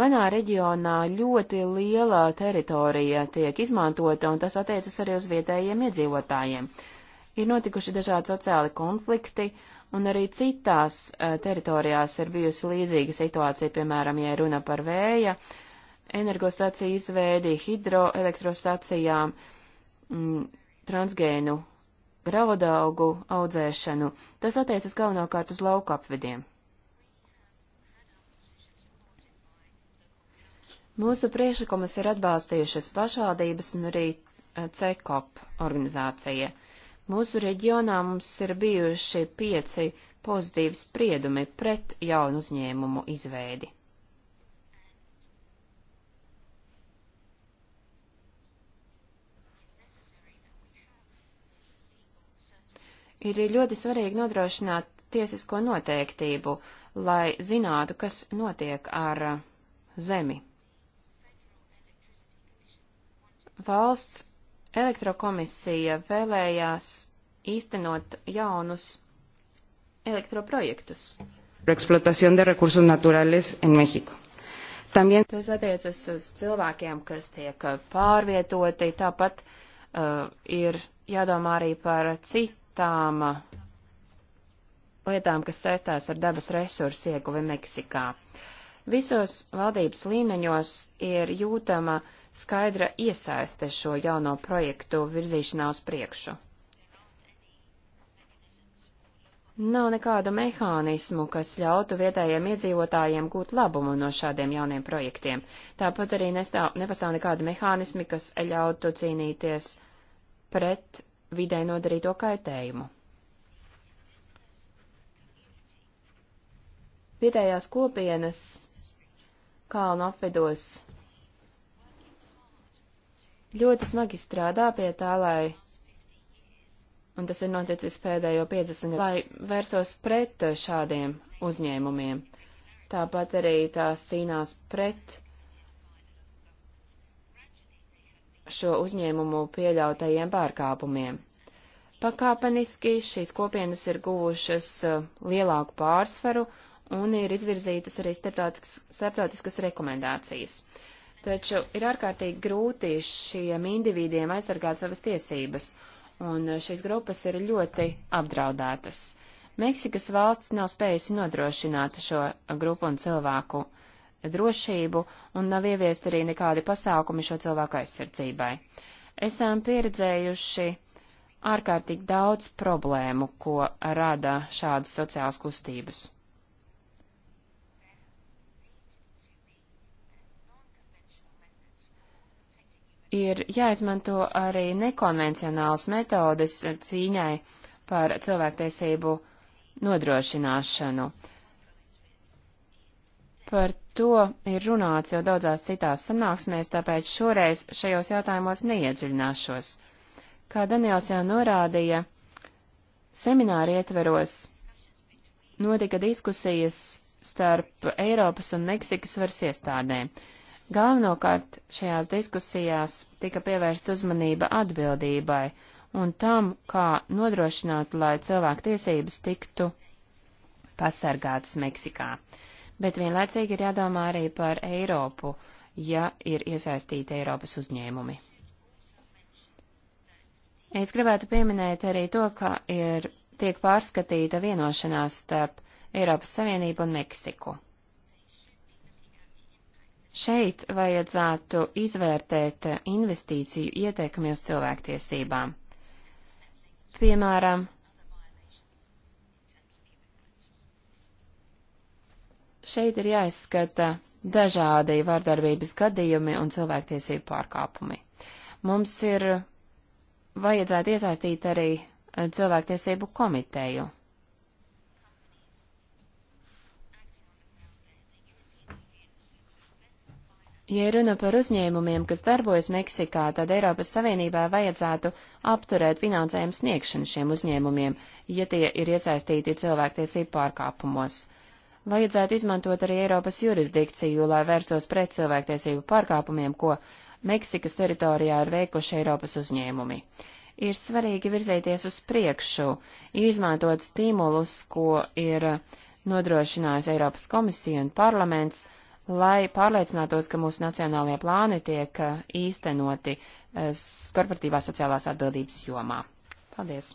[SPEAKER 3] Manā reģionā ļoti liela teritorija tiek izmantota, un tas attiecas arī uz vietējiem iedzīvotājiem. Ir notikuši dažādi sociāli konflikti, un arī citās eh, teritorijās ir bijusi līdzīga situācija, piemēram, ja runa par vēja, energostaciju izveidi, hidroelektrostacijām, mm, transgēnu graudaugu audzēšanu. Tas attiecas galvenokārt uz lauku apvidiem. Mūsu priešakumus ir atbalstījušas pašvaldības un arī e, CECOP organizācija. Mūsu reģionā mums ir bijuši pieci pozitīvi spriedumi pret jaunu uzņēmumu izveidi. Ir ļoti svarīgi nodrošināt tiesisko noteiktību, lai zinātu, kas notiek ar uh, zemi. Valsts elektrokomisija vēlējās īstenot jaunus elektroprojektus.
[SPEAKER 5] Eksploatācija de recursos naturales en Mexico. También...
[SPEAKER 3] Tas attiecas uz cilvēkiem, kas tiek pārvietoti, tāpat uh, ir jādomā arī par citu lietām, uh, lietām, kas saistās ar dabas resursu ieguvi Meksikā. Visos valdības līmeņos ir jūtama skaidra iesaiste šo jauno projektu virzīšanā uz priekšu. Nav nekādu mehānismu, kas ļautu vietējiem iedzīvotājiem gūt labumu no šādiem jauniem projektiem. Tāpat arī nestāv, nepastāv nekādi mehānismi, kas ļautu cīnīties pret vidē nodarīto kaitējumu. Vietējās kopienas kalnu apvidos ļoti smagi strādā pie tā, lai, un tas ir noticis pēdējo 50 gadu, lai vērsos pret šādiem uzņēmumiem. Tāpat arī tās cīnās pret šo uzņēmumu pieļautajiem pārkāpumiem. Pakāpeniski šīs kopienas ir guvušas uh, lielāku pārsvaru un ir izvirzītas arī starptautiskas rekomendācijas. Taču ir ārkārtīgi grūti šiem individiem aizsargāt savas tiesības, un uh, šīs grupas ir ļoti apdraudētas. Meksikas valsts nav spējusi nodrošināt šo grupu un cilvēku uh, drošību un nav ieviest arī nekādi pasākumi šo cilvēku aizsardzībai. Esam pieredzējuši ārkārtīgi daudz problēmu, ko rada šādas sociālas kustības. Ir jāizmanto arī nekonvencionāls metodes cīņai par cilvēktiesību nodrošināšanu. Uh, Par to ir runāts jau daudzās citās sanāksmēs, tāpēc šoreiz šajos jautājumos neiedziļināšos. Kā Daniels jau norādīja, semināri ietveros notika diskusijas starp Eiropas un Meksikas varas iestādēm. Galvenokārt šajās diskusijās tika pievērsta uzmanība atbildībai un tam, kā nodrošināt, lai cilvēku tiesības tiktu pasargātas Meksikā. Uh, bet vienlaicīgi ir jādomā arī par Eiropu, ja ir iesaistīti Eiropas uzņēmumi. Es gribētu pieminēt arī to, ka ir tiek pārskatīta vienošanās starp Eiropas Savienību un Meksiku. Šeit vajadzētu izvērtēt investīciju ietekmi uz cilvēktiesībām. Piemēram, Šeit ir jāizskata dažādi vardarbības gadījumi un cilvēktiesību pārkāpumi. Mums ir vajadzētu iesaistīt arī eh, cilvēktiesību komiteju. Ja runa par uzņēmumiem, kas darbojas Meksikā, tad Eiropas Savienībā vajadzētu apturēt finansējumu sniegšanu šiem uzņēmumiem, ja tie ir iesaistīti cilvēktiesību pārkāpumos vajadzētu izmantot arī Eiropas jurisdikciju, lai vērstos pret cilvēktiesību pārkāpumiem, ko Meksikas teritorijā ir veikuši Eiropas uzņēmumi. Ir svarīgi virzēties uz priekšu, izmantot stimulus, ko ir nodrošinājusi Eiropas komisija un parlaments, lai pārliecinātos, ka mūsu nacionālajie plāni tiek īstenoti eh, korporatīvās sociālās atbildības jomā. Paldies!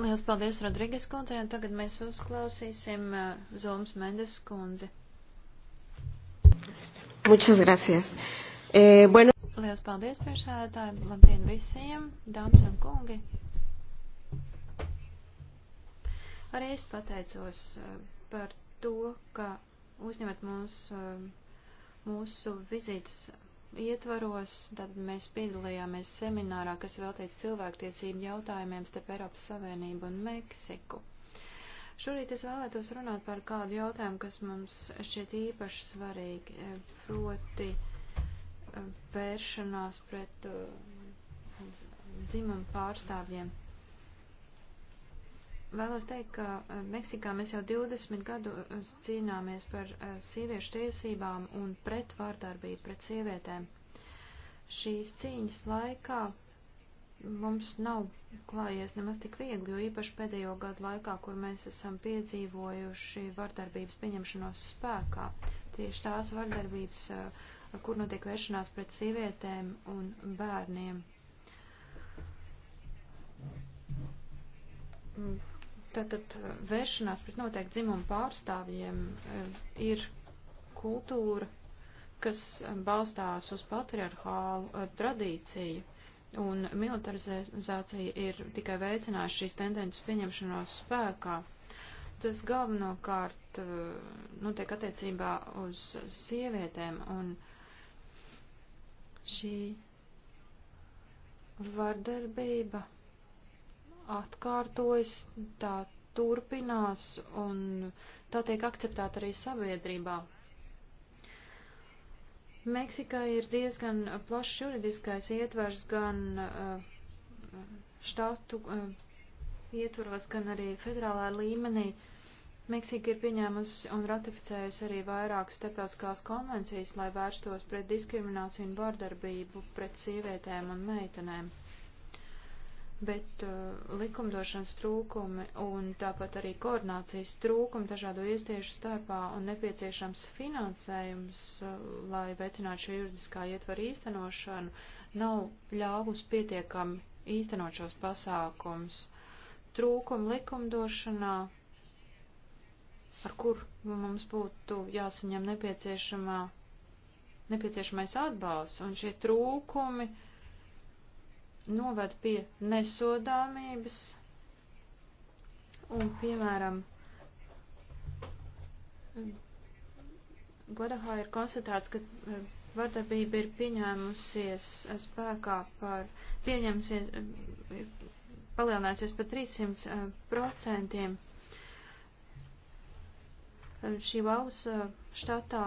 [SPEAKER 4] Lielas paldies Rodrīgas kundzei, un tagad mēs uzklausīsim uh, Zomas Mendes kundzi.
[SPEAKER 3] Muchas
[SPEAKER 1] gracias. Eh, bueno.
[SPEAKER 4] Lielas paldies priekšsēdētāji, labdien visiem, dāmas un kungi. Arī es pateicos uh, par to, ka uzņemat mūsu, uh, mūsu vizītes ietvaros, tad mēs piedalījāmies seminārā, kas veltīts cilvēktiesību jautājumiem starp Eiropas Savienību un Meksiku. Šorīt es vēlētos runāt par kādu jautājumu, kas mums šķiet īpaši svarīgi, eh, proti eh, vēršanās pret eh, dzimumu pārstāvjiem. Vēlos teikt, ka eh, Meksikā mēs jau 20 gadu eh, cīnāmies par eh, sieviešu tiesībām un pret vārdarbību pret sievietēm. Šīs cīņas laikā mums nav klājies nemaz tik viegli, jo īpaši pēdējo gadu laikā, kur mēs esam piedzīvojuši vārdarbības pieņemšanos spēkā, tieši tās vārdarbības, kur notiek vēršanās pret sievietēm un bērniem. Mm Tātad eh, vēršanās pret noteikti dzimumu pārstāvjiem eh, ir kultūra, kas eh, balstās uz patriarchālu tradīciju, un militarizācija ir tikai veicinājusi šīs tendences pieņemšanos spēkā. Tas galvenokārt notiek nu, attiecībā uz sievietēm, un šī vardarbība atkārtojas, tā turpinās un tā tiek akceptēta arī sabiedrībā. Meksikā ir diezgan plašs juridiskais ietvers gan uh, štatu uh, ietvaros, gan arī federālā līmenī. Meksika ir pieņēmusi un ratificējusi arī vairākas starptautiskās konvencijas, lai vērstos pret diskrimināciju un vardarbību pret sievietēm un meitenēm bet uh, likumdošanas trūkumi un tāpat arī koordinācijas trūkumi dažādo iestiešu starpā un nepieciešams finansējums, uh, lai veicinātu šo juridiskā ietvaru īstenošanu, nav ļāvus pietiekami īstenot šos pasākums. Trūkumi likumdošanā, ar kur mums būtu jāsaņem nepieciešamā, nepieciešamais atbalsts, un šie trūkumi uh, novad pie nesodāmības un, piemēram, Godahā ir konstatēts, ka eh, vardarbība ir pieņēmusies spēkā par, pieņemsies, eh, palielināsies par 300 eh, procentiem. Šī valsts štatā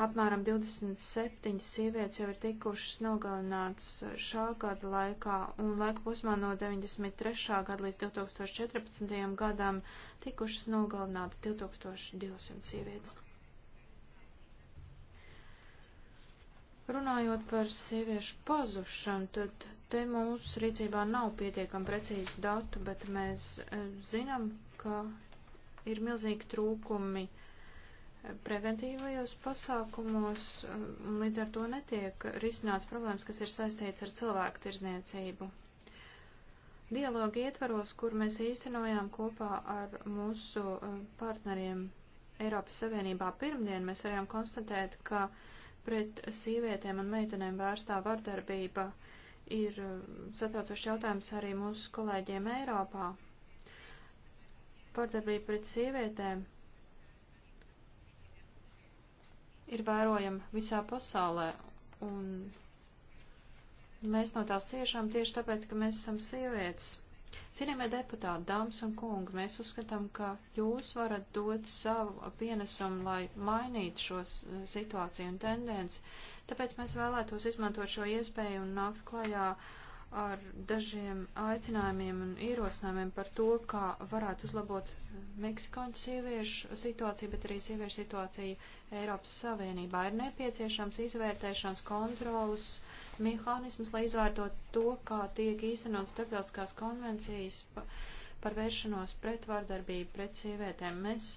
[SPEAKER 4] Apmēram 27 sievietes jau ir tikušas nogalināts šā gada laikā, un laika posmā no 93. gada līdz 2014. gadam tikušas nogalināts 2200 sievietes. Runājot par sieviešu pazušanu, tad te mūsu rīcībā nav pietiekami precīzu datu, bet mēs eh, zinām, ka ir milzīgi trūkumi preventīvajos pasākumos, un līdz ar to netiek risināts problēmas, kas ir saistīts ar cilvēku tirzniecību. Dialogi ietvaros, kur mēs īstenojām kopā ar mūsu uh, partneriem Eiropas Savienībā pirmdien, mēs varējām konstatēt, ka pret sīvietēm un meitenēm vērstā vardarbība ir uh, satraucošs jautājums arī mūsu kolēģiem Eiropā. Vardarbība pret sīvietēm ir vērojama visā pasaulē, un mēs no tās ciešām tieši tāpēc, ka mēs esam sievietes. Cienījamie deputāti, dāmas un kungi, mēs uzskatām, ka jūs varat dot savu pienesumu, lai mainītu šo situāciju un tendenci, tāpēc mēs vēlētos izmantot šo iespēju un nākt klajā uh, ar dažiem aicinājumiem un ierosinājumiem par to, kā varētu uzlabot meksikāņu sieviešu situāciju, bet arī sieviešu situāciju Eiropas Savienībā. Ir nepieciešams izvērtēšanas kontrolas mehānisms, lai izvērtot to, kā tiek īstenot starptautiskās konvencijas par vēršanos pret vardarbību pret sievietēm. Mēs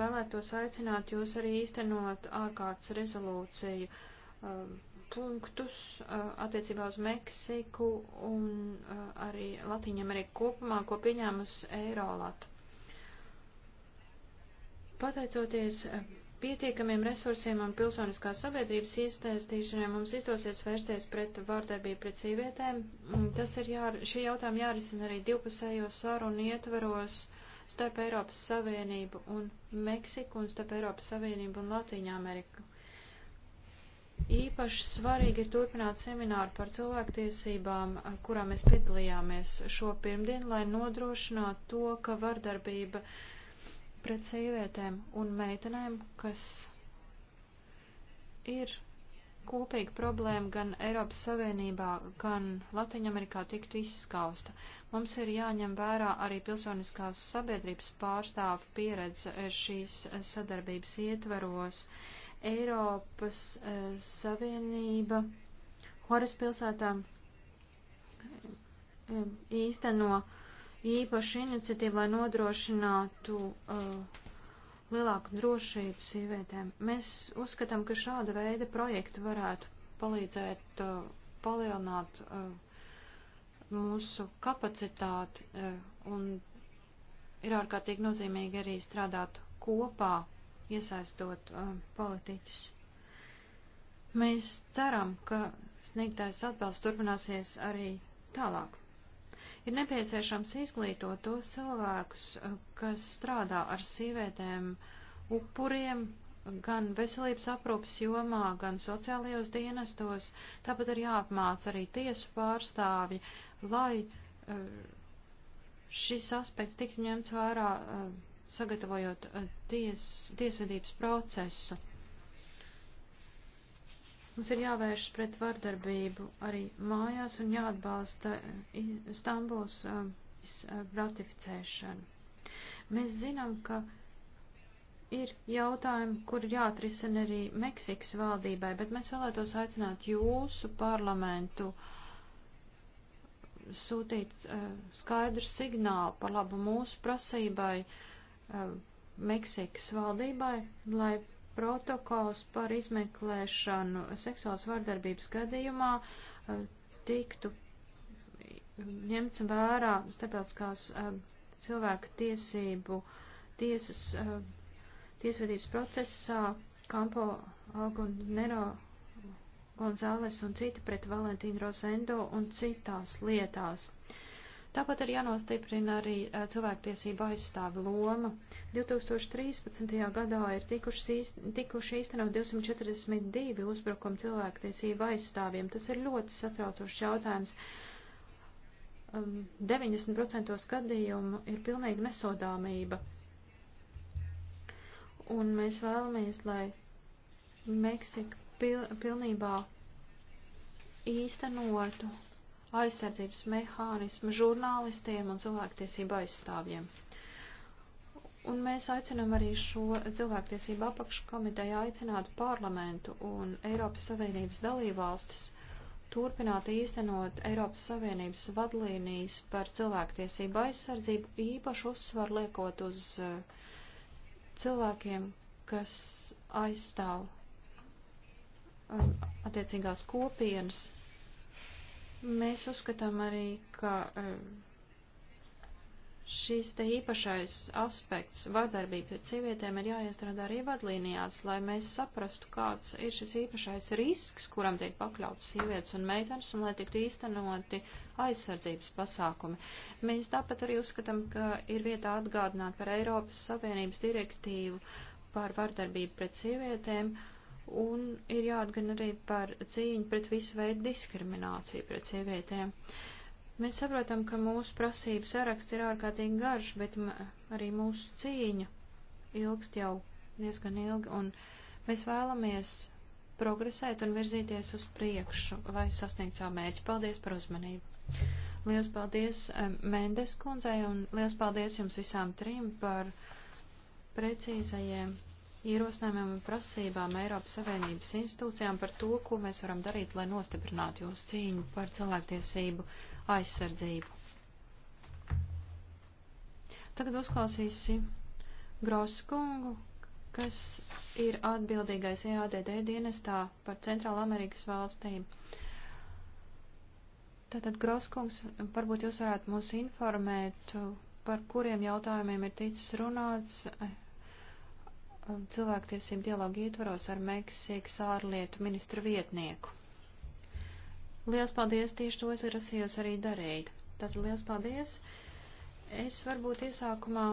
[SPEAKER 4] vēlētos aicināt jūs arī īstenot ārkārtas rezolūciju. Um, punktus attiecībā uz Meksiku un arī Latīņu Ameriku kopumā, ko pieņēmus Eirolat. Pateicoties pietiekamiem resursiem un pilsoniskās sabiedrības iesaistīšanai mums izdosies vērsties pret vārdarbību pret sievietēm. Tas ir jā, šie jautājumi jārisina arī divpusējos sarunu ietvaros starp Eiropas Savienību un Meksiku un starp Eiropas Savienību un Latīņu Ameriku. Īpaši svarīgi ir turpināt semināru par cilvēktiesībām, kurā mēs piedalījāmies šo pirmdienu, lai nodrošinātu to, ka vardarbība pret sievietēm un meitenēm, kas ir kopīga problēma gan Eiropas Savienībā, gan Latviņamerikā tiktu izskausta. Mums ir jāņem vērā arī pilsoniskās sabiedrības pārstāvu pieredze šīs sadarbības ietveros. Uh, Eiropas eh, Savienība Horas pilsētā eh, īsteno īpašu iniciatīvu, lai nodrošinātu uh, lielāku drošību sievietēm. Mēs uzskatām, ka šāda veida projekti varētu palīdzēt uh, palielināt uh, mūsu kapacitāti un ir ārkārtīgi nozīmīgi arī strādāt kopā iesaistot uh, politiķus. Mēs ceram, ka sniegtais atbalsts turpināsies arī tālāk. Ir nepieciešams izglītot tos cilvēkus, kas strādā ar sīvētēm upuriem, gan veselības aprūpas jomā, gan sociālajos dienestos, tāpat ir jāapmāca arī tiesu pārstāvji, lai uh, šis aspekts tiktu ņemts vērā uh, sagatavojot eh, ties, tiesvedības procesu. Mums ir jāvēršas pret vardarbību arī mājās un jāatbalsta eh, Stambuls eh, ratificēšanu. Mēs zinām, ka ir jautājumi, kur ir jāatrisina arī Meksikas valdībai, bet mēs vēlētos aicināt jūsu parlamentu sūtīt uh, skaidru signālu par labu mūsu prasībai uh, Um, Meksikas valdībai, lai protokols par izmeklēšanu seksuālas vardarbības gadījumā um, tiktu ņemts vērā starptautiskās um, cilvēku tiesību tiesas, tiesvedības procesā Kampo Algunero Gonzāles un citi pret Valentīnu Rosendo un citās lietās. Uh, Tāpat ir jānostiprina arī eh, cilvēktiesība aizstāvi loma. 2013. gadā ir tikuši, tikuši īstenot 242 uzbrukumi cilvēktiesība aizstāvjiem. Tas ir ļoti satraucošs jautājums. 90% um, gadījumu ir pilnīgi nesodāmība. Un mēs vēlamies, lai Meksika pil pilnībā īstenotu aizsardzības mehānismu žurnālistiem un cilvēktiesību aizstāvjiem. Un mēs aicinām arī šo cilvēktiesību apakškomiteju aicināt parlamentu un Eiropas Savienības dalībvalstis turpināt īstenot Eiropas Savienības vadlīnijas par cilvēktiesību aizsardzību, īpaši uzsvar liekot uz eh, cilvēkiem, kas aizstāv eh, attiecīgās kopienas Mēs uzskatām arī, ka eh, šīs te īpašais aspekts vardarbība pret sievietēm ir jāiestrādā arī vadlīnijās, lai mēs saprastu, kāds ir šis īpašais risks, kuram tiek pakļauts sievietes un meitenes, un lai tiktu īstenoti aizsardzības pasākumi. Mēs tāpat arī uzskatām, ka ir vietā atgādināt par Eiropas Savienības direktīvu par vardarbību pret sievietēm. Uh, un ir jāatgan arī par cīņu pret visu veidu diskrimināciju pret sievietēm. Mēs saprotam, ka mūsu prasību saraksts ir ārkārtīgi garš, bet arī mūsu cīņa ilgst jau diezgan ilgi, un mēs vēlamies progresēt un virzīties uz priekšu, lai sasniegtu savu mērķi. Paldies par uzmanību! Liels paldies Mendes kundzei un liels paldies jums visām trim par precīzajiem ierosinājumiem un prasībām Eiropas Savienības institūcijām par to, ko mēs varam darīt, lai nostiprinātu jūsu cīņu par cilvēktiesību aizsardzību. Tagad uzklausīsim Grosu kungu, kas ir atbildīgais EADD dienestā par Centrāla Amerikas valstīm. Tātad, Groskungs, varbūt jūs varētu mūs informēt, par kuriem jautājumiem ir ticis runāts Um, cilvēktiesību dialogu ietvaros ar Meksikas ārlietu ministra vietnieku. Liels paldies, tieši to es grasījos arī darīt. Tātad liels paldies. Es varbūt iesākumā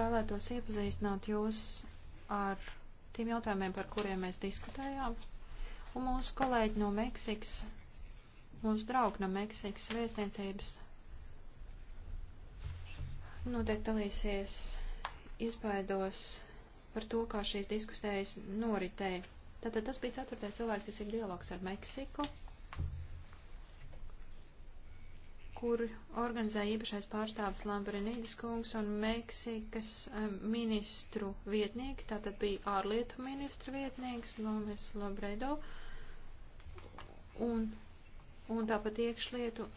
[SPEAKER 4] vēlētos iepazīstināt jūs ar tiem jautājumiem, par kuriem mēs diskutējām. Un mūsu kolēģi no Meksikas, mūsu draugi no Meksikas vēstniecības noteikti dalīsies iespaidos par to, kā šīs diskusējas noritēja. Tātad tas bija ceturtais cilvēks, kas ir dialogs ar Meksiku, kur organizēja īpašais pārstāvis Lambrinīdis kungs un Meksikas ministru vietnieki, tātad bija ārlietu ministra vietnieks Lomis Lobredo un, un tāpat iekšlietu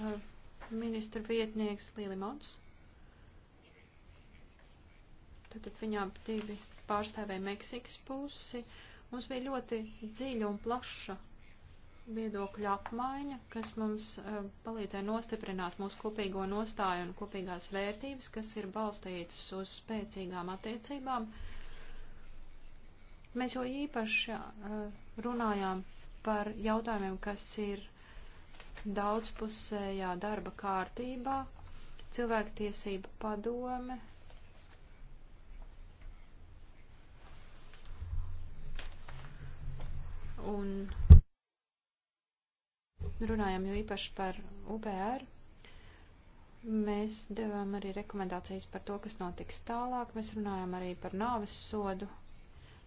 [SPEAKER 4] ministra vietnieks Līlimons. Tātad viņām divi pārstāvēja Meksikas pusi. Mums bija ļoti dziļa un plaša viedokļu apmaiņa, kas mums uh, palīdzēja nostiprināt mūsu kopīgo nostāju un kopīgās vērtības, kas ir balstītas uz spēcīgām attiecībām. Mēs jau īpaši uh, runājām par jautājumiem, kas ir daudzpusējā darba kārtībā, cilvēktiesība padome, un runājam jau īpaši par UBR. Mēs devām arī rekomendācijas par to, kas notiks tālāk. Mēs runājam arī par nāves sodu,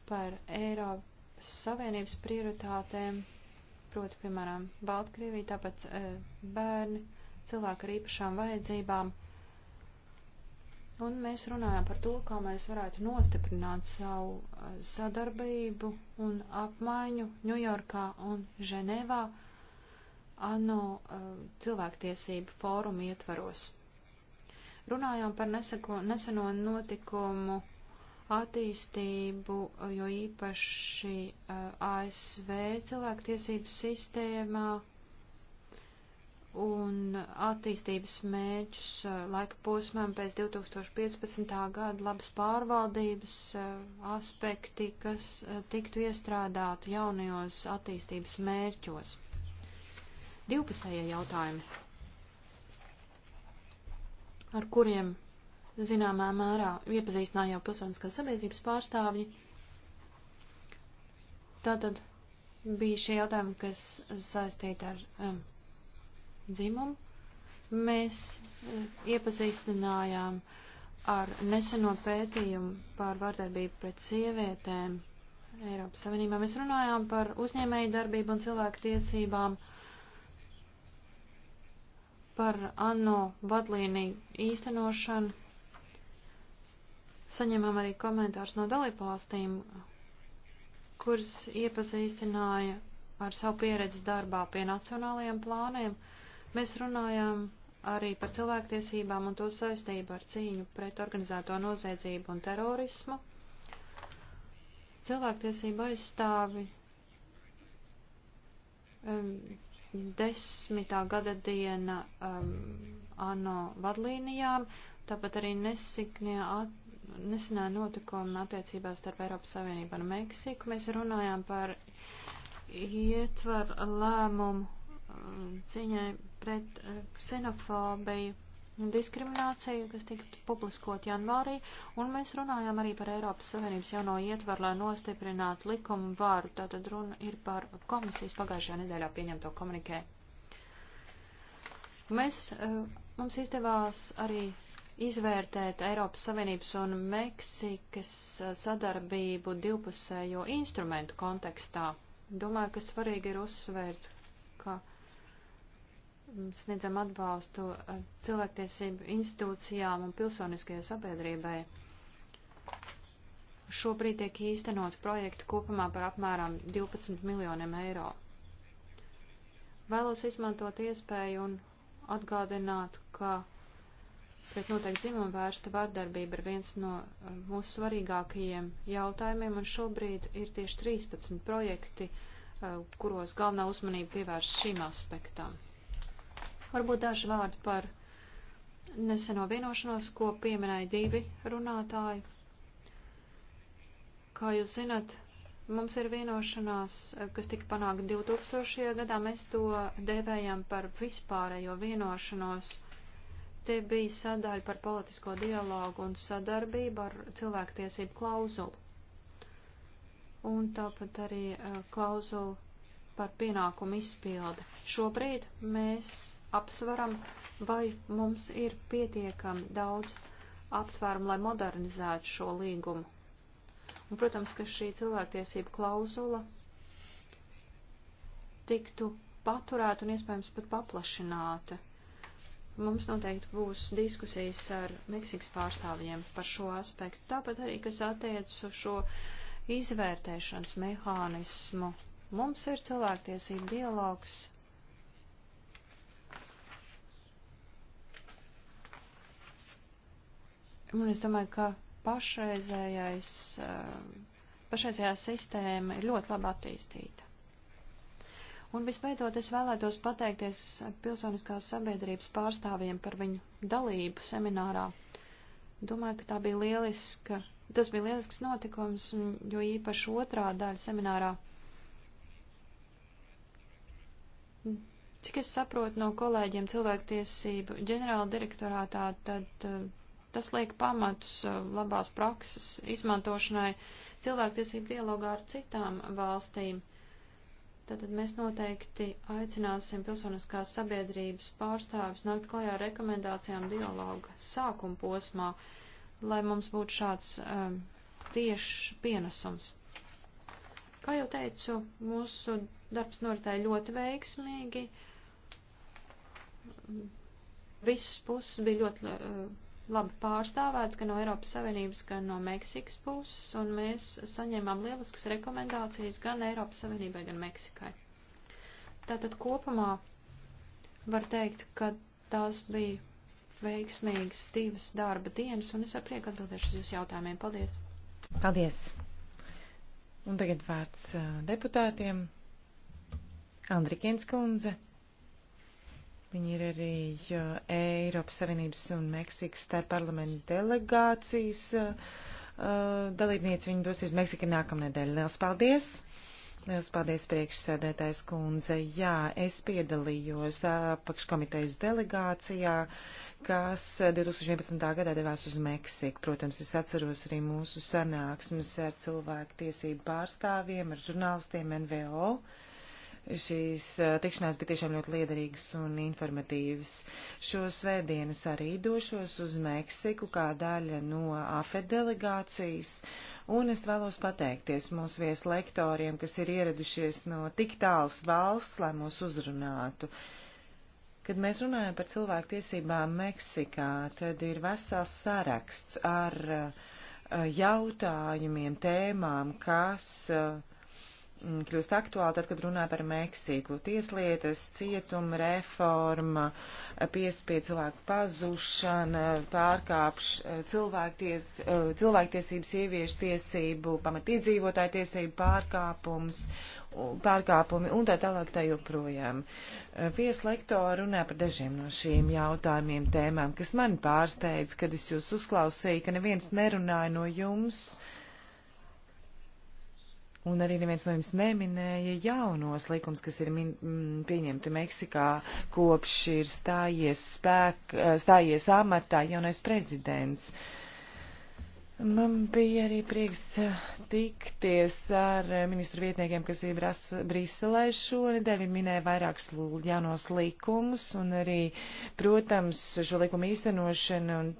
[SPEAKER 4] par Eiropas Savienības prioritātēm, proti, piemēram, Baltkrievī, tāpat e, bērni, cilvēki ar īpašām vajadzībām. Un mēs runājam par to, kā mēs varētu nostiprināt savu eh, sadarbību un apmaiņu Ņujorkā un Ženēvā ANO eh, cilvēktiesību fórumu ietvaros. Runājām par neseko, neseno notikumu attīstību, jo īpaši eh, ASV cilvēktiesības sistēmā un attīstības mēģus uh, laika posmām pēc 2015. gada labas pārvaldības uh, aspekti, kas uh, tiktu iestrādāti jaunajos attīstības mērķos. Divpusējie jautājumi, ar kuriem zināmā mērā iepazīstināja jau pilsoniskās sabiedrības pārstāvji. Tātad bija šie jautājumi, kas saistīti ar um, dzimumu. Mēs eh, iepazīstinājām ar neseno pētījumu pār vardarbību pret sievietēm Eiropas Savienībā. Mēs runājām par uzņēmēju darbību un cilvēku tiesībām, par ANO vadlīniju īstenošanu. Saņemam arī komentārus no dalībvalstīm, kuras iepazīstināja ar savu pieredzi darbā pie nacionālajiem plāniem. Mēs runājām arī par cilvēktiesībām un to saistību ar cīņu pret organizēto noziedzību un terorismu. Cilvēktiesība aizstāvi um, desmitā gada diena um, ANO vadlīnijām, tāpat arī nesikņā nesenā notikuma attiecībās starp Eiropas Savienību un Meksiku. Mēs runājām par ietvaru lēmumu um, ciņai pret eh, ksenofobiju un diskrimināciju, kas tika publiskot janvārī, un mēs runājām arī par Eiropas Savienības jauno ietvaru, lai nostiprinātu likumu vāru. Tātad runa ir par komisijas pagājušajā nedēļā pieņemto komunikē. Mēs, eh, mums izdevās arī izvērtēt Eiropas Savienības un Meksikas eh, sadarbību divpusējo instrumentu kontekstā. Domāju, ka svarīgi ir uzsvērt, ka sniedzam atbalstu eh, cilvēktiesību institūcijām un pilsoniskajai sabiedrībai. Šobrīd tiek īstenot projektu kopumā par apmēram 12 miljoniem eiro. Vēlos izmantot iespēju un atgādināt, ka pret noteikti dzimumu vērsta vārdarbība ir viens no eh, mūsu svarīgākajiem jautājumiem, un šobrīd ir tieši 13 projekti, eh, kuros galvenā uzmanība pievērš šim aspektam. Varbūt daži vārdi par neseno vienošanos, ko pieminēja divi runātāji. Kā jūs zinat, mums ir vienošanās, kas tika panākta 2000. gadā. Mēs to devējam par vispārējo vienošanos. Te bija sadaļa par politisko dialogu un sadarbību ar cilvēktiesību klauzulu. Un tāpat arī eh, klauzulu par pienākumu izpildi. Šobrīd mēs apsveram, vai mums ir pietiekami daudz aptvērumu, lai modernizētu šo līgumu. Un, protams, ka šī cilvēktiesība klauzula tiktu paturēta un iespējams pat paplašināta. Mums noteikti būs diskusijas ar Meksikas pārstāvjiem par šo aspektu, tāpat arī, kas attiecas uz šo izvērtēšanas mehānismu. Mums ir cilvēktiesība dialogs Un es domāju, ka pašreizējais, eh, pašreizējā sistēma ir ļoti labi attīstīta. Un visbeidzot, es vēlētos pateikties pilsoniskās sabiedrības pārstāvjiem par viņu dalību seminārā. Domāju, ka tā bija lieliska, tas bija lielisks notikums, jo īpaši otrā daļa seminārā. Cik es saprotu no kolēģiem cilvēktiesību ģenerāla direktorātā, tad uh, Tas liek pamatus uh, labās prakses izmantošanai cilvēktiesību dialogā ar citām valstīm. Tātad mēs noteikti aicināsim pilsoniskās sabiedrības pārstāvis nākt klajā ar rekomendācijām dialoga sākuma posmā, lai mums būtu šāds um, tiešs pienesums. Kā jau teicu, mūsu darbs noritēja ļoti veiksmīgi. Visas puses bija ļoti uh, labi pārstāvēts gan no Eiropas Savienības, gan no Meksikas puses, un mēs saņēmām lieliskas rekomendācijas gan Eiropas Savienībai, gan Meksikai. Tātad kopumā var teikt, ka tās bija veiksmīgas divas darba dienas, un es ar prieku atbildēšu uz jūsu jautājumiem. Paldies!
[SPEAKER 2] Paldies! Un tagad vārds deputātiem. Andrikins kundze. Viņi ir arī Eiropas Savienības un Meksikas starpparlamentu delegācijas dalībnieci. Viņi dosies Meksikā nākamnedēļ. Liels paldies! Liels paldies, priekšsēdētājs kundze. Jā, es piedalījos apakškomitejas delegācijā, kas 2011. gadā devās uz Meksiku. Protams, es atceros arī mūsu sanāksmes ar cilvēku tiesību pārstāvjiem, ar žurnālistiem NVO. Uh, Šīs tikšanās bija tiešām ļoti liederīgas un informatīvas. Šo svētdienas arī došos uz Meksiku kā daļa no AFED delegācijas, un es vēlos pateikties mūsu vieslektoriem, kas ir ieradušies no tik tāls valsts, lai mūs uzrunātu. Kad mēs runājam par cilvēku tiesībām Meksikā, tad ir vesels saraksts ar jautājumiem, tēmām, kas uh, Mm, kļūst aktuāli, tad, kad runā par Meksiku. Tieslietas, cietuma reforma, piespie cilvēku pazušana, pārkāpš eh, cilvēkties, eh, cilvēktiesības, sieviešu tiesību, pamatiedzīvotāju tiesību pārkāpums, pārkāpumi un tā tālāk tā joprojām. Eh, Vieslektora runā par dažiem no šīm jautājumiem, tēmām, kas man pārsteidz, kad es jūs uzklausīju, ka neviens nerunāja no jums. Uh, Un arī neviens no jums neminēja jaunos likums, kas ir min, m, mm, pieņemti Meksikā, kopš ir stājies, spēk, eh, stājies amatā jaunais prezidents. Man bija arī prieks eh, tikties ar eh, ministru vietniekiem, kas ir Briselē šonedēļ. Viņi minēja vairākus jaunos likumus un arī, protams, šo likumu īstenošanu un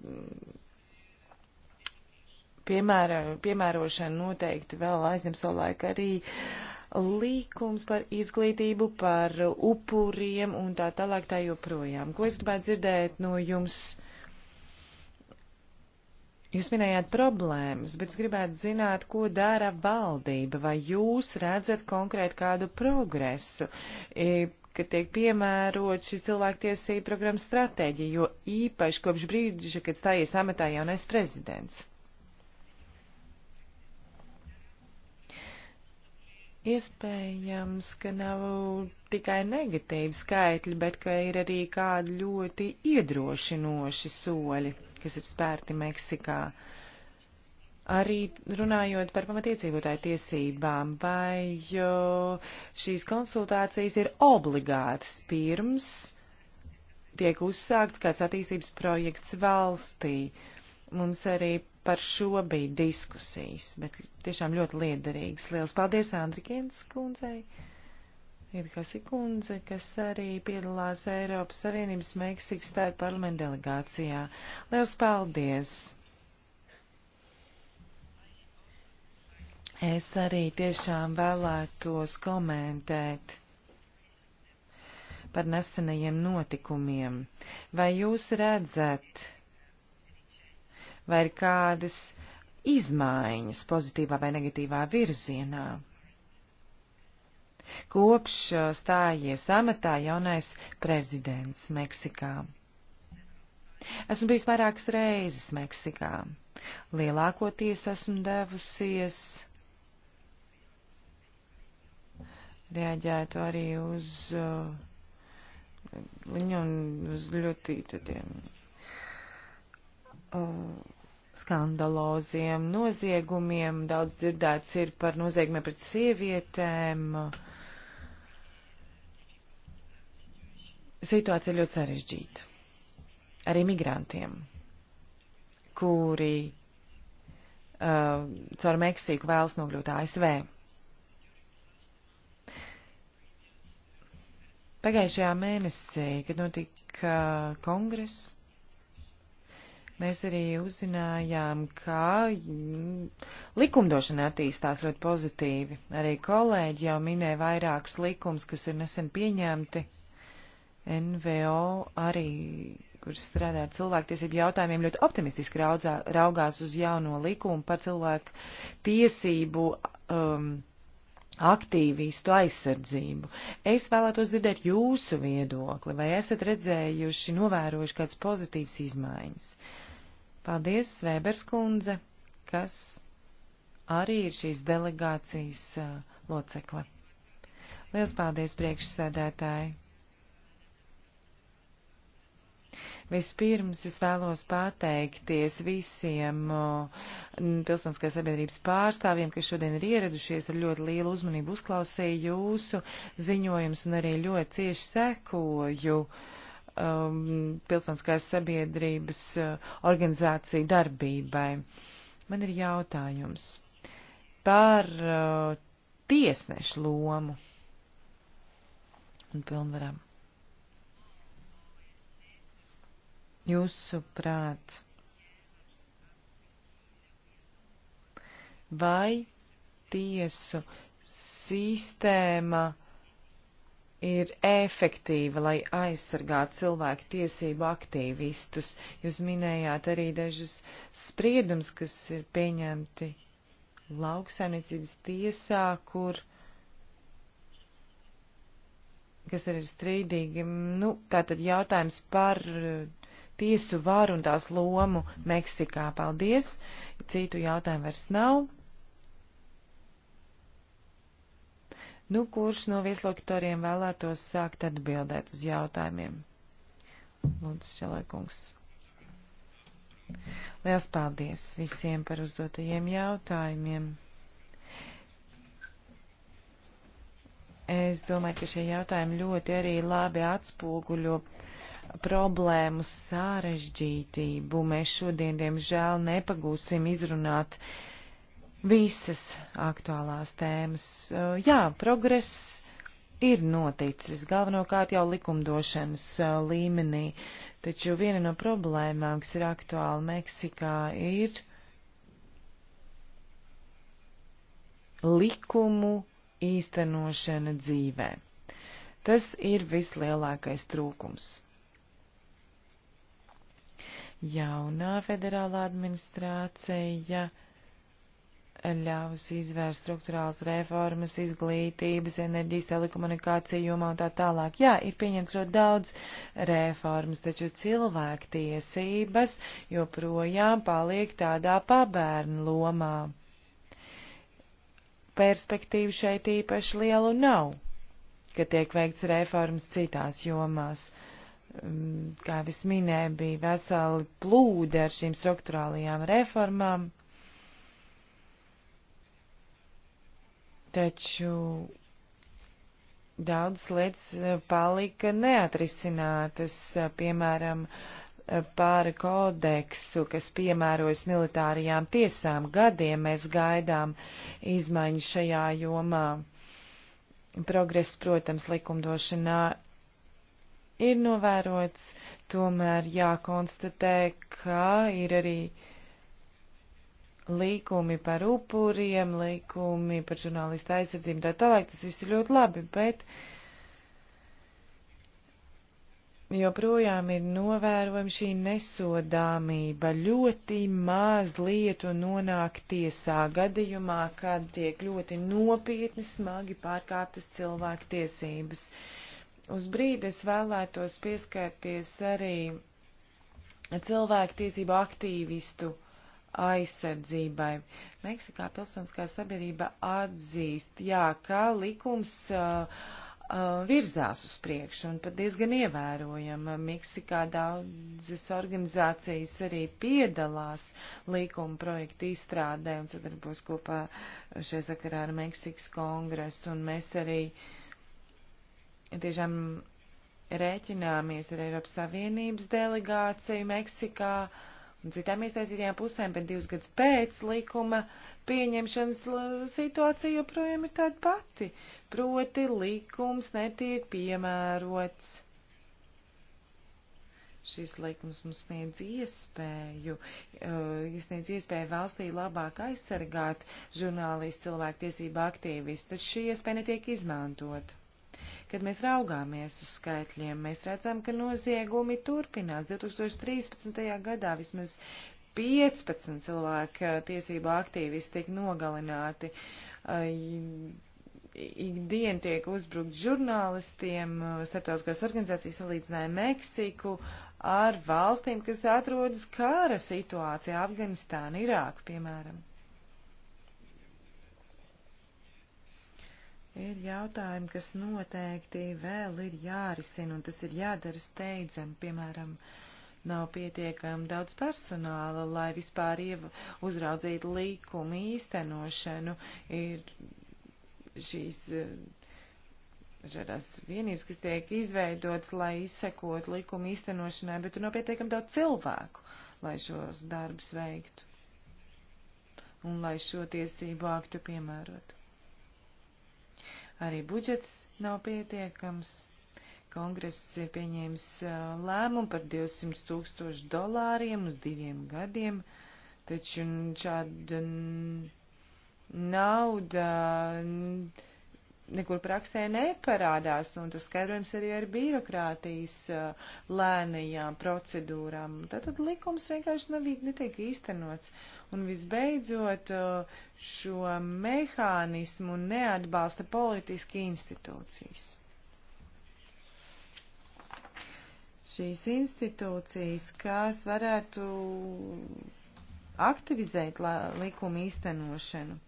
[SPEAKER 2] piemēra, piemērošana noteikti vēl aizņem savu laiku arī līkums par izglītību, par upuriem un tā tālāk tā joprojām. Ko es gribētu dzirdēt no jums? Jūs minējāt problēmas, bet es gribētu zināt, ko dara valdība, vai jūs redzat konkrēti kādu progresu, e, ka tiek piemērot šī cilvēktiesība programmas stratēģija, jo īpaši kopš brīža, kad stājies amatā jaunais prezidents. Iespējams, ka nav tikai negatīvi skaitļi, bet ka ir arī kādi ļoti iedrošinoši soļi, kas ir spērti Meksikā. Arī runājot par pamatiedzīvotāju tiesībām, vai šīs konsultācijas ir obligātas pirms tiek uzsākts kāds attīstības projekts valstī. Mums arī par šo bija diskusijas, bet tiešām ļoti liederīgas. Liels paldies Andrikienas kundzei, Irkasi kundze, kas arī piedalās Eiropas Savienības Meksikas tāra parlamenta delegācijā. Liels paldies! Es arī tiešām vēlētos komentēt par nesenajiem notikumiem. Vai jūs redzat, vai ir kādas izmaiņas pozitīvā vai negatīvā virzienā. Kopš uh, stājies amatā jaunais prezidents Meksikā. Esmu bijis vairākas reizes Meksikā. Lielākoties esmu devusies reaģētu arī uz uh, viņu un uz ļoti tādiem um, uh, skandaloziem noziegumiem. Daudz dzirdēts ir par noziegumiem pret sievietēm. Situācija ir ļoti sarežģīta. Arī migrantiem, kuri uh, caur Meksiku vēlas nokļūt ASV. Pagājušajā mēnesī, kad notika uh, kongress, Mēs arī uzzinājām, ka mm, likumdošana attīstās ļoti pozitīvi. Arī kolēģi jau minēja vairākus likums, kas ir nesen pieņemti. NVO arī, kurš strādā ar cilvēktiesību jautājumiem, ļoti optimistiski raudzā, raugās uz jauno likumu par cilvēku tiesību. Um, aktīvistu aizsardzību. Es vēlētos dzirdēt jūsu viedokli, vai esat redzējuši, novērojuši kādas pozitīvas izmaiņas. Uh, Paldies, Svēbers kundze, kas arī ir šīs delegācijas uh, locekle. Liels paldies, priekšsēdētāji! Vispirms es vēlos pateikties visiem uh, pilsoniskās sabiedrības pārstāvjiem, kas šodien ir ieradušies ar ļoti lielu uzmanību uzklausīju jūsu ziņojumus un arī ļoti cieši sekoju uh, um, pilsoniskās sabiedrības uh, organizāciju darbībai. Man ir jautājums par uh, tiesnešu lomu un pilnvarām. Jūsuprāt, vai tiesu sistēma uh, ir efektīva, lai aizsargātu cilvēku tiesību aktīvistus. Jūs minējāt arī dažus spriedums, kas ir pieņemti lauksaimniecības tiesā, kur kas arī ir strīdīgi. Nu, tātad jautājums par eh, tiesu varu un tās lomu Meksikā. Paldies! Citu jautājumu vairs nav. Nu, kurš no viesloktoriem vēlētos sākt atbildēt uz jautājumiem? Lūdzu, Čelēkungs. Liels paldies visiem par uzdotajiem jautājumiem. Es domāju, ka šie jautājumi ļoti arī labi atspoguļo problēmu sārežģītību. Mēs šodien, diemžēl, nepagūsim izrunāt uh, visas aktuālās tēmas. Uh, jā, progress ir noticis, galvenokārt jau likumdošanas uh, līmenī, taču viena no problēmām, kas ir aktuāla Meksikā, ir likumu īstenošana dzīvē. Tas ir vislielākais trūkums. Jaunā federālā administrācija. Ja ļaus izvērst struktūrāls reformas, izglītības, enerģijas, telekomunikāciju jomā un tā tālāk. Jā, ir pieņemts ļoti daudz reformas, taču cilvēktiesības joprojām paliek tādā pabērnu lomā. Perspektīvu šeit īpaši lielu nav, ka tiek veikts reformas citās jomās mm, kā es minēju, bija veseli plūdi ar šīm struktūrālajām reformām. Taču daudzas lietas eh, palika neatrisinātas, eh, piemēram, eh, par kodeksu, kas piemērojas militārajām tiesām. Gadiem mēs gaidām izmaiņas šajā jomā. Progress, protams, likumdošanā ir novērots, tomēr jākonstatē, ka ir arī uh, likumi par upuriem, likumi par žurnālistu aizsardzību, tā tālāk, tas viss ir ļoti labi, bet joprojām ir novērojama šī nesodāmība. Ļoti maz lietu nonāk tiesā gadījumā, kad tiek ļoti nopietni smagi pārkāptas cilvēku tiesības. Uz brīdi es vēlētos pieskarties arī cilvēku tiesību aktīvistu aizsardzībai. Meksikā pilsoniskā sabiedrība atzīst, jā, ka likums uh, uh, virzās uz priekšu un pat diezgan ievērojama. Meksikā daudzas organizācijas arī piedalās līkuma projektu izstrādē un sadarbos kopā šajā sakarā ar Meksikas kongresu. Un mēs arī tiešām rēķināmies ar Eiropas Savienības delegāciju Meksikā. Uh, un citām iesaistītajām pusēm, bet divus gadus pēc likuma pieņemšanas situācija joprojām ir tāda pati, proti likums netiek piemērots. Šis likums mums sniedz iespēju, uh, sniedz iespēju valstī labāk aizsargāt žurnālistu cilvēku tiesību aktīvistu, taču šī iespēja netiek izmantota. Kad mēs raugāmies uz skaitļiem, mēs redzam, ka noziegumi turpinās. 2013. gadā vismaz 15 cilvēku eh, tiesību aktīvisti tika nogalināti. Ikdien tiek uzbrukt žurnālistiem, eh, starptautiskās organizācijas salīdzināja Meksiku ar valstīm, kas atrodas kāra situācijā Afganistāna, Irāku, piemēram. Ir jautājumi, kas noteikti vēl ir jārisina, un tas ir jādara steidzam, piemēram, nav pietiekami daudz personāla, lai vispār uzraudzītu likumu īstenošanu. Ir šīs dažādās eh, vienības, kas tiek izveidotas, lai izsekot likumu īstenošanai, bet tur nav pietiekami daudz cilvēku, lai šos darbus veiktu un lai šo tiesību aktu piemērotu arī budžets nav pietiekams. Kongress ir pieņēmis lēmumu par 200 tūkstošu dolāriem uz diviem gadiem, taču šāda nauda. N, nekur praksē neparādās, un tas skaidrojums arī ar birokrātijas uh, lēnajām procedūrām. Tātad likums vienkārši nav, netiek īstenots. Un visbeidzot, uh, šo mehānismu neatbalsta politiski institūcijas. Šīs institūcijas, kas varētu aktivizēt likuma īstenošanu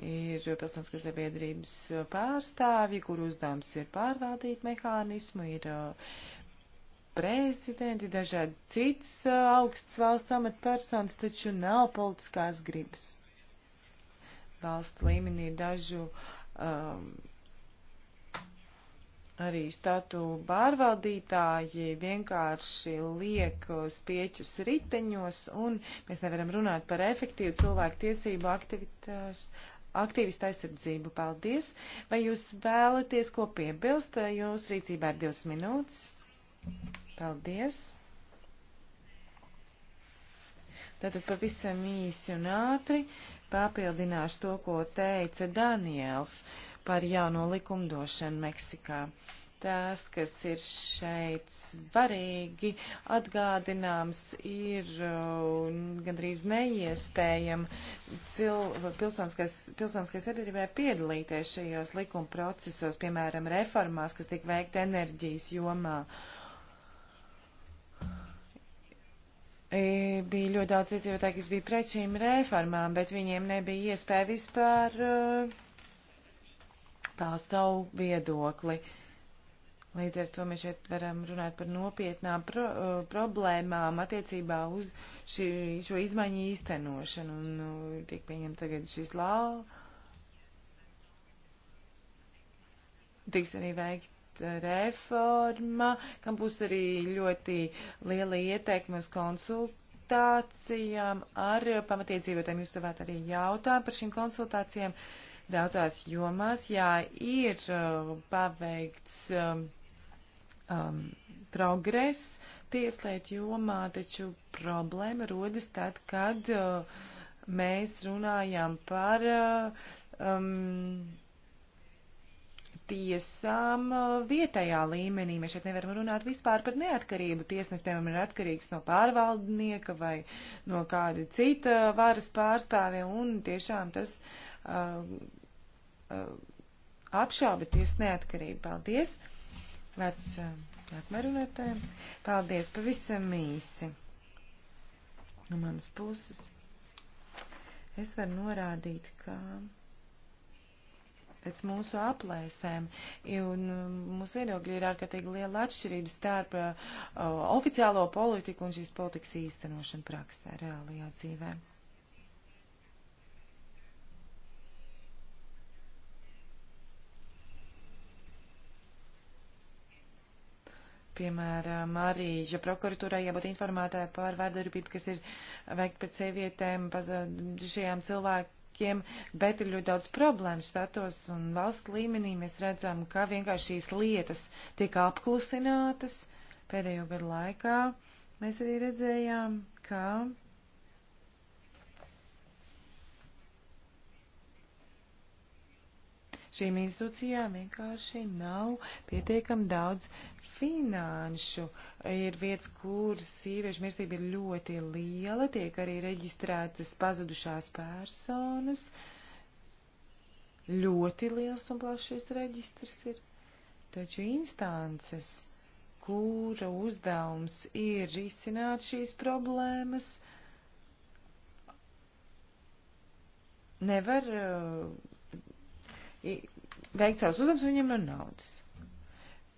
[SPEAKER 2] ir pilsoniskās sabiedrības pārstāvji, kur uzdevums ir pārvaldīt mehānismu, ir uh, prezidenti, dažādi cits uh, augsts valsts amatpersonas, taču nav politiskās gribas. Valsts līmenī ir dažu um, arī statu pārvaldītāji vienkārši liek spieķus riteņos, un mēs nevaram runāt par efektīvu cilvēku tiesību aktivitāšu aktīvistu aizsardzību. Paldies! Vai jūs vēlaties ko piebilst? Jūs rīcībā ir divas minūtes. Paldies! Tātad pavisam īsi un ātri papildināšu to, ko teica Daniels par jauno likumdošanu Meksikā. Uh, Tas, kas ir šeit svarīgi, atgādināms, ir uh, gandrīz neiespējami pilsoniskai sabiedrībai piedalīties šajos likuma procesos, piemēram, reformās, kas tiek veikta enerģijas jomā. E, bija ļoti daudz iedzīvotāji, kas bija pret šīm reformām, bet viņiem nebija iespēja vispār uh, paust savu viedokli. Uh, Līdz ar to mēs šeit varam runāt par nopietnām pro, uh, problēmām attiecībā uz šī, šo izmaiņu īstenošanu. Un nu, tiek pieņemt tagad šis lau. Tiks arī veikt uh, reforma, kam būs arī ļoti liela ieteikuma uz konsultācijām ar pamatiedzīvotājiem. Jūs tevāt arī jautājumu par šīm konsultācijām. Daudzās jomās, jā, ir uh, paveikts. Um, um, progress tieslietu jomā, taču problēma rodas tad, kad uh, mēs runājam par uh, um, tiesām uh, vietējā līmenī. Mēs šeit nevaram runāt vispār par neatkarību. Tiesnes, piemēram, ir atkarīgs no pārvaldnieka vai no kāda cita varas pārstāvja, un tiešām tas uh, uh, apšauba tiesas neatkarību. Paldies! Vārds eh, atmarunātājiem. Paldies pavisam īsi. No manas puses es varu norādīt, ka pēc mūsu aplēsēm un eh, mūsu viedokļi ir ārkārtīgi liela atšķirība starp uh, oficiālo politiku un šīs politikas īstenošanu praksē, reālajā dzīvē. Piemēram, arī, ja prokuratūrai jābūt informētāji par vārdarbību, kas ir veikt pret sievietēm, šajām cilvēkiem, bet ir ļoti daudz problēmu štatos un valsts līmenī. Mēs redzam, ka vienkārši šīs lietas tiek apklusinātas pēdējo gadu laikā. Mēs arī redzējām, ka šīm institūcijām vienkārši nav pietiekam daudz finanšu. Ir vietas, kur sieviešu mirstība ir ļoti liela, tiek arī reģistrētas pazudušās personas. Ļoti liels un plašs reģistrs ir. Taču instances, kura uzdevums ir risināt šīs problēmas, nevar uh, veikt savus uzdevumus, viņiem nav naudas.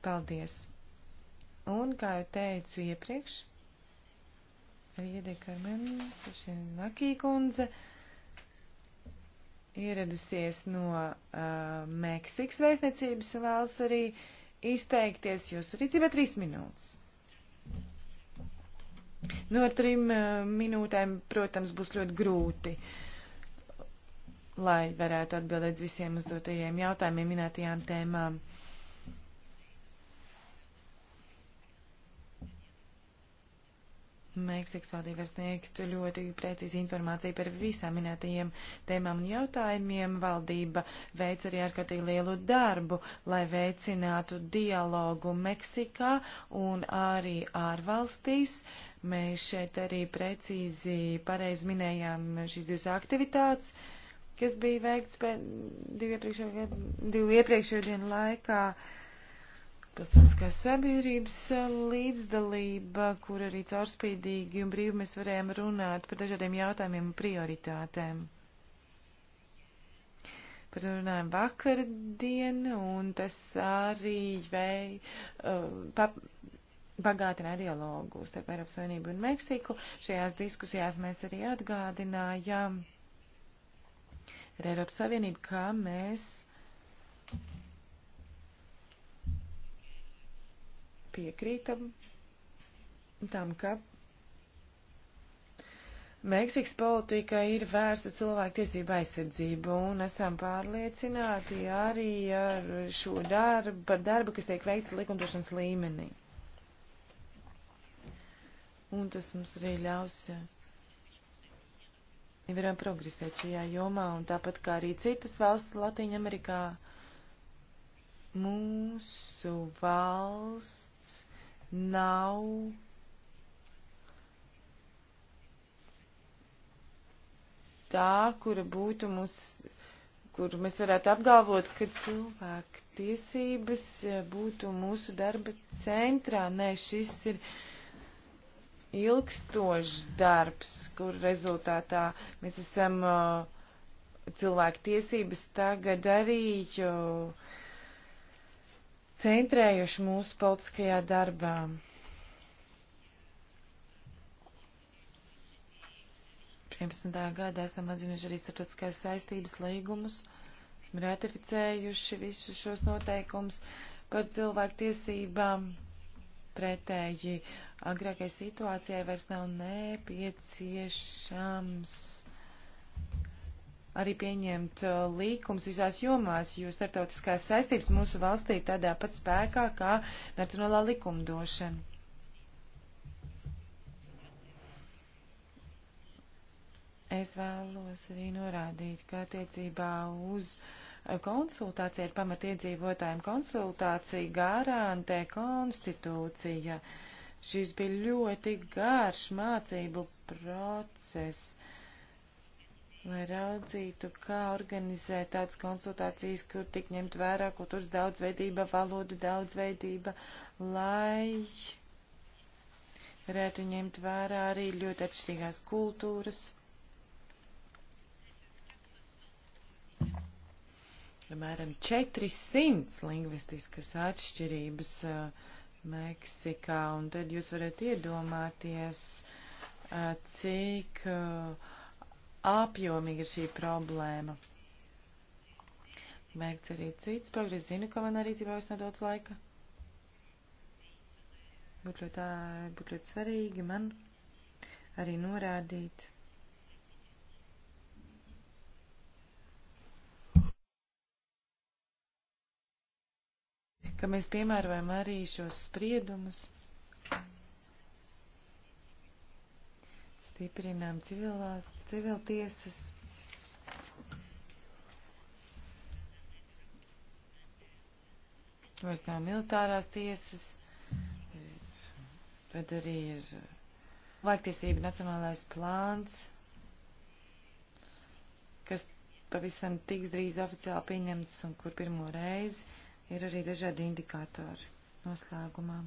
[SPEAKER 2] Paldies! Un, kā jau teicu iepriekš, Riede Karmenis, Šenakī kundze, ieradusies no uh, Meksikas vēstniecības un vēlas arī izteikties jūsu rīcībā trīs minūtes. No nu, trim uh, minūtēm, protams, būs ļoti grūti uh, lai varētu atbildēt visiem uzdotajiem jautājumiem minētajām tēmām. Meksikas valdība sniegt ļoti precīzi informāciju par visām minētajiem tēmām un jautājumiem. Valdība veic arī ārkārtīgi lielu darbu, lai veicinātu dialogu Meksikā un arī ārvalstīs. Mēs šeit arī precīzi pareiz minējām šīs divas aktivitātes. Uh, kas bija veikts pēc divu iepriekšējo, divu iepriekšējo dienu laikā. Pilsoniskās sabiedrības eh, līdzdalība, kur arī caurspīdīgi un brīvi mēs varējām runāt par dažādiem jautājumiem un prioritātēm. Par to runājām vakardien, un tas arī vei, uh, pap, bagātināja dialogu starp Eiropas Savienību un Meksiku. Šajās diskusijās mēs arī atgādinājām. Ja ar Eiropas Savienību, kā mēs piekrītam tam, ka Meksikas politika ir vērsta cilvēktiesība aizsardzību un esam pārliecināti arī ar šo darbu, par darbu, kas tiek veikts likumdošanas līmenī. Un tas mums arī ļaus nevaram progresēt šajā jomā, un tāpat kā arī citas valsts Latīņamerikā, mūsu valsts nav tā, kura būtu mums, kur mēs varētu apgalvot, ka cilvēku tiesības būtu mūsu darba centrā. Nē, šis ir ilgstošs darbs, kur rezultātā mēs esam uh, cilvēku tiesības tagad arī centrējuši mūsu politiskajā darbā. gadā esam atzinuši arī starptautiskās saistības līgumus, esam ratificējuši visus šos noteikumus par cilvēku tiesībām pretēji agrākai situācijai vairs nav nepieciešams arī pieņemt uh, līkums visās jomās, jo starptautiskās saistības mūsu valstī tādā pat spēkā kā nacionālā likumdošana. Es vēlos arī norādīt, ka attiecībā uz uh, konsultācija ar pamatiedzīvotājiem konsultācija garantē konstitūcija. Šis bija ļoti garš mācību process, lai raudzītu, kā organizēt tādas konsultācijas, kur tik ņemt vērā kultūras daudzveidība, valodu daudzveidība, lai varētu ņemt vērā arī ļoti atšķirīgās kultūras. apmēram 400 lingvistiskas atšķirības uh, Meksikā, un tad jūs varat iedomāties, uh, cik uh, apjomīga ir šī problēma. Veikts arī cits progress. Zinu, ka man arī dzīvē vairs nedaudz laika. Būtu ļoti, būtu ļoti svarīgi man arī norādīt ka mēs piemērojam arī šos spriedumus, stiprinām civilā, civiltiesas. Vairs nav militārās tiesas, tad arī ir laiktiesība nacionālais plāns, kas pavisam tiks drīz oficiāli pieņemts un kur pirmo reizi ir arī dažādi indikātori noslēgumā.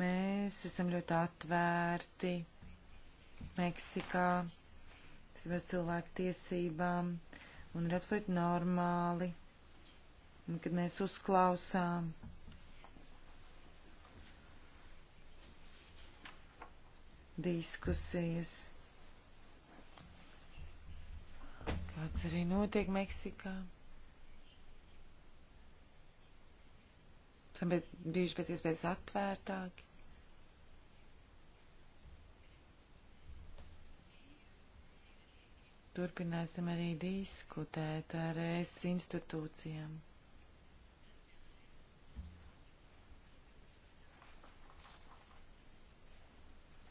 [SPEAKER 2] Mēs esam ļoti atvērti Meksikā, tas ir cilvēku tiesībām un ir absolūti normāli, un, kad mēs uzklausām. Diskusijas. Kāds arī notiek Meksikā. esam bijuši pēc iespējas atvērtāki. Turpināsim arī diskutēt ar es institūcijām.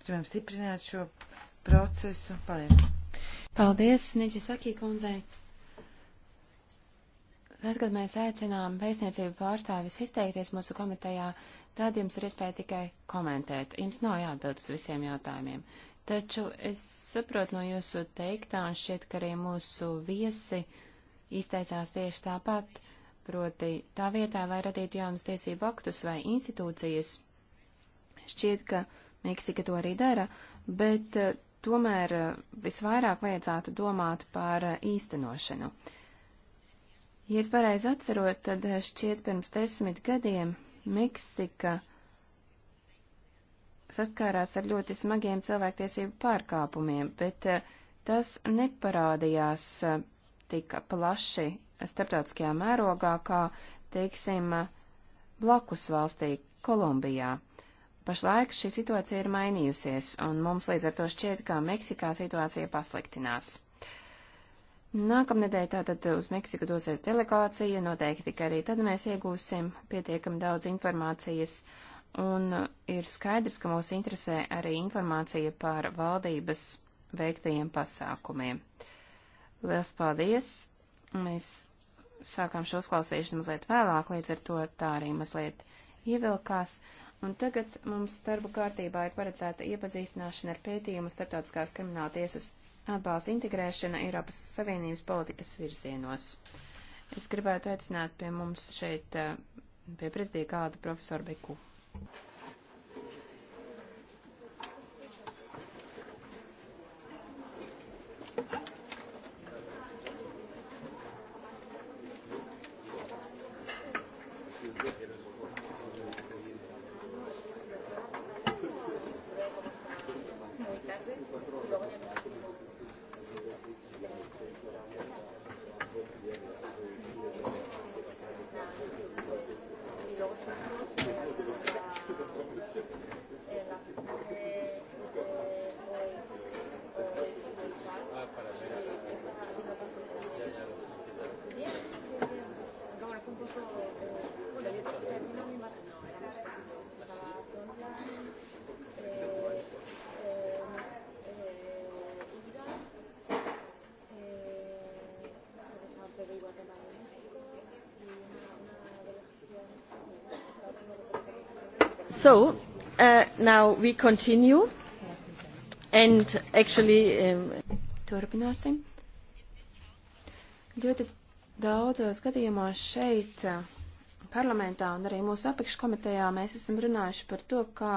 [SPEAKER 2] Gribam stiprināt šo procesu. Paldies!
[SPEAKER 3] Paldies, Neģis Akī kundzei! Tad, kad mēs aicinām vēstniecību pārstāvis izteikties mūsu komitejā, tad jums ir iespēja tikai komentēt. Jums nav jāatbild uz visiem jautājumiem. Taču es saprotu no jūsu teiktā, un šķiet, ka arī mūsu viesi izteicās tieši tāpat, proti tā vietā, lai radītu jaunus tiesību aktus vai institūcijas. Šķiet, ka Meksika to arī dara, bet eh, tomēr eh, visvairāk vajadzētu domāt par eh, īstenošanu. Uh, Ja es pareizi atceros, tad eh, šķiet pirms desmit gadiem Meksika saskārās ar ļoti smagiem cilvēktiesību pārkāpumiem, bet eh, tas neparādījās eh, tik plaši starptautiskajā mērogā, kā, teiksim, blakus valstī Kolumbijā. Pašlaik šī situācija ir mainījusies, un mums līdz ar to šķiet, ka Meksikā situācija pasliktinās. Nākamnedēļ tātad uz Meksiku dosies delegācija, noteikti, ka arī tad mēs iegūsim pietiekami daudz informācijas, un uh, ir skaidrs, ka mūs interesē arī informācija par valdības veiktajiem pasākumiem. Liels paldies! Mēs sākām šo uzklausīšanu mazliet vēlāk, līdz ar to tā arī mazliet ievilkās. Un tagad mums darba kārtībā ir paredzēta iepazīstināšana ar pētījumu starptautiskās krimināla tiesas atbalsta integrēšana Eiropas Savienības politikas virzienos. Es gribētu aicināt pie mums šeit, eh, pie prezidija kāda profesoru Beku.
[SPEAKER 1] So uh, now we continue and actually. Um, Turpināsim.
[SPEAKER 3] Ļoti daudzos gadījumos šeit uh, parlamentā un arī mūsu apakškomitejā mēs esam runājuši par to, kā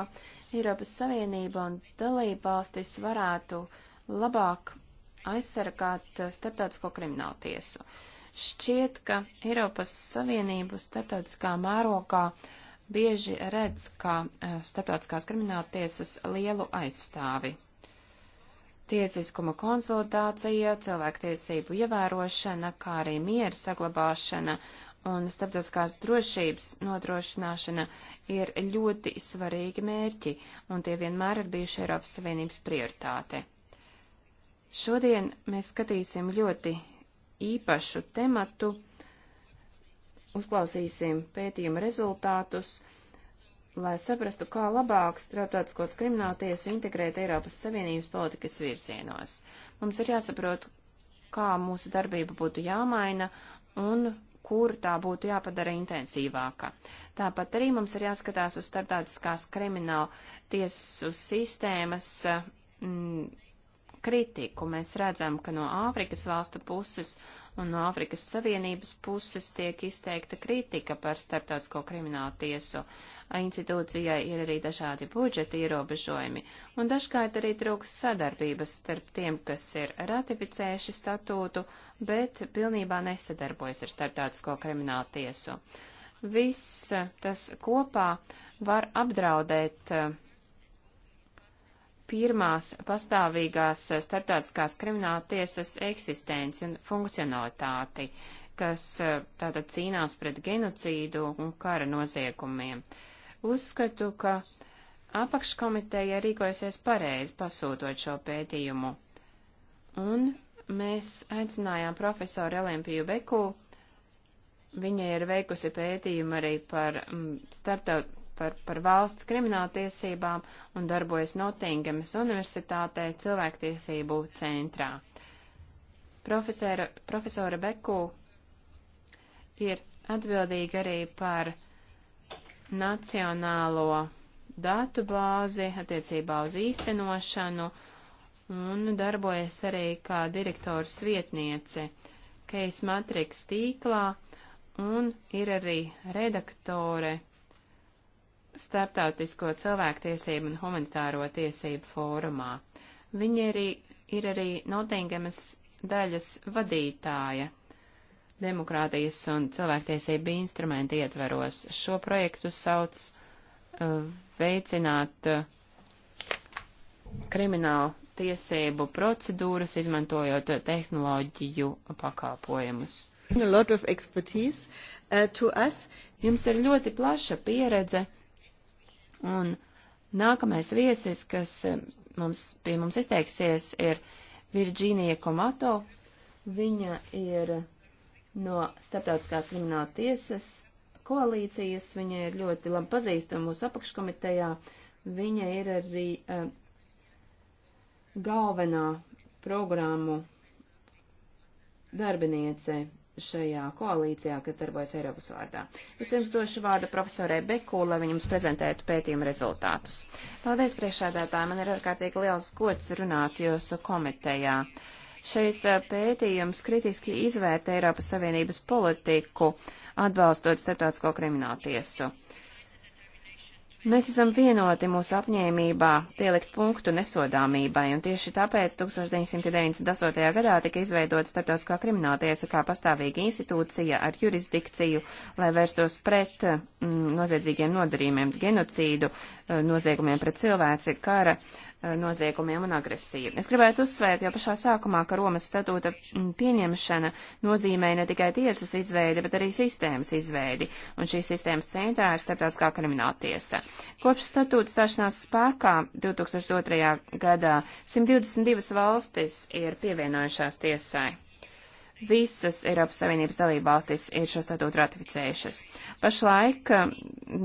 [SPEAKER 3] Eiropas Savienība un dalībvalstis varētu labāk aizsargāt uh, starptautisko kriminālu tiesu. Šķiet, ka Eiropas Savienību starptautiskā mērogā uh, bieži redz kā eh, starptautiskās krimināla tiesas lielu aizstāvi. Tiesiskuma konsultācija, cilvēktiesību ievērošana, kā arī miera saglabāšana un starptautiskās drošības nodrošināšana ir ļoti svarīgi mērķi, un tie vienmēr ir bijuši Eiropas Savienības prioritāte. Šodien mēs skatīsim ļoti īpašu tematu uzklausīsim pētījuma rezultātus, lai saprastu, kā labāk starptautiskos krimināltiesu integrēt Eiropas Savienības politikas virsienos. Mums ir jāsaprot, kā mūsu darbība būtu jāmaina un kur tā būtu jāpadara intensīvāka. Tāpat arī mums ir jāskatās uz starptautiskās krimināla tiesu sistēmas mm, kritiku. Mēs redzam, ka no Āfrikas valstu puses un no Āfrikas Savienības puses tiek izteikta kritika par starptautisko kriminālu tiesu. Institūcijai ir arī dažādi budžeti ierobežojumi, un dažkārt arī trūks sadarbības starp tiem, kas ir ratificējuši statūtu, bet pilnībā nesadarbojas ar starptautisko kriminālu tiesu. Viss tas kopā var apdraudēt uh, pirmās pastāvīgās starptautiskās krimināla tiesas eksistenci un funkcionalitāti, kas eh, tātad cīnās pret genocīdu un kara noziegumiem. Uzskatu, ka apakškomiteja rīkojasies pareizi pasūtot šo pētījumu. Un mēs aicinājām profesoru Elēmpiju Beku, viņa ir veikusi pētījumu arī par mm, starptaut, par, par valsts krimināltiesībām un darbojas Notingemas Universitātē cilvēktiesību centrā. Profesora, profesora Beku ir atbildīga arī par nacionālo datu bāzi attiecībā uz īstenošanu un darbojas arī kā direktors vietniece Case Matrix tīklā un ir arī redaktore Startautisko cilvēktiesību un humanitāro tiesību fórumā. Viņa arī, ir arī Notingemas daļas vadītāja demokrātijas un cilvēktiesību instrumenti ietveros. Šo projektu sauc uh, veicināt uh, kriminālu tiesību procedūras, izmantojot tehnoloģiju pakalpojumus. Uh, Jums ir ļoti plaša pieredze Un nākamais viesis, kas mums, pie mums izteiksies, ir Virģīnija Komato. Viņa ir no Startautiskās krimināla tiesas koalīcijas, viņa ir ļoti labi pazīstama mūsu apakškomitejā. Viņa ir arī uh, galvenā programmu darbiniece šajā koalīcijā, kas darbojas Eiropas vārdā. Es jums došu vārdu profesorai Beku, lai viņums prezentētu pētījuma rezultātus. Paldies, priekšādātāji, man ir ārkārtīgi liels gods runāt jūsu komitejā. Šis eh, pētījums kritiski izvērta Eiropas Savienības politiku, atbalstot starptautisko kriminālu tiesu. Uh, Mēs esam vienoti mūsu apņēmībā pielikt punktu nesodāmībai, un tieši tāpēc 1998. gadā tika izveidota starptautiskā krimināltiesa kā pastāvīga institūcija ar jurisdikciju, lai vērstos pret mm, noziedzīgiem nodarījumiem, genocīdu, eh, noziegumiem pret cilvēci, kara Eh, noziegumiem un agresiju. Es gribētu uzsvērt jau pašā sākumā, ka Romas statūta mm, pieņemšana nozīmē ne tikai tiesas izveidi, bet arī sistēmas izveidi, un šīs sistēmas centrā ir starptautiskā krimināla tiesa. Kopš statūta stāšanās spēkā 2002. gadā 122 valstis ir pievienojušās tiesai. Visas Eiropas Savienības dalībvalstis ir šo statūtu ratificējušas. Pašlaik um,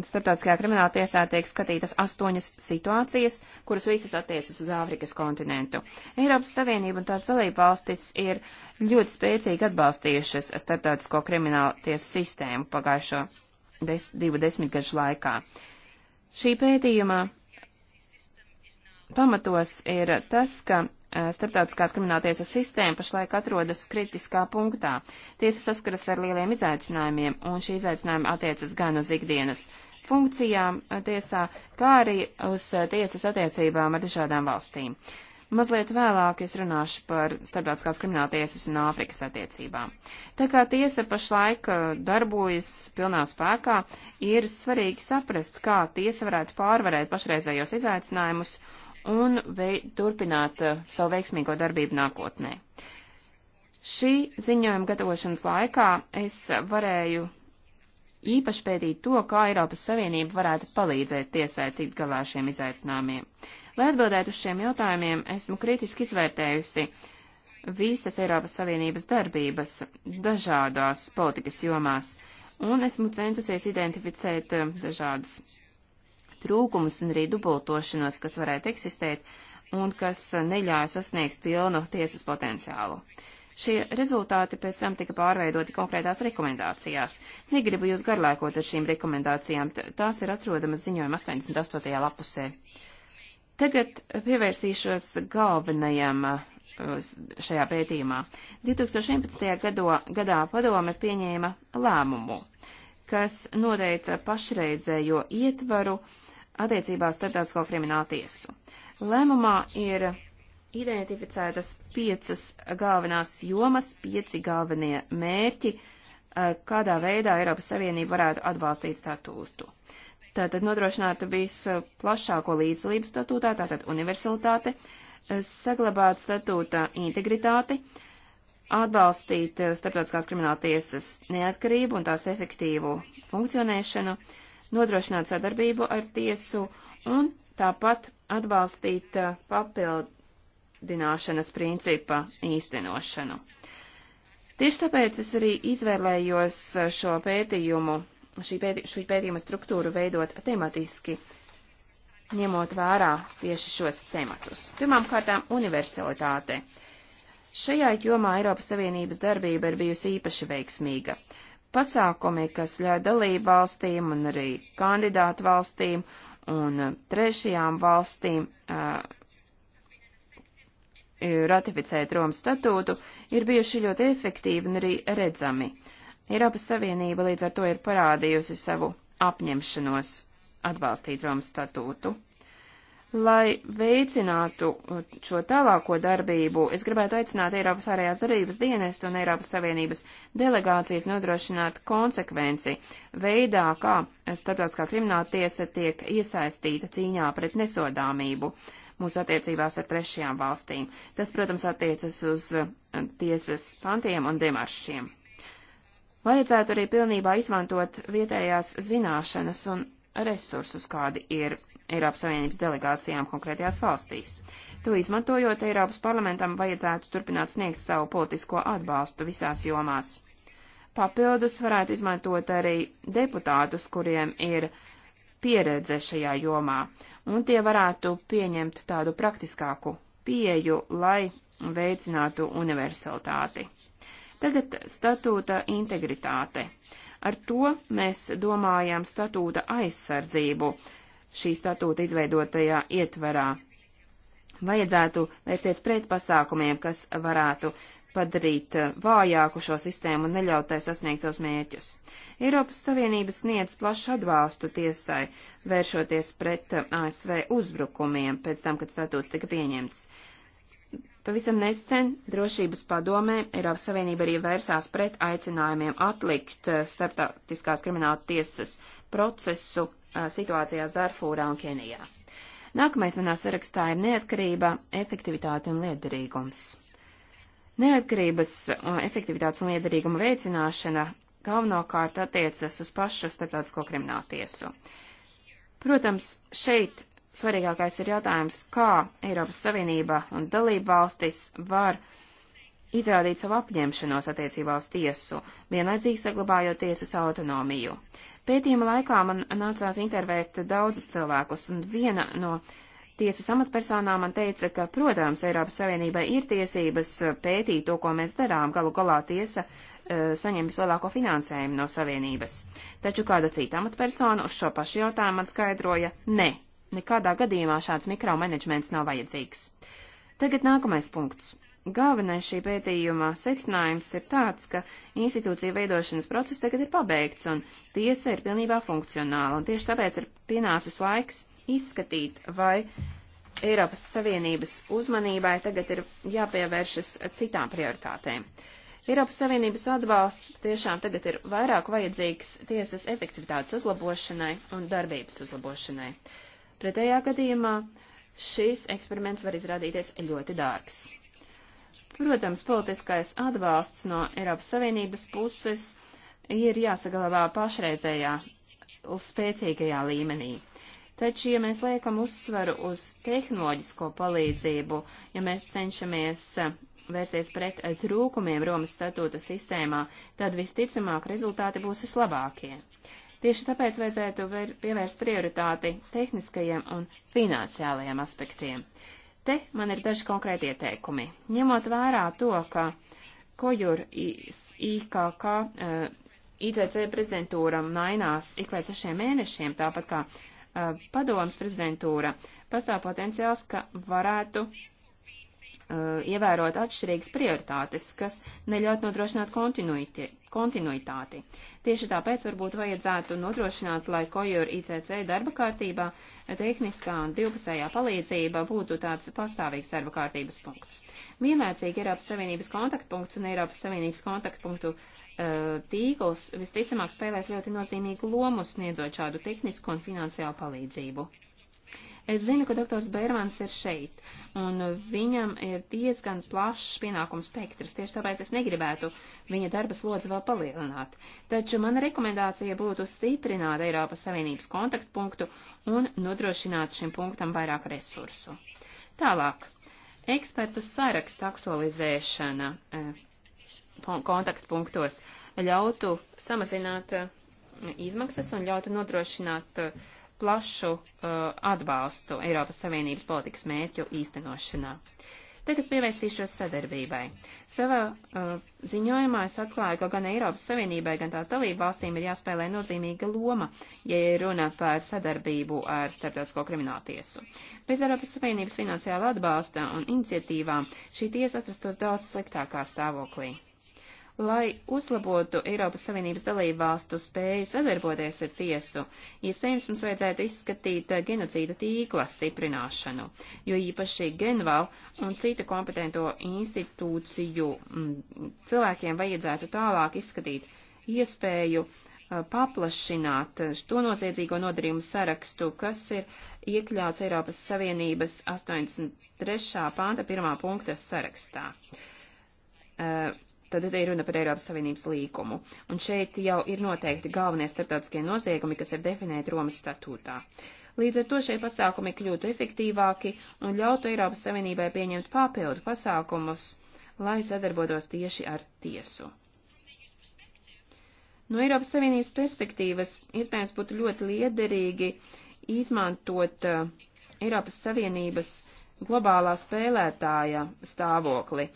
[SPEAKER 3] starptautiskajā krimināla tiesā tiek skatītas astoņas situācijas, kuras visas attiecas uz Āfrikas kontinentu. Eiropas Savienība un tās dalībvalstis ir ļoti spēcīgi atbalstījušas starptautisko krimināla tiesu sistēmu pagājušo des, divu desmitgažu laikā. Šī pētījuma pamatos ir tas, ka Eh, starptautiskās krimināltiesas sistēma pašlaik atrodas kritiskā punktā. Tiesa saskaras ar lieliem izaicinājumiem, un šī izaicinājuma attiecas gan uz ikdienas funkcijām eh, tiesā, kā arī uz eh, tiesas attiecībām ar dažādām valstīm. Mazliet vēlāk es runāšu par starptautiskās krimināltiesas un Āfrikas attiecībām. Tā kā tiesa pašlaik darbojas pilnā spēkā, ir svarīgi saprast, kā tiesa varētu pārvarēt pašreizējos izaicinājumus un vei, turpināt uh, savu veiksmīgo darbību nākotnē. Šī ziņojuma gatavošanas laikā es varēju īpaši pētīt to, kā Eiropas Savienība varētu palīdzēt tiesai tikt galā šiem izaicinājumiem. Lai atbildētu uz šiem jautājumiem, esmu kritiski izvērtējusi visas Eiropas Savienības darbības dažādās politikas jomās, un esmu centusies identificēt uh, dažādas trūkumus un arī dubultošanos, kas varētu eksistēt un kas neļāja sasniegt pilnu tiesas potenciālu. Šie rezultāti pēc tam tika pārveidoti konkrētās rekomendācijās. Negribu jūs garlaikot ar šīm rekomendācijām, tās ir atrodamas ziņojuma 88. lapusē. Tagad pievērsīšos galvenajam uh, šajā pētījumā. 2011. Gado, gadā padome pieņēma lēmumu, kas noteica pašreizējo ietvaru uh, attiecībā uz starptautisko kriminālu tiesu. Lēmumā ir identificētas piecas galvenās jomas, pieci galvenie mērķi, eh, kādā veidā Eiropas Savienība varētu atbalstīt statūstu. Tātad nodrošinātu visplašāko līdzdalību statūtā, tātad universalitāte, eh, saglabāt statūta integritāti, atbalstīt eh, starptautiskās krimināla tiesas neatkarību un tās efektīvu funkcionēšanu, uh, nodrošināt sadarbību ar tiesu un tāpat atbalstīt uh, papildināšanas principa īstenošanu. Tieši tāpēc es arī izvēlējos uh, šo pētījumu, šī, pēti, šī pētījuma struktūru veidot tematiski, ņemot vērā tieši šos tematus. Pirmkārtām, universalitāte. Šajā jomā Eiropas Savienības darbība ir bijusi īpaši veiksmīga pasākumi, kas ļauj dalībvalstīm un arī kandidātu valstīm un uh, trešajām valstīm uh, ratificēt Romas statūtu, ir bijuši ļoti efektīvi un arī redzami. Eiropas Savienība līdz ar to ir parādījusi savu apņemšanos atbalstīt Romas statūtu. Lai veicinātu uh, šo tālāko darbību, es gribētu aicināt Eiropas ārējās darbības dienestu un Eiropas Savienības delegācijas nodrošināt konsekvenci veidā, kā starptautiskā krimināla tiesa tiek iesaistīta cīņā pret nesodāmību mūsu attiecībās ar trešajām valstīm. Tas, protams, attiecas uz uh, tiesas pantiem un demaršiem. Vajadzētu arī pilnībā izmantot vietējās zināšanas un resursus, kādi ir Eiropas Savienības delegācijām konkrētajās valstīs. To izmantojot, Eiropas parlamentam vajadzētu turpināt sniegt savu politisko atbalstu visās jomās. Papildus varētu izmantot arī deputātus, kuriem ir pieredze šajā jomā, un tie varētu pieņemt tādu praktiskāku pieju, lai veicinātu universalitāti. Tagad statūta integritāte. Ar to mēs domājām statūta aizsardzību šī statūta izveidotajā ietverā. Vajadzētu vērsties pret pasākumiem, kas varētu padarīt vājāku šo sistēmu un neļaut tai sasniegt savus mērķus. Eiropas Savienība sniedz plašu atbalstu tiesai, vēršoties pret ASV uzbrukumiem pēc tam, kad statūts tika pieņemts. Pavisam nesen drošības padomē Eiropas Savienība arī vērsās pret aicinājumiem atlikt eh, starptautiskās krimināla tiesas procesu eh, situācijās Darfūrā un Kenijā. Nākamais manā sarakstā ir neatkarība, efektivitāte un liederīgums. Neatkarības, eh, efektivitātes un liederīguma veicināšana galvenokārt attiecas uz pašu starptautisko kriminālu tiesu. Protams, šeit svarīgākais ir jautājums, kā Eiropas Savienība un dalība valstis var izrādīt savu apņemšanos attiecībā uz tiesu, vienlaicīgi saglabājot tiesas autonomiju. Pētījuma laikā man nācās intervēt daudzus cilvēkus, un viena no tiesas amatpersonām man teica, ka, protams, Eiropas Savienībai ir tiesības pētīt to, ko mēs darām, galu galā tiesa e, saņem vislielāko finansējumu no Savienības. Taču kāda cita amatpersona uz šo pašu jautājumu man skaidroja, ne, Nekādā gadījumā šāds mikromanagements nav vajadzīgs. Tagad nākamais punkts. Galvenais šī pētījuma secinājums ir tāds, ka institūcija veidošanas process tagad ir pabeigts un tiesa ir pilnībā funkcionāla, un tieši tāpēc ir pienācis laiks izskatīt, vai Eiropas Savienības uzmanībai tagad ir jāpievēršas citām prioritātēm. Eiropas Savienības atbalsts tiešām tagad ir vairāk vajadzīgs tiesas efektivitātes uzlabošanai un darbības uzlabošanai. Uh, Pretējā gadījumā šis eksperiments var izrādīties ļoti dārgs. Protams, politiskais atbalsts no Eiropas Savienības puses ir jāsagalabā pašreizējā spēcīgajā līmenī. Taču, ja mēs liekam uzsvaru uz tehnoloģisko palīdzību, ja mēs cenšamies eh, vērsties pret eh, trūkumiem Romas statūta sistēmā, tad visticamāk rezultāti būs vislabākie. Tieši tāpēc vajadzētu pievērst prioritāti tehniskajiem un finansiālajiem aspektiem. Te man ir daži konkrēti ieteikumi. Ņemot vērā to, ka Kojur IKK eh, ICC prezidentūra mainās ik pēc sešiem mēnešiem, tāpat kā eh, padomas prezidentūra, pastāv potenciāls, ka varētu Eh, ievērot atšķirīgas prioritātes, kas neļaut nodrošināt kontinuitāti. Tieši tāpēc varbūt vajadzētu nodrošināt, lai Kojur ICC darba kārtībā tehniskā un divpusējā palīdzība būtu tāds pastāvīgs darba kārtības punkts. Vienlaicīgi Eiropas Savienības kontaktpunkts un Eiropas Savienības kontaktpunktu eh, tīkls visticamāk spēlēs ļoti nozīmīgu lomu sniedzot šādu tehnisku un finansiālu palīdzību. Es zinu, ka doktors Bērmans ir šeit, un viņam ir diezgan plašs pienākums spektrs, tieši tāpēc es negribētu viņa darba slodzi vēl palielināt. Taču mana rekomendācija būtu stiprināt Eiropas Savienības kontaktpunktu un nodrošināt šim punktam vairāk resursu. Tālāk. Ekspertu saraksta aktualizēšana eh, kontaktpunktos ļautu samazināt eh, izmaksas un ļautu nodrošināt uh, plašu uh, atbalstu Eiropas Savienības politikas mērķu īstenošanā. Tagad pievērsīšos sadarbībai. Savā uh, ziņojumā es atklāju, ka gan Eiropas Savienībai, gan tās dalību valstīm ir jāspēlē nozīmīga loma, ja ir runa par sadarbību ar starptautisko kriminālu tiesu. Bez Eiropas Savienības finansiāla atbalsta un iniciatīvām šī tiesa atrastos daudz sliktākā stāvoklī. Lai uzlabotu Eiropas Savienības dalību valstu spēju sadarboties ar tiesu, iespējams mums vajadzētu izskatīt eh, genocīda tīkla stiprināšanu, jo īpaši Genval un citu kompetento institūciju mm, cilvēkiem vajadzētu tālāk izskatīt iespēju eh, paplašināt to noziedzīgo nodarījumu sarakstu, kas ir iekļauts Eiropas Savienības 83. panta pirmā punkta sarakstā. Eh, Tad ir runa par Eiropas Savienības līgumu. Un šeit jau ir noteikti galvenie starptautiskie noziegumi, kas ir definēti Romas statūtā. Līdz ar to šie pasākumi kļūtu efektīvāki un ļautu Eiropas Savienībai pieņemt papildu pasākumus, lai sadarbotos tieši ar tiesu. No Eiropas Savienības perspektīvas iespējams būtu ļoti liederīgi izmantot uh, Eiropas Savienības globālā spēlētāja stāvokli,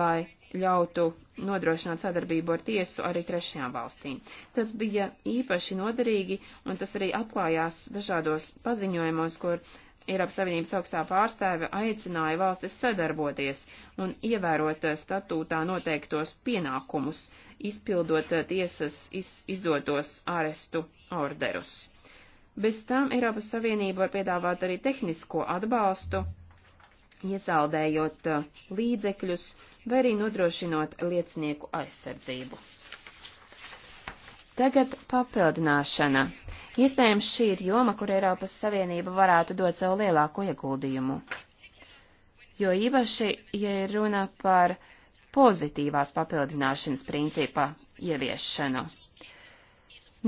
[SPEAKER 3] lai ļautu nodrošināt sadarbību ar tiesu arī trešajām valstīm. Tas bija īpaši noderīgi, un tas arī atklājās dažādos paziņojumos, kur Eiropas Savienības augstā pārstāve aicināja valstis sadarboties un ievērot statūtā noteiktos pienākumus, izpildot tiesas iz, izdotos arestu orderus. Bez tam Eiropas Savienība var piedāvāt arī tehnisko atbalstu, iesaldējot uh, līdzekļus uh, vai arī nodrošinot liecinieku aizsardzību. Tagad papildināšana. Iespējams, šī ir joma, kur Eiropas Savienība varētu dot savu lielāko ieguldījumu. Jo īpaši, ja ir runa par pozitīvās papildināšanas principa ieviešanu.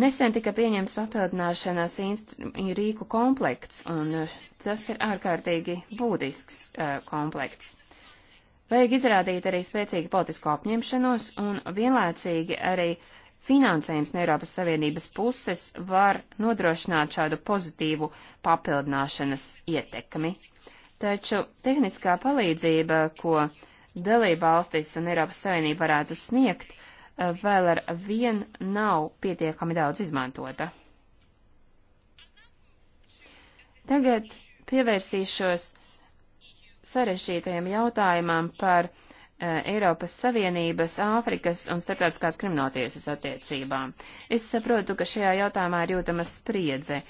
[SPEAKER 3] Nesen tika pieņemts papildināšanās rīku komplekts, un tas ir ārkārtīgi būtisks uh, komplekts. Vajag izrādīt arī spēcīgu politisko apņemšanos un vienlaicīgi arī finansējums no Eiropas Savienības puses var nodrošināt šādu pozitīvu papildināšanas ietekmi. Taču tehniskā palīdzība, ko dalībvalstis un Eiropas Savienība varētu sniegt, eh, vēl ar vien nav pietiekami daudz izmantota. Tagad pievērsīšos sarešķītajam jautājumam par uh, Eiropas Savienības, Āfrikas un starptautiskās krimināltiesas attiecībām. Es saprotu, ka šajā jautājumā ir jūtama spriedze,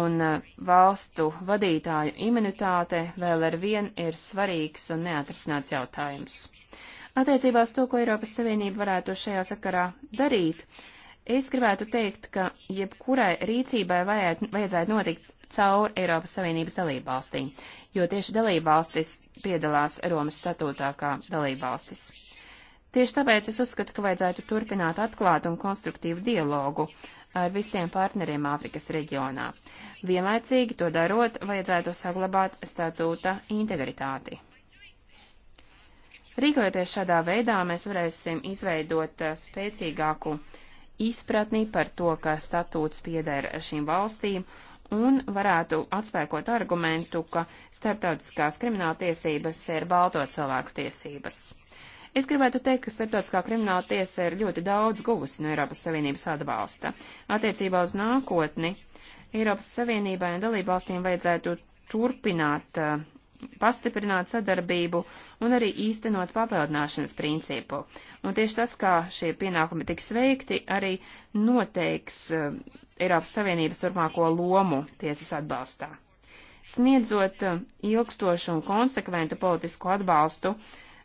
[SPEAKER 3] un uh, valstu vadītāju imunitāte vēl ar vien ir svarīgs un neatrisināts jautājums. Attiecībās to, ko Eiropas Savienība varētu šajā sakarā darīt, uh, Es gribētu teikt, ka jebkurai rīcībai vajad, vajadzētu notikt caur Eiropas Savienības dalībvalstīm, jo tieši dalībvalstis piedalās Romas statūtā kā dalībvalstis. Tieši tāpēc es uzskatu, ka vajadzētu turpināt atklātu un konstruktīvu dialogu ar visiem partneriem Āfrikas reģionā. Vienlaicīgi to darot, vajadzētu saglabāt statūta integritāti. Rīkojoties šādā veidā, mēs varēsim izveidot spēcīgāku uh, izpratni par to, ka statūts pieder šīm valstīm un varētu atspēkot argumentu, ka starptautiskās krimināla tiesības ir balto cilvēku tiesības. Es gribētu teikt, ka starptautiskā krimināla tiesa ir ļoti daudz guvusi no Eiropas Savienības atbalsta. Attiecībā uz nākotni Eiropas Savienībai un dalībvalstīm vajadzētu turpināt uh, pastiprināt sadarbību un arī īstenot papildināšanas principu. Un tieši tas, kā šie pienākumi tiks veikti, arī noteiks uh, Eiropas Savienības turpmāko lomu tiesas atbalstā. Sniedzot uh, ilgstošu un konsekventu politisku atbalstu,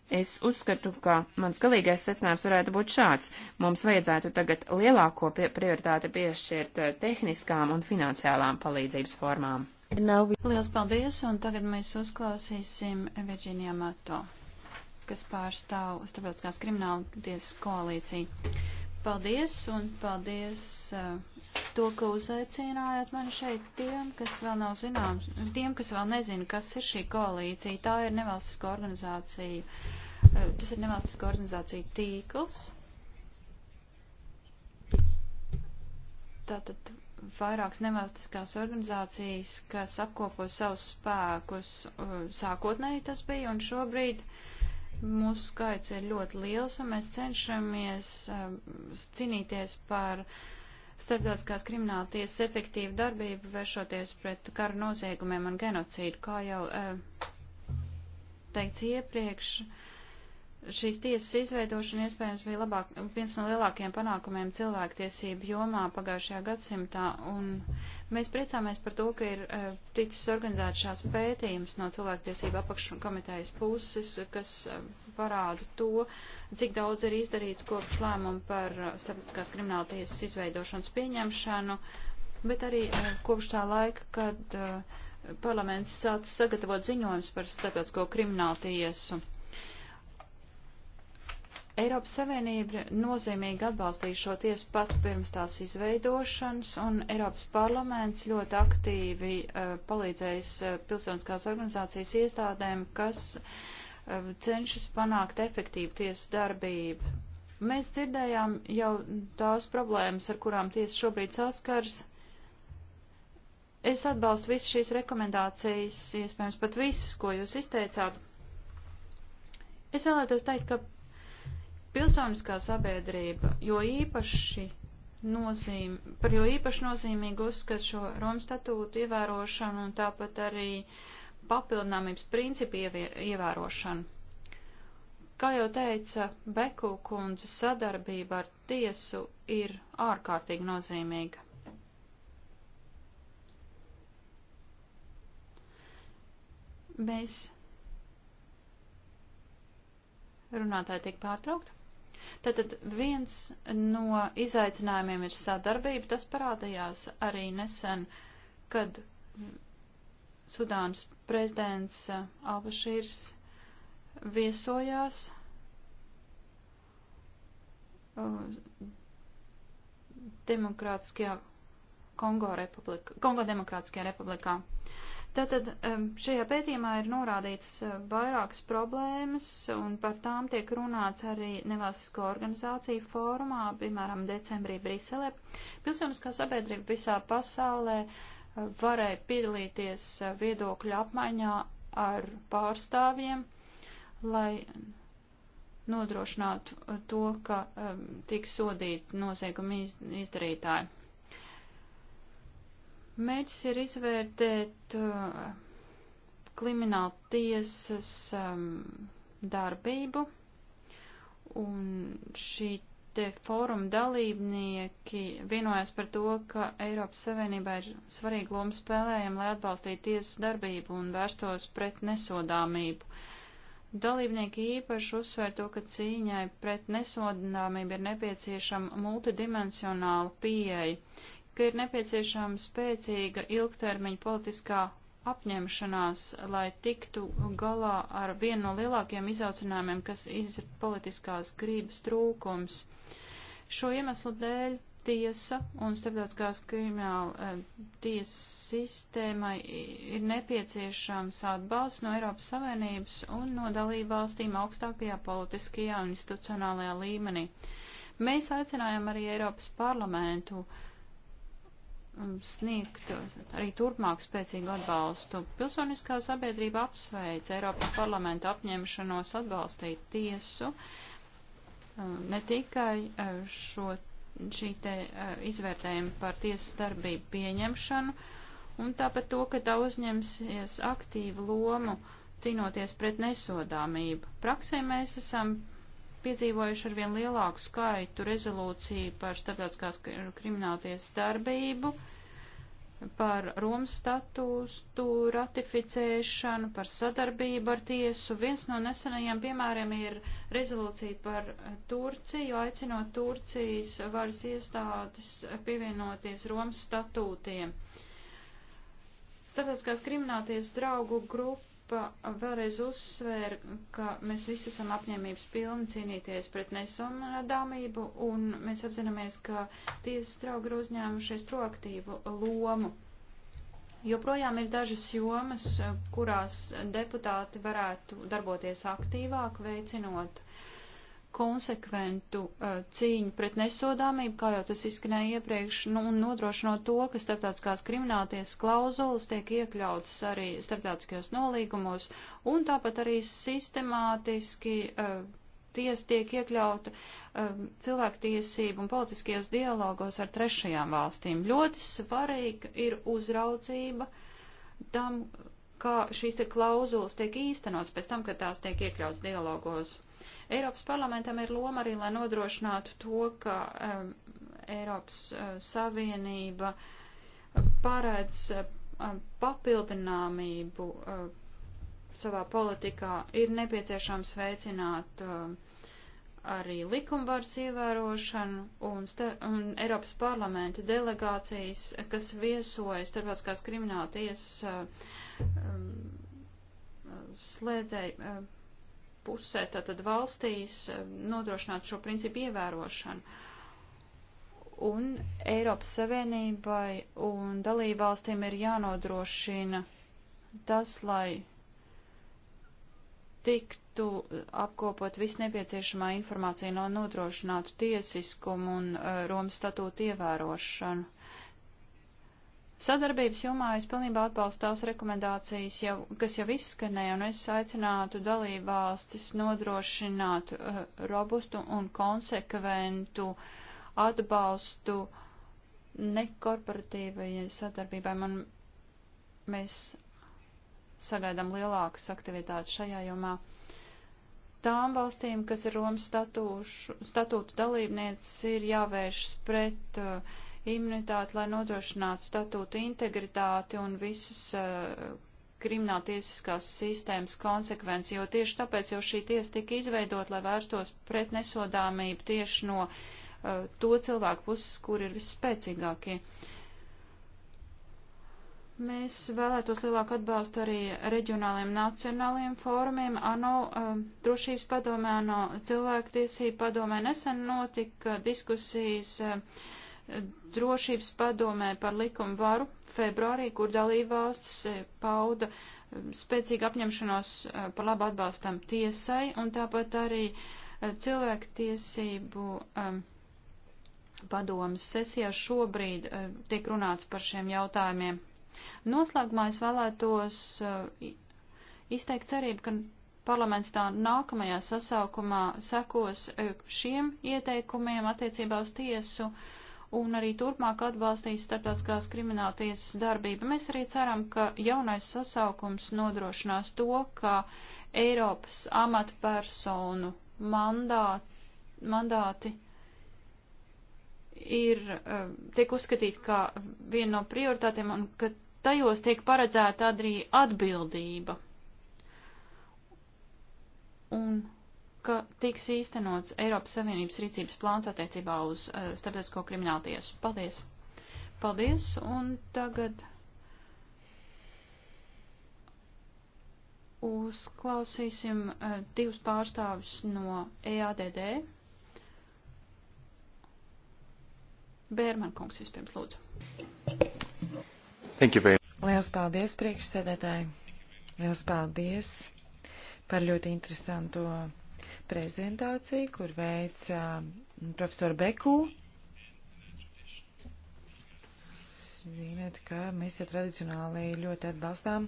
[SPEAKER 3] es uzskatu, ka mans galīgais secinājums varētu būt šāds. Mums vajadzētu tagad lielāko pie prioritāti piešķirt eh, tehniskām un finansiālām palīdzības formām.
[SPEAKER 4] Nav... Liels paldies, un tagad mēs uzklausīsim Virģīnijā Mato, kas pārstāv starptautiskās krimināla tiesas koalīciju. Paldies, un paldies uh, to, ka uzaicinājāt mani šeit tiem, kas vēl nav zināms, tiem, kas vēl nezina, kas ir šī koalīcija. Tā ir nevalstiska organizācija, uh, eh, tas ir nevalstiska organizācija tīkls. Tātad vairākas nevalstiskās organizācijas, kas apkopo savus spēkus. Uh, sākotnēji tas bija, un šobrīd mūsu skaits ir ļoti liels, un mēs cenšamies um, cīnīties par starptautiskās krimināla tiesas efektīvu darbību, vēršoties pret karu noziegumiem un genocīdu, kā jau uh, teikts iepriekš. Uh, šīs tiesas izveidošana iespējams bija labāk, viens no lielākajiem panākumiem cilvēktiesību jomā pagājušajā gadsimtā, un mēs priecāmies par to, ka ir e, ticis organizēts šās pētījums no cilvēktiesību apakškomitejas puses, kas e, parāda to, cik daudz ir izdarīts kopš lēmumu par e, starptautiskās krimināla tiesas izveidošanas pieņemšanu, bet arī kopš tā laika, kad parlaments sāca sagatavot ziņojums par starptautisko kriminālu tiesu. Eiropas Savienība nozīmīgi atbalstīja šo tiesu pat pirms tās izveidošanas, un Eiropas parlaments ļoti aktīvi uh, palīdzējis uh, pilsoniskās organizācijas iestādēm, kas uh, cenšas panākt efektīvu tiesu darbību. Mēs dzirdējām jau tās problēmas, ar kurām tiesa šobrīd saskars. Es atbalstu visas šīs rekomendācijas, iespējams pat visas, ko jūs izteicāt. Es vēlētos teikt, ka Pilsoniskā sabiedrība, jo īpaši nozīm, par jo īpaši nozīmīgu uzskat šo Romas statūtu ievērošanu un tāpat arī papildināmības principu ievērošanu. Kā jau teica Beku kundze, sadarbība ar tiesu ir ārkārtīgi nozīmīga. Mēs runātāji tiek pārtraukti. Tātad viens no izaicinājumiem ir sadarbība. Tas parādījās arī nesen, kad Sudānas prezidents uh, Albašīrs viesojās uh, Demokrātiskajā Kongo republikā, Kongo Demokrātiskajā republikā. Uh, Tātad šajā pētījumā ir norādīts eh, vairākas problēmas, un par tām tiek runāts arī nevalstisko organizāciju fórumā, piemēram, decembrī Briselē. Pilsoniskā sabiedrība visā pasaulē eh, varēja piedalīties eh, viedokļu apmaiņā ar pārstāvjiem, lai nodrošinātu to, ka um, tiks sodīti nozieguma iz, izdarītāji. Mērķis ir izvērtēt uh, krimināla tiesas um, darbību, un šī te fóruma dalībnieki vienojas par to, ka Eiropas Savienībā ir svarīga loma spēlējama, lai atbalstītu tiesas darbību un vērstos pret nesodāmību. Dalībnieki īpaši uzsver to, ka cīņai pret nesodāmību ir nepieciešama multidimensionāla pieeja ka ir nepieciešama spēcīga ilgtermiņa politiskā apņemšanās, lai tiktu galā ar vienu no lielākiem izaucinājumiem, kas ir politiskās grības trūkums. Šo iemeslu dēļ tiesa un starptautiskās krimināla eh, tiesas sistēmai ir nepieciešams atbalsts no Eiropas Savienības un no dalību valstīm augstākajā politiskajā un institucionālajā līmenī. Mēs aicinājām arī Eiropas parlamentu uh, Um, sniegt arī turpmāk spēcīgu atbalstu. Pilsoniskā sabiedrība apsveic Eiropas parlamenta apņemšanos atbalstīt tiesu um, ne tikai uh, šo, šī te uh, izvērtējuma par tiesas darbību pieņemšanu, un tāpat to, ka tā uzņemsies aktīvu lomu cīnoties pret nesodāmību. Praksē mēs esam piedzīvojuši arvien lielāku skaitu rezolūciju par starptautiskās krimināltiesas darbību, par Romas statūstu ratificēšanu, par sadarbību ar tiesu. Viens no nesenajiem piemēriem ir rezolūcija par Turciju, aicinot Turcijas varas iestādes pievienoties Romas statūtiem. Starptautiskās krimināltiesas draugu grupa grupa vēlreiz uzsvēra, ka mēs visi esam apņēmības pilni cīnīties pret nesumanādāmību, un mēs apzināmies, ka tiesas draugi ir uzņēmušies proaktīvu lomu. Joprojām ir dažas jomas, kurās deputāti varētu darboties aktīvāk, veicinot uh, konsekventu uh, cīņu pret nesodāmību, kā jau tas izskanēja iepriekš, nu, un nodrošinot to, ka starptautiskās krimināties klauzulas tiek iekļautas arī starptautiskajos nolīgumos, un tāpat arī sistemātiski uh, ties tiek iekļauta uh, um, cilvēktiesību un politiskajos dialogos ar trešajām valstīm. Ļoti svarīga ir uzraudzība tam, kā šīs te klauzulas tiek īstenots pēc tam, kad tās tiek iekļauts dialogos Eiropas parlamentam ir loma arī, lai nodrošinātu to, ka um, Eiropas uh, Savienība paredz uh, papildināmību uh, savā politikā. Ir nepieciešams veicināt uh, arī likumvaras ievērošanu un, un Eiropas parlamenta delegācijas, kas viesojas starptautiskās krimināla tiesas uh, um, slēdzēju. Uh, pusēs, tātad valstīs, um, nodrošināt šo principu ievērošanu. Un Eiropas Savienībai un dalībvalstīm ir jānodrošina tas, lai tiktu apkopot viss nepieciešamā informācija, lai no nodrošinātu tiesiskumu un uh, Romas statūtu ievērošanu. Sadarbības jomā es pilnībā atbalstu tās rekomendācijas, jau, kas jau izskanēja, un es aicinātu dalībvalstis nodrošināt uh, robustu un konsekventu atbalstu nekorporatīvajai sadarbībai. Man, mēs sagaidām lielākas aktivitātes šajā jomā. Tām valstīm, kas ir Romas statūšu, statūtu dalībnieces, ir jāvēršas pret uh, imunitāti, lai nodrošinātu statūtu integritāti un visas uh, eh, krimināla tiesiskās sistēmas konsekvenci, jo tieši tāpēc jau šī tiesa tika izveidot, lai vērstos pret nesodāmību tieši no uh, to cilvēku puses, kur ir visspēcīgākie. Mēs vēlētos lielāku atbalstu arī reģionāliem nacionāliem fórumiem. ANO uh, drošības padomē, ANO cilvēktiesība padomē nesen notika diskusijas uh, drošības padomē par likumu varu februārī, kur dalībvalstis eh, pauda eh, spēcīgu apņemšanos eh, par labu atbalstam tiesai un tāpat arī cilvēku tiesību um, padomas sesijā šobrīd uh, tiek runāts par šiem jautājumiem. Noslēgumā es vēlētos uh, izteikt cerību, ka parlaments tā nākamajā sasaukumā sekos šiem ieteikumiem attiecībā uz tiesu. Uh, un arī turpmāk atbalstīs starptautiskās krimināla tiesas darbību. Mēs arī ceram, ka jaunais sasaukums nodrošinās to, ka Eiropas amatpersonu mandāt, mandāti ir, eh, tiek uzskatīti kā viena no prioritātiem un ka tajos tiek paredzēta arī atbildība. Un ka tiks īstenots Eiropas Savienības rīcības plāns attiecībā uz uh, starptautisko kriminālu tiesu. Paldies! Paldies! Un tagad uzklausīsim uh, divus pārstāvis no EADD. Bērman kungs vispirms
[SPEAKER 2] lūdzu. Thank you very much. Liels paldies priekšsēdētāji. Liels paldies par ļoti interesantu prezentāciju, kur veica um, profesora Beku. Ziniet, ka mēs jau tradicionāli ļoti atbalstām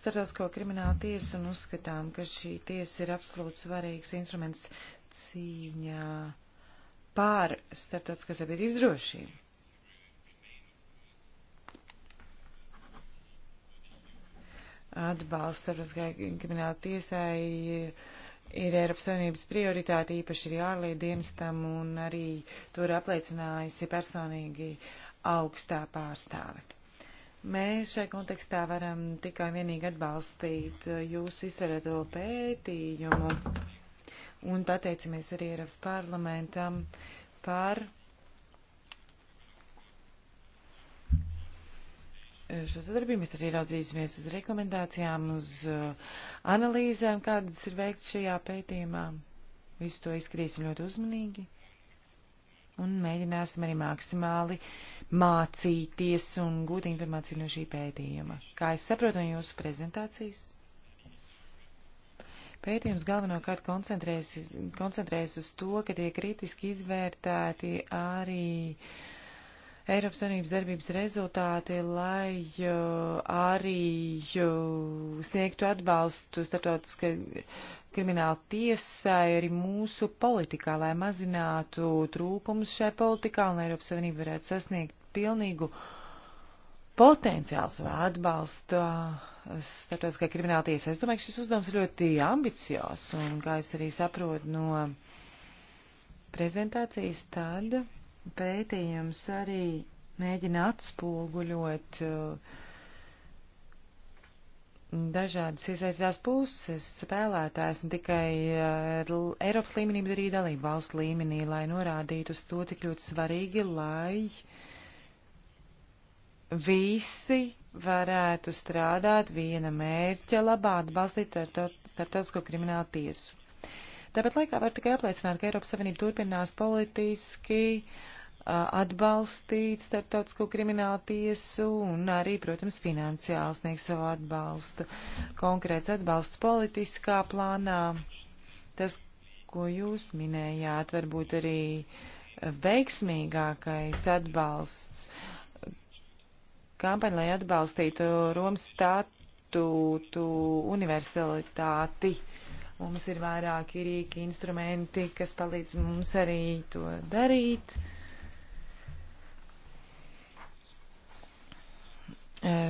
[SPEAKER 2] starptautisko kriminālu tiesu un uzskatām, ka šī tiesa ir absolūti svarīgs instruments cīņā pār starptautiskās sabiedrības drošību. Atbalsts starptautiskajai krimināla tiesai ir Eiropas Savienības prioritāte, īpaši arī ārlietu dienestam, un arī to ir apliecinājusi personīgi augstā pārstāve. Mēs šai kontekstā varam tikai vienīgi atbalstīt eh, jūsu izsarēto pētījumu un pateicamies arī Eiropas parlamentam par šo sadarbību. Mēs arī raudzīsimies uz rekomendācijām, uz uh, analīzēm, kādas ir veikts šajā pētījumā. Visu to izskatīsim ļoti uzmanīgi un mēģināsim arī maksimāli mācīties un gūt informāciju no šī pētījuma. Kā es saprotu no jūsu prezentācijas? Pētījums galvenokārt koncentrējas, koncentrējas uz to, ka tiek kritiski izvērtēti arī uh, Eiropas Savienības darbības rezultāti, lai arī sniegtu atbalstu starptautiskai krimināla tiesai arī mūsu politikā, lai mazinātu trūkumus šai politikā un Eiropas Savienība varētu sasniegt pilnīgu potenciālu savā atbalsta starptautiskai krimināla tiesai. Es domāju, ka šis uzdevums ir ļoti ambicios un, kā es arī saprotu no prezentācijas, tad pētījums arī mēģina atspoguļot uh, dažādas iesaistās puses spēlētājs, ne tikai uh, Eiropas līmenī, bet arī dalību valstu līmenī, lai norādītu uz to, cik ļoti svarīgi, lai visi varētu strādāt viena mērķa labā atbalstīt starptautisko kriminālu tiesu. Tāpat laikā var tikai apliecināt, ka Eiropas Savienība turpinās politiski atbalstīt starptautisko kriminālu tiesu un arī, protams, finansiāli sniegt savu atbalstu. Konkrēts atbalsts politiskā plānā, tas, ko jūs minējāt, varbūt arī veiksmīgākais atbalsts kampaņa, lai atbalstītu Romas statūtu universalitāti. Mums ir vairāki rīki, instrumenti, kas palīdz mums arī to darīt.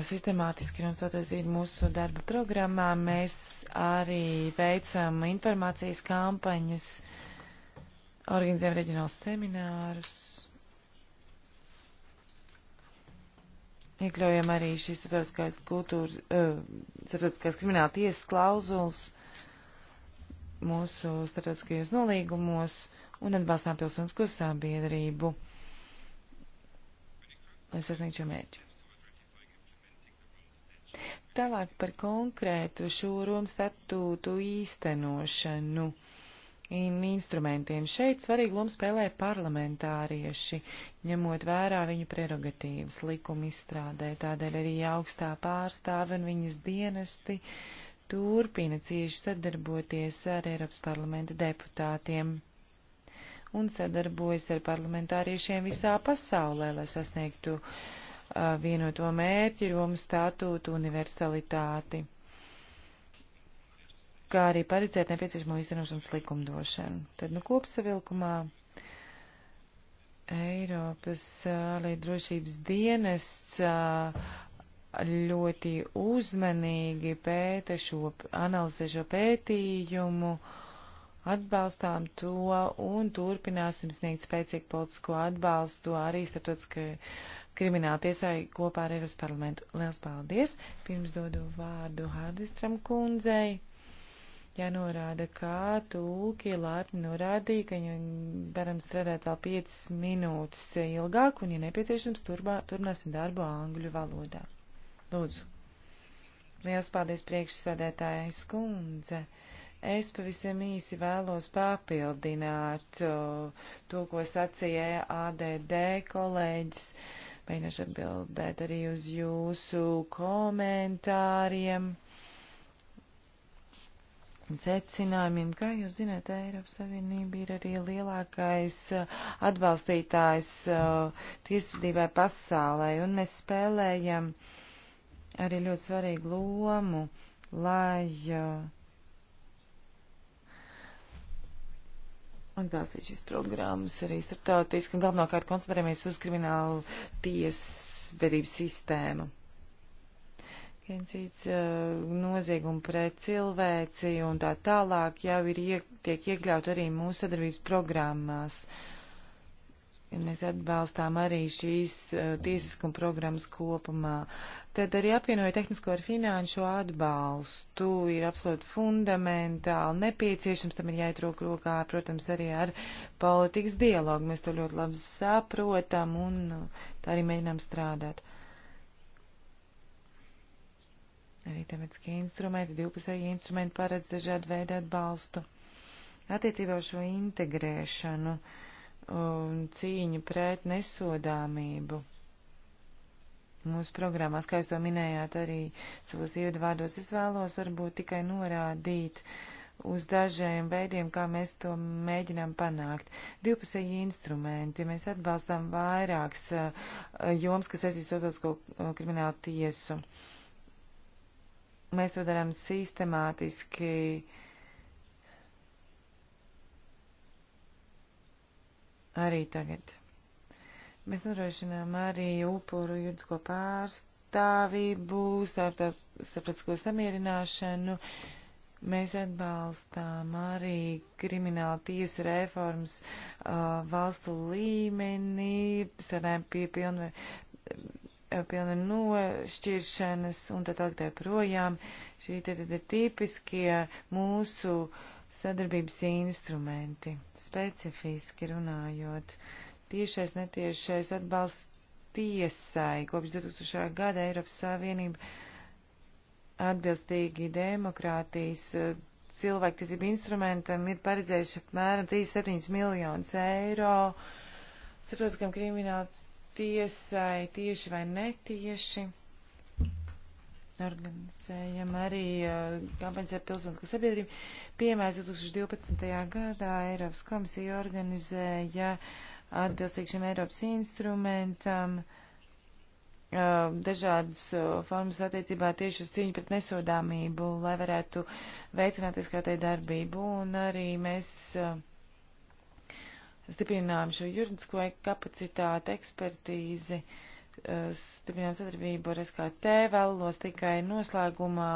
[SPEAKER 2] Sistemātiski, un tas ir mūsu darba programmā, mēs arī veicam informācijas kampaņas, organizējam reģionālus seminārus, iekļaujam arī šīs starptautiskās kultūras, starptautiskās krimināla tiesas klauzulas mūsu starptautiskajos nolīgumos un atbalstām pilsonisko sabiedrību, lai sasniegtu šo mērķu. Tālāk par konkrētu šo Romu statūtu īstenošanu un instrumentiem. Šeit svarīgi lomu spēlē parlamentārieši, ņemot vērā viņu prerogatīvas likuma izstrādē, tādēļ arī augstā pārstāve un viņas dienesti uh, turpina cieši sadarboties ar Eiropas parlamenta deputātiem un sadarbojas ar parlamentāriešiem visā pasaulē, lai sasniegtu uh, vienoto mērķi Romas statūtu universalitāti, kā arī paredzēt nepieciešamo īstenošanas likumdošanu. Tad, nu, kopsavilkumā. Eiropas uh, līdzdrošības dienests uh, ļoti uzmanīgi pēta šo, analizē šo pētījumu, atbalstām to un turpināsim sniegt spēcīgu politisko atbalstu arī starptautiskai krimināla tiesai kopā ar Eiropas parlamentu. Liels paldies! Pirms dodu vārdu Hardistram kundzei. Jānorāda, kā tūki lēpni norādīja, ka varam strādāt vēl 5 minūtes ilgāk un, ja nepieciešams, turpināsim darbu angļu valodā. Lūdzu. Liels paldies priekšsēdētājas kundze. Es pavisam īsi vēlos papildināt to, ko sacīja ADD kolēģis. Mēģināšu atbildēt arī uz jūsu komentāriem, secinājumiem. Kā jūs zināt, Eiropas Savienība ir arī lielākais atbalstītājs tiesvedībai pasaulē, un mēs spēlējam. Uh, arī ļoti svarīgu lomu, lai uh, atbalstītu šīs programmas arī starptautiski un galvenokārt koncentrējamies uz kriminālu tiesvedības sistēmu. Kencīts uh, noziegumu pret cilvēci un tā tālāk jau ir iek, tiek iekļaut arī mūsu sadarbības programmās. Mēs atbalstām arī šīs uh, tiesiskuma programmas kopumā. Uh, Tad arī apvienoja tehnisko ar finanšu atbalstu, ir absolūti fundamentāli nepieciešams, tam ir jāiet roku rokā, protams, arī ar politikas dialogu. Mēs to ļoti labi saprotam un uh, tā arī mēģinām strādāt. Arī tematiskie instrumenti, divpusēji instrumenti paredz dažādu veidu atbalstu. Attiecībā uz šo integrēšanu un cīņu pret nesodāmību mūsu programmās, kā jūs to minējāt arī savos ievadvārdos. Es vēlos varbūt tikai norādīt uz dažiem veidiem, kā mēs to mēģinām panākt. Divpusēji instrumenti. Mēs atbalstām vairākas eh, joms, kas aizīs otosko eh, kriminālu tiesu. Mēs to darām sistemātiski. Arī tagad. Mēs norošinām arī upuru juridisko pārstāvību, starptautisko samierināšanu. Mēs atbalstām arī kriminālu tiesu reformas uh, valstu līmenī, strādājam pie pilnver, uh, pilna nošķiršanas un tā tālāk tā projām. Šī tad ir tipiskie mūsu sadarbības instrumenti, specifiski runājot. Uh, tiešais netiešais atbalsts tiesai. Kopš 2000. gada Eiropas Savienība atbilstīgi demokrātijas eh, cilvēktiesību instrumentam ir paredzējuši apmēram 37 miljonus eiro starptautiskam krimināla tiesai tieši vai netieši. Organizējam arī eh, kompensēt pilsonisko sabiedrību. Piemērs 2012. gadā Eiropas komisija organizēja uh, atbilstīgi šim Eiropas instrumentam dažādas formas attiecībā tieši uz cīņu pret nesodāmību, lai varētu veicināt izkārtēju darbību. Un arī mēs stiprinām šo juridisko kapacitāti, ekspertīzi, stiprinām sadarbību ar SKT, vēlos tikai noslēgumā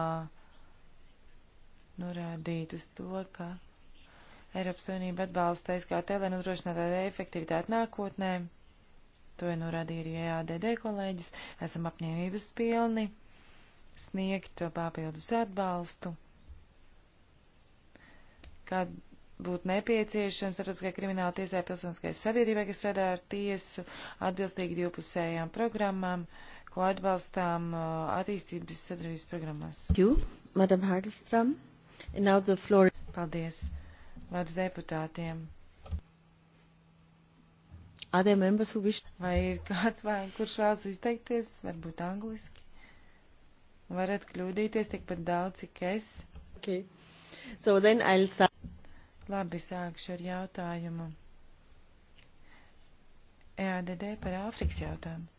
[SPEAKER 2] norādīt uz to, ka Eiropas Savienība atbalsta SKT, lai nodrošinātu efektivitāti nākotnē. To jau norādīja arī EADD kolēģis. Esam apņēmības pilni sniegt papildus atbalstu, kad būtu nepieciešams starptautiskai krimināla tiesai pilsoniskai sabiedrībai, kas strādā ar tiesu atbilstīgi divpusējām programmām, ko atbalstām uh, attīstības sadarbības programmās. You,
[SPEAKER 1] Madam Hagelstram,
[SPEAKER 2] and now the floor. Paldies. Vārds deputātiem. Are there members who wish? Vai ir kāds, vai, kurš vēlas izteikties, varbūt angliski? Varat kļūdīties tikpat daudz, cik es. Okay. So then I'll start. Labi, sākšu ar jautājumu. EADD par Āfrikas jautājumu.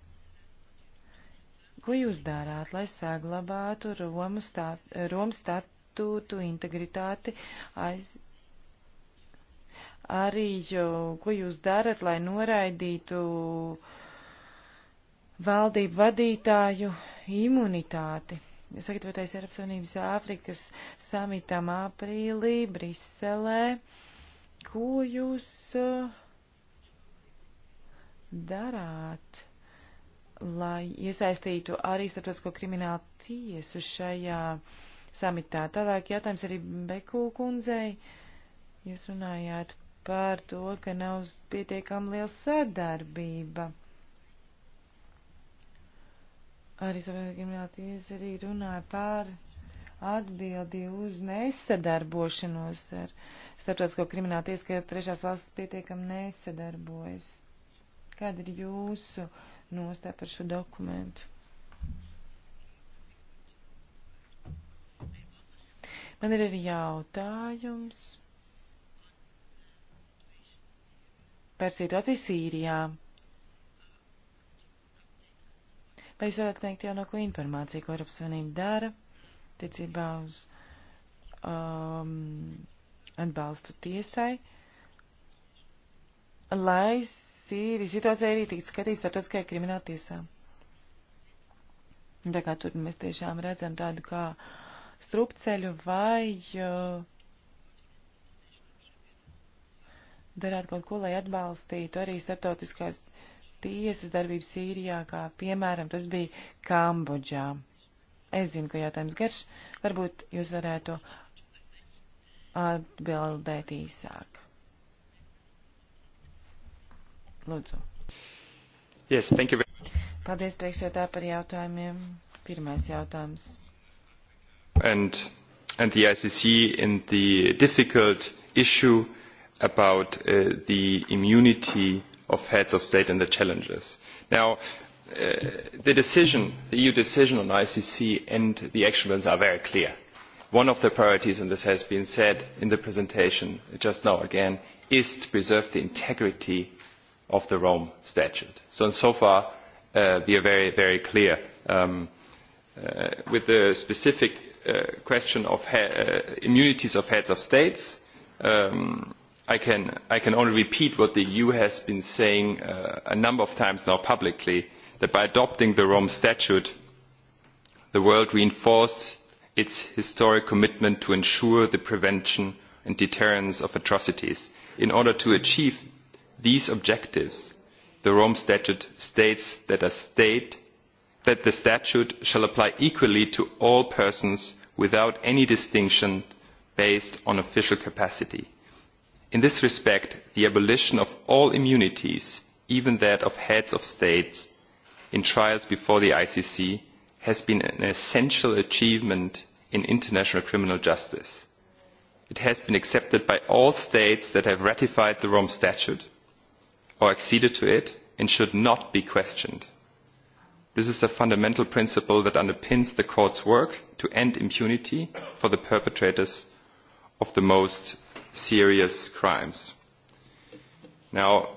[SPEAKER 2] Ko jūs darāt, lai saglabātu Romas stāt, Roma statūtu integritāti aiz, arī, ko jūs darat, lai noraidītu valdību vadītāju imunitāti. Es sagatavoties Eiropas Savienības Āfrikas samitam aprīlī Briselē. Ko jūs eh, darāt, lai iesaistītu arī starptautisko kriminālu tiesu šajā samitā? Tālāk jautājums arī Beku kundzei. Jūs runājāt par to, ka nav pietiekami liela sadarbība. Arī saprotiet, krimināla tiesa arī runāja par atbildi uz nesadarbošanos ar starptautisko kriminālu tiesu, ka trešās valsts pietiekami nesadarbojas. Kāda ir jūsu nostāja par šo dokumentu? Man ir arī jautājums par situāciju Sīrijā. Vai jūs varat teikt jaunāko informāciju, ko Eiropas Savienība dara tiecībā uz um, atbalstu tiesai, lai Sīrijas situācija arī tiktu skatīta starptautiskajā krimināla tiesā? Tā kā tur mēs tiešām redzam tādu kā strupceļu vai. Uh, darāt kaut ko, lai atbalstītu arī starptautiskās tiesas darbības Sīrijā, kā piemēram tas bija Kambodžā. Es zinu, ka jautājums garš, varbūt jūs varētu atbildēt īsāk. Lūdzu. Yes, thank you. Paldies priekšsētā par jautājumiem. Pirmais jautājums.
[SPEAKER 6] And, and the ICC in the difficult issue about uh, the immunity of heads of state and the challenges. Now, uh, the decision, the EU decision on ICC and the action plans are very clear. One of the priorities, and this has been said in the presentation just now again, is to preserve the integrity of the Rome Statute. So, so far, uh, we are very, very clear. Um, uh, with the specific uh, question of ha- uh, immunities of heads of states, um, I can, I can only repeat what the EU has been saying uh, a number of times now publicly, that by adopting the Rome Statute, the world reinforced its historic commitment to ensure the prevention and deterrence of atrocities. In order to achieve these objectives, the Rome Statute states that a state that the statute shall apply equally to all persons without any distinction based on official capacity in this respect the abolition of all immunities even that of heads of state in trials before the icc has been an essential achievement in international criminal justice. it has been accepted by all states that have ratified the rome statute or acceded to it and should not be questioned. this is a fundamental principle that underpins the court's work to end impunity for the perpetrators of the most serious crimes. Now,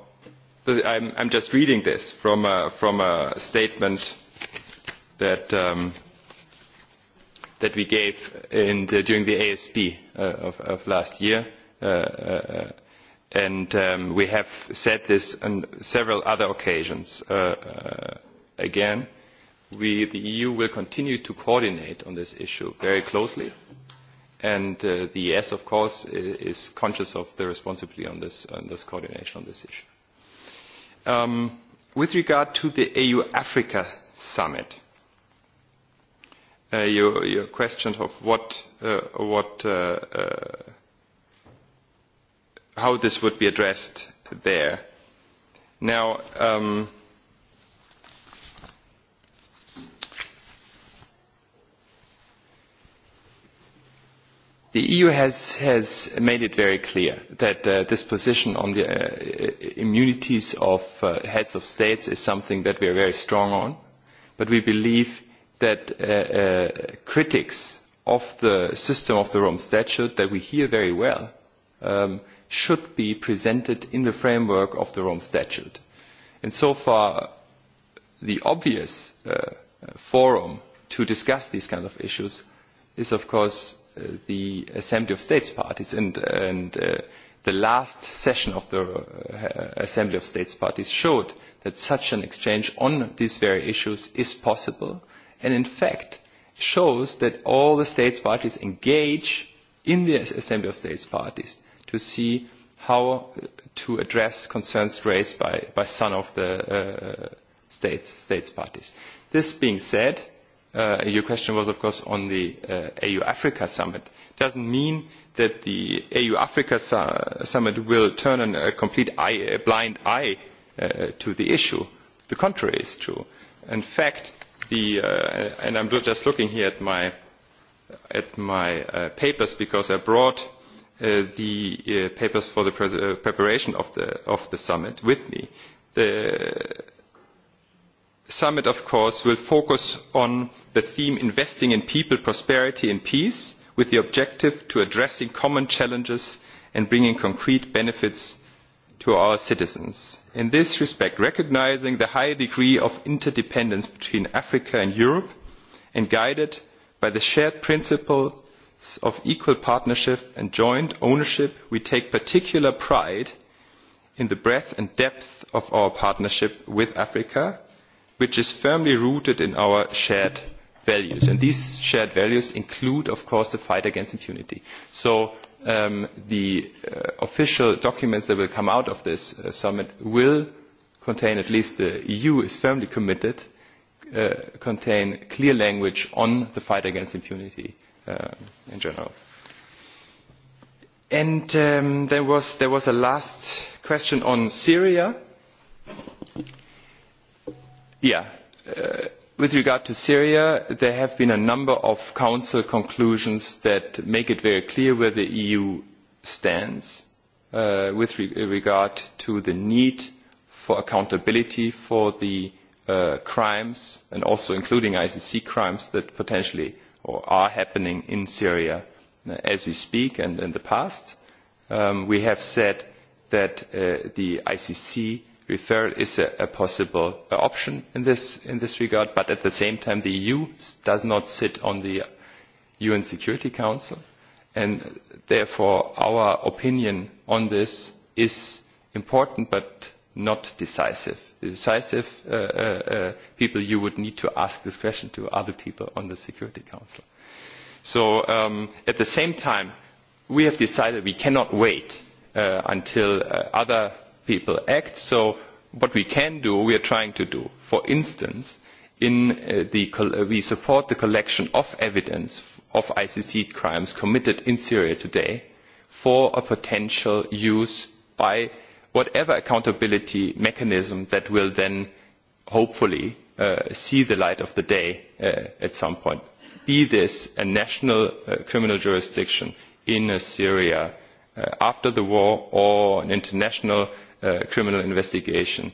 [SPEAKER 6] I'm, I'm just reading this from a, from a statement that, um, that we gave in the, during the ASB uh, of, of last year. Uh, uh, uh, and um, we have said this on several other occasions. Uh, uh, again, we, the EU will continue to coordinate on this issue very closely And uh, the ES, of course, is conscious of the responsibility on this, on this coordination on this issue. Um, with regard to the AU-Africa e summit, uh, your, your question of what, uh, what, uh, uh, how this would be addressed there. Now, um, the eu has, has made it very clear that uh, this position on the uh, uh, immunities of uh, heads of states is something that we are very strong on but we believe that uh, uh, critics of the system of the rome statute that we hear very well um, should be presented in the framework of the rome statute and so far the obvious uh, forum to discuss these kind of issues is of course the Assembly of States parties and, and uh, the last session of the uh, Assembly of States parties showed that such an exchange on these very issues is possible and in fact shows that all the states parties engage in the Assembly of States parties to see how uh, to address concerns raised by, by some of the uh, states, states parties. This being said, uh, uh, your question was, of course, on the uh, AU-Africa summit. It doesn't mean that the AU-Africa su summit will turn an, a complete eye, a blind eye uh, to the issue. The contrary is true. In fact, the, uh, and I'm just looking here at my, at my uh, papers because I brought uh, the uh, papers for the pre uh, preparation of the, of the summit with me. The, summit of course will focus on the theme investing in people prosperity and peace with the objective of addressing common challenges and bringing concrete benefits to our citizens. in this respect recognising the high degree of interdependence between africa and europe and guided by the shared principles of equal partnership and joint ownership we take particular pride in the breadth and depth of our partnership with africa which is firmly rooted in our shared values and these shared values include of course the fight against impunity. so um, the uh, official documents that will come out of this uh, summit will contain at least the eu is firmly committed uh, contain clear language on the fight against impunity uh, in general. And um, there, was, there was a last question on Syria Yeah. Uh, with regard to syria there have been a number of council conclusions that make it very clear where the eu stands uh, with re regard to the need for accountability for the uh, crimes and also including icc crimes that potentially or are happening in syria uh, as we speak and in the past um, we have said that uh, the icc referral is a, a possible option in this, in this regard, but at the same time the EU does not sit on the UN Security Council, and therefore our opinion on this is important but not decisive. The decisive uh, uh, uh, people you would need to ask this question to are the people on the Security Council. So um, at the same time, we have decided we cannot wait uh, until uh, other people act. So what we can do, we are trying to do. For instance, in uh, the, uh, we support the collection of evidence of ICC crimes committed in Syria today for a potential use by whatever accountability mechanism that will then hopefully uh, see the light of the day uh, at some point. Be this a national uh, criminal jurisdiction in uh, Syria uh, after the war or an international uh, criminal investigation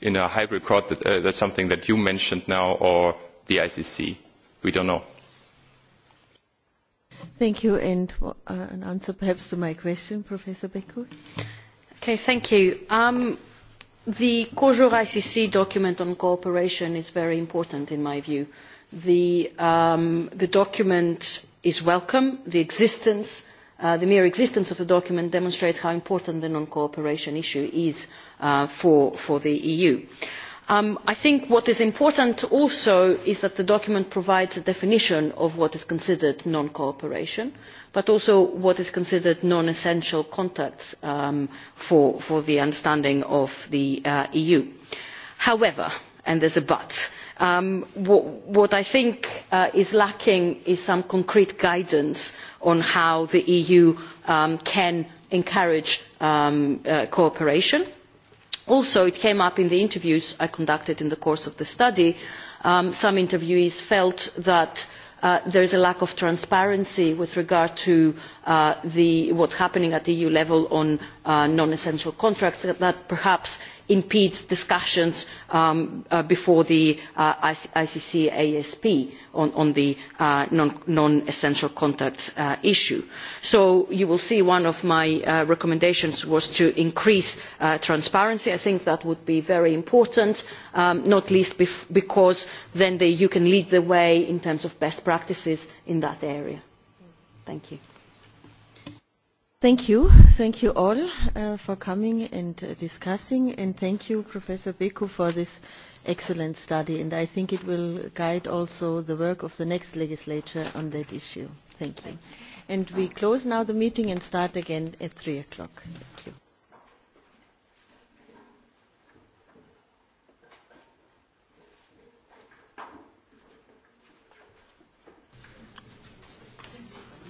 [SPEAKER 6] in a hybrid court that, uh, that's something that you mentioned now or the ICC. We don't know.
[SPEAKER 1] Thank you. And
[SPEAKER 5] uh, an answer perhaps to my question, Professor Beku. Okay, thank you. Um, the COJUR ICC document on cooperation is very important in my view. The, um, the document is welcome. The existence Uh, the mere existence of the document demonstrates how important the non-cooperation issue is uh, for, for the EU. Um, I think what is important also is that the document provides a definition of what is considered non-cooperation, but also what is considered non-essential contacts um, for, for the understanding of the uh, EU. However, and there's a but, uh, Um, what, what I think uh, is lacking is some concrete guidance on how the EU um, can encourage um, uh, cooperation. Also, it came up in the interviews I conducted in the course of the study, um, some interviewees felt that Uh, there is a lack of transparency with regard to uh, what is happening at eu level on uh, non essential contracts that perhaps impedes discussions um, uh, before the uh, ICC ASP on, on the uh, non-essential non contacts uh, issue. So you will see one of my uh, recommendations was to increase uh, transparency. I think that would be very important, um, not least bef because then the, you can lead the way in terms of best practices in that area. Thank you.
[SPEAKER 1] Thank you. Thank you all uh, for coming and uh, discussing. And thank you, Professor Beku, for this excellent study. And I think it will guide also the work of the next legislature on that issue. Thank you. Thank you. And we close now the meeting and start again at 3 o'clock. Thank you.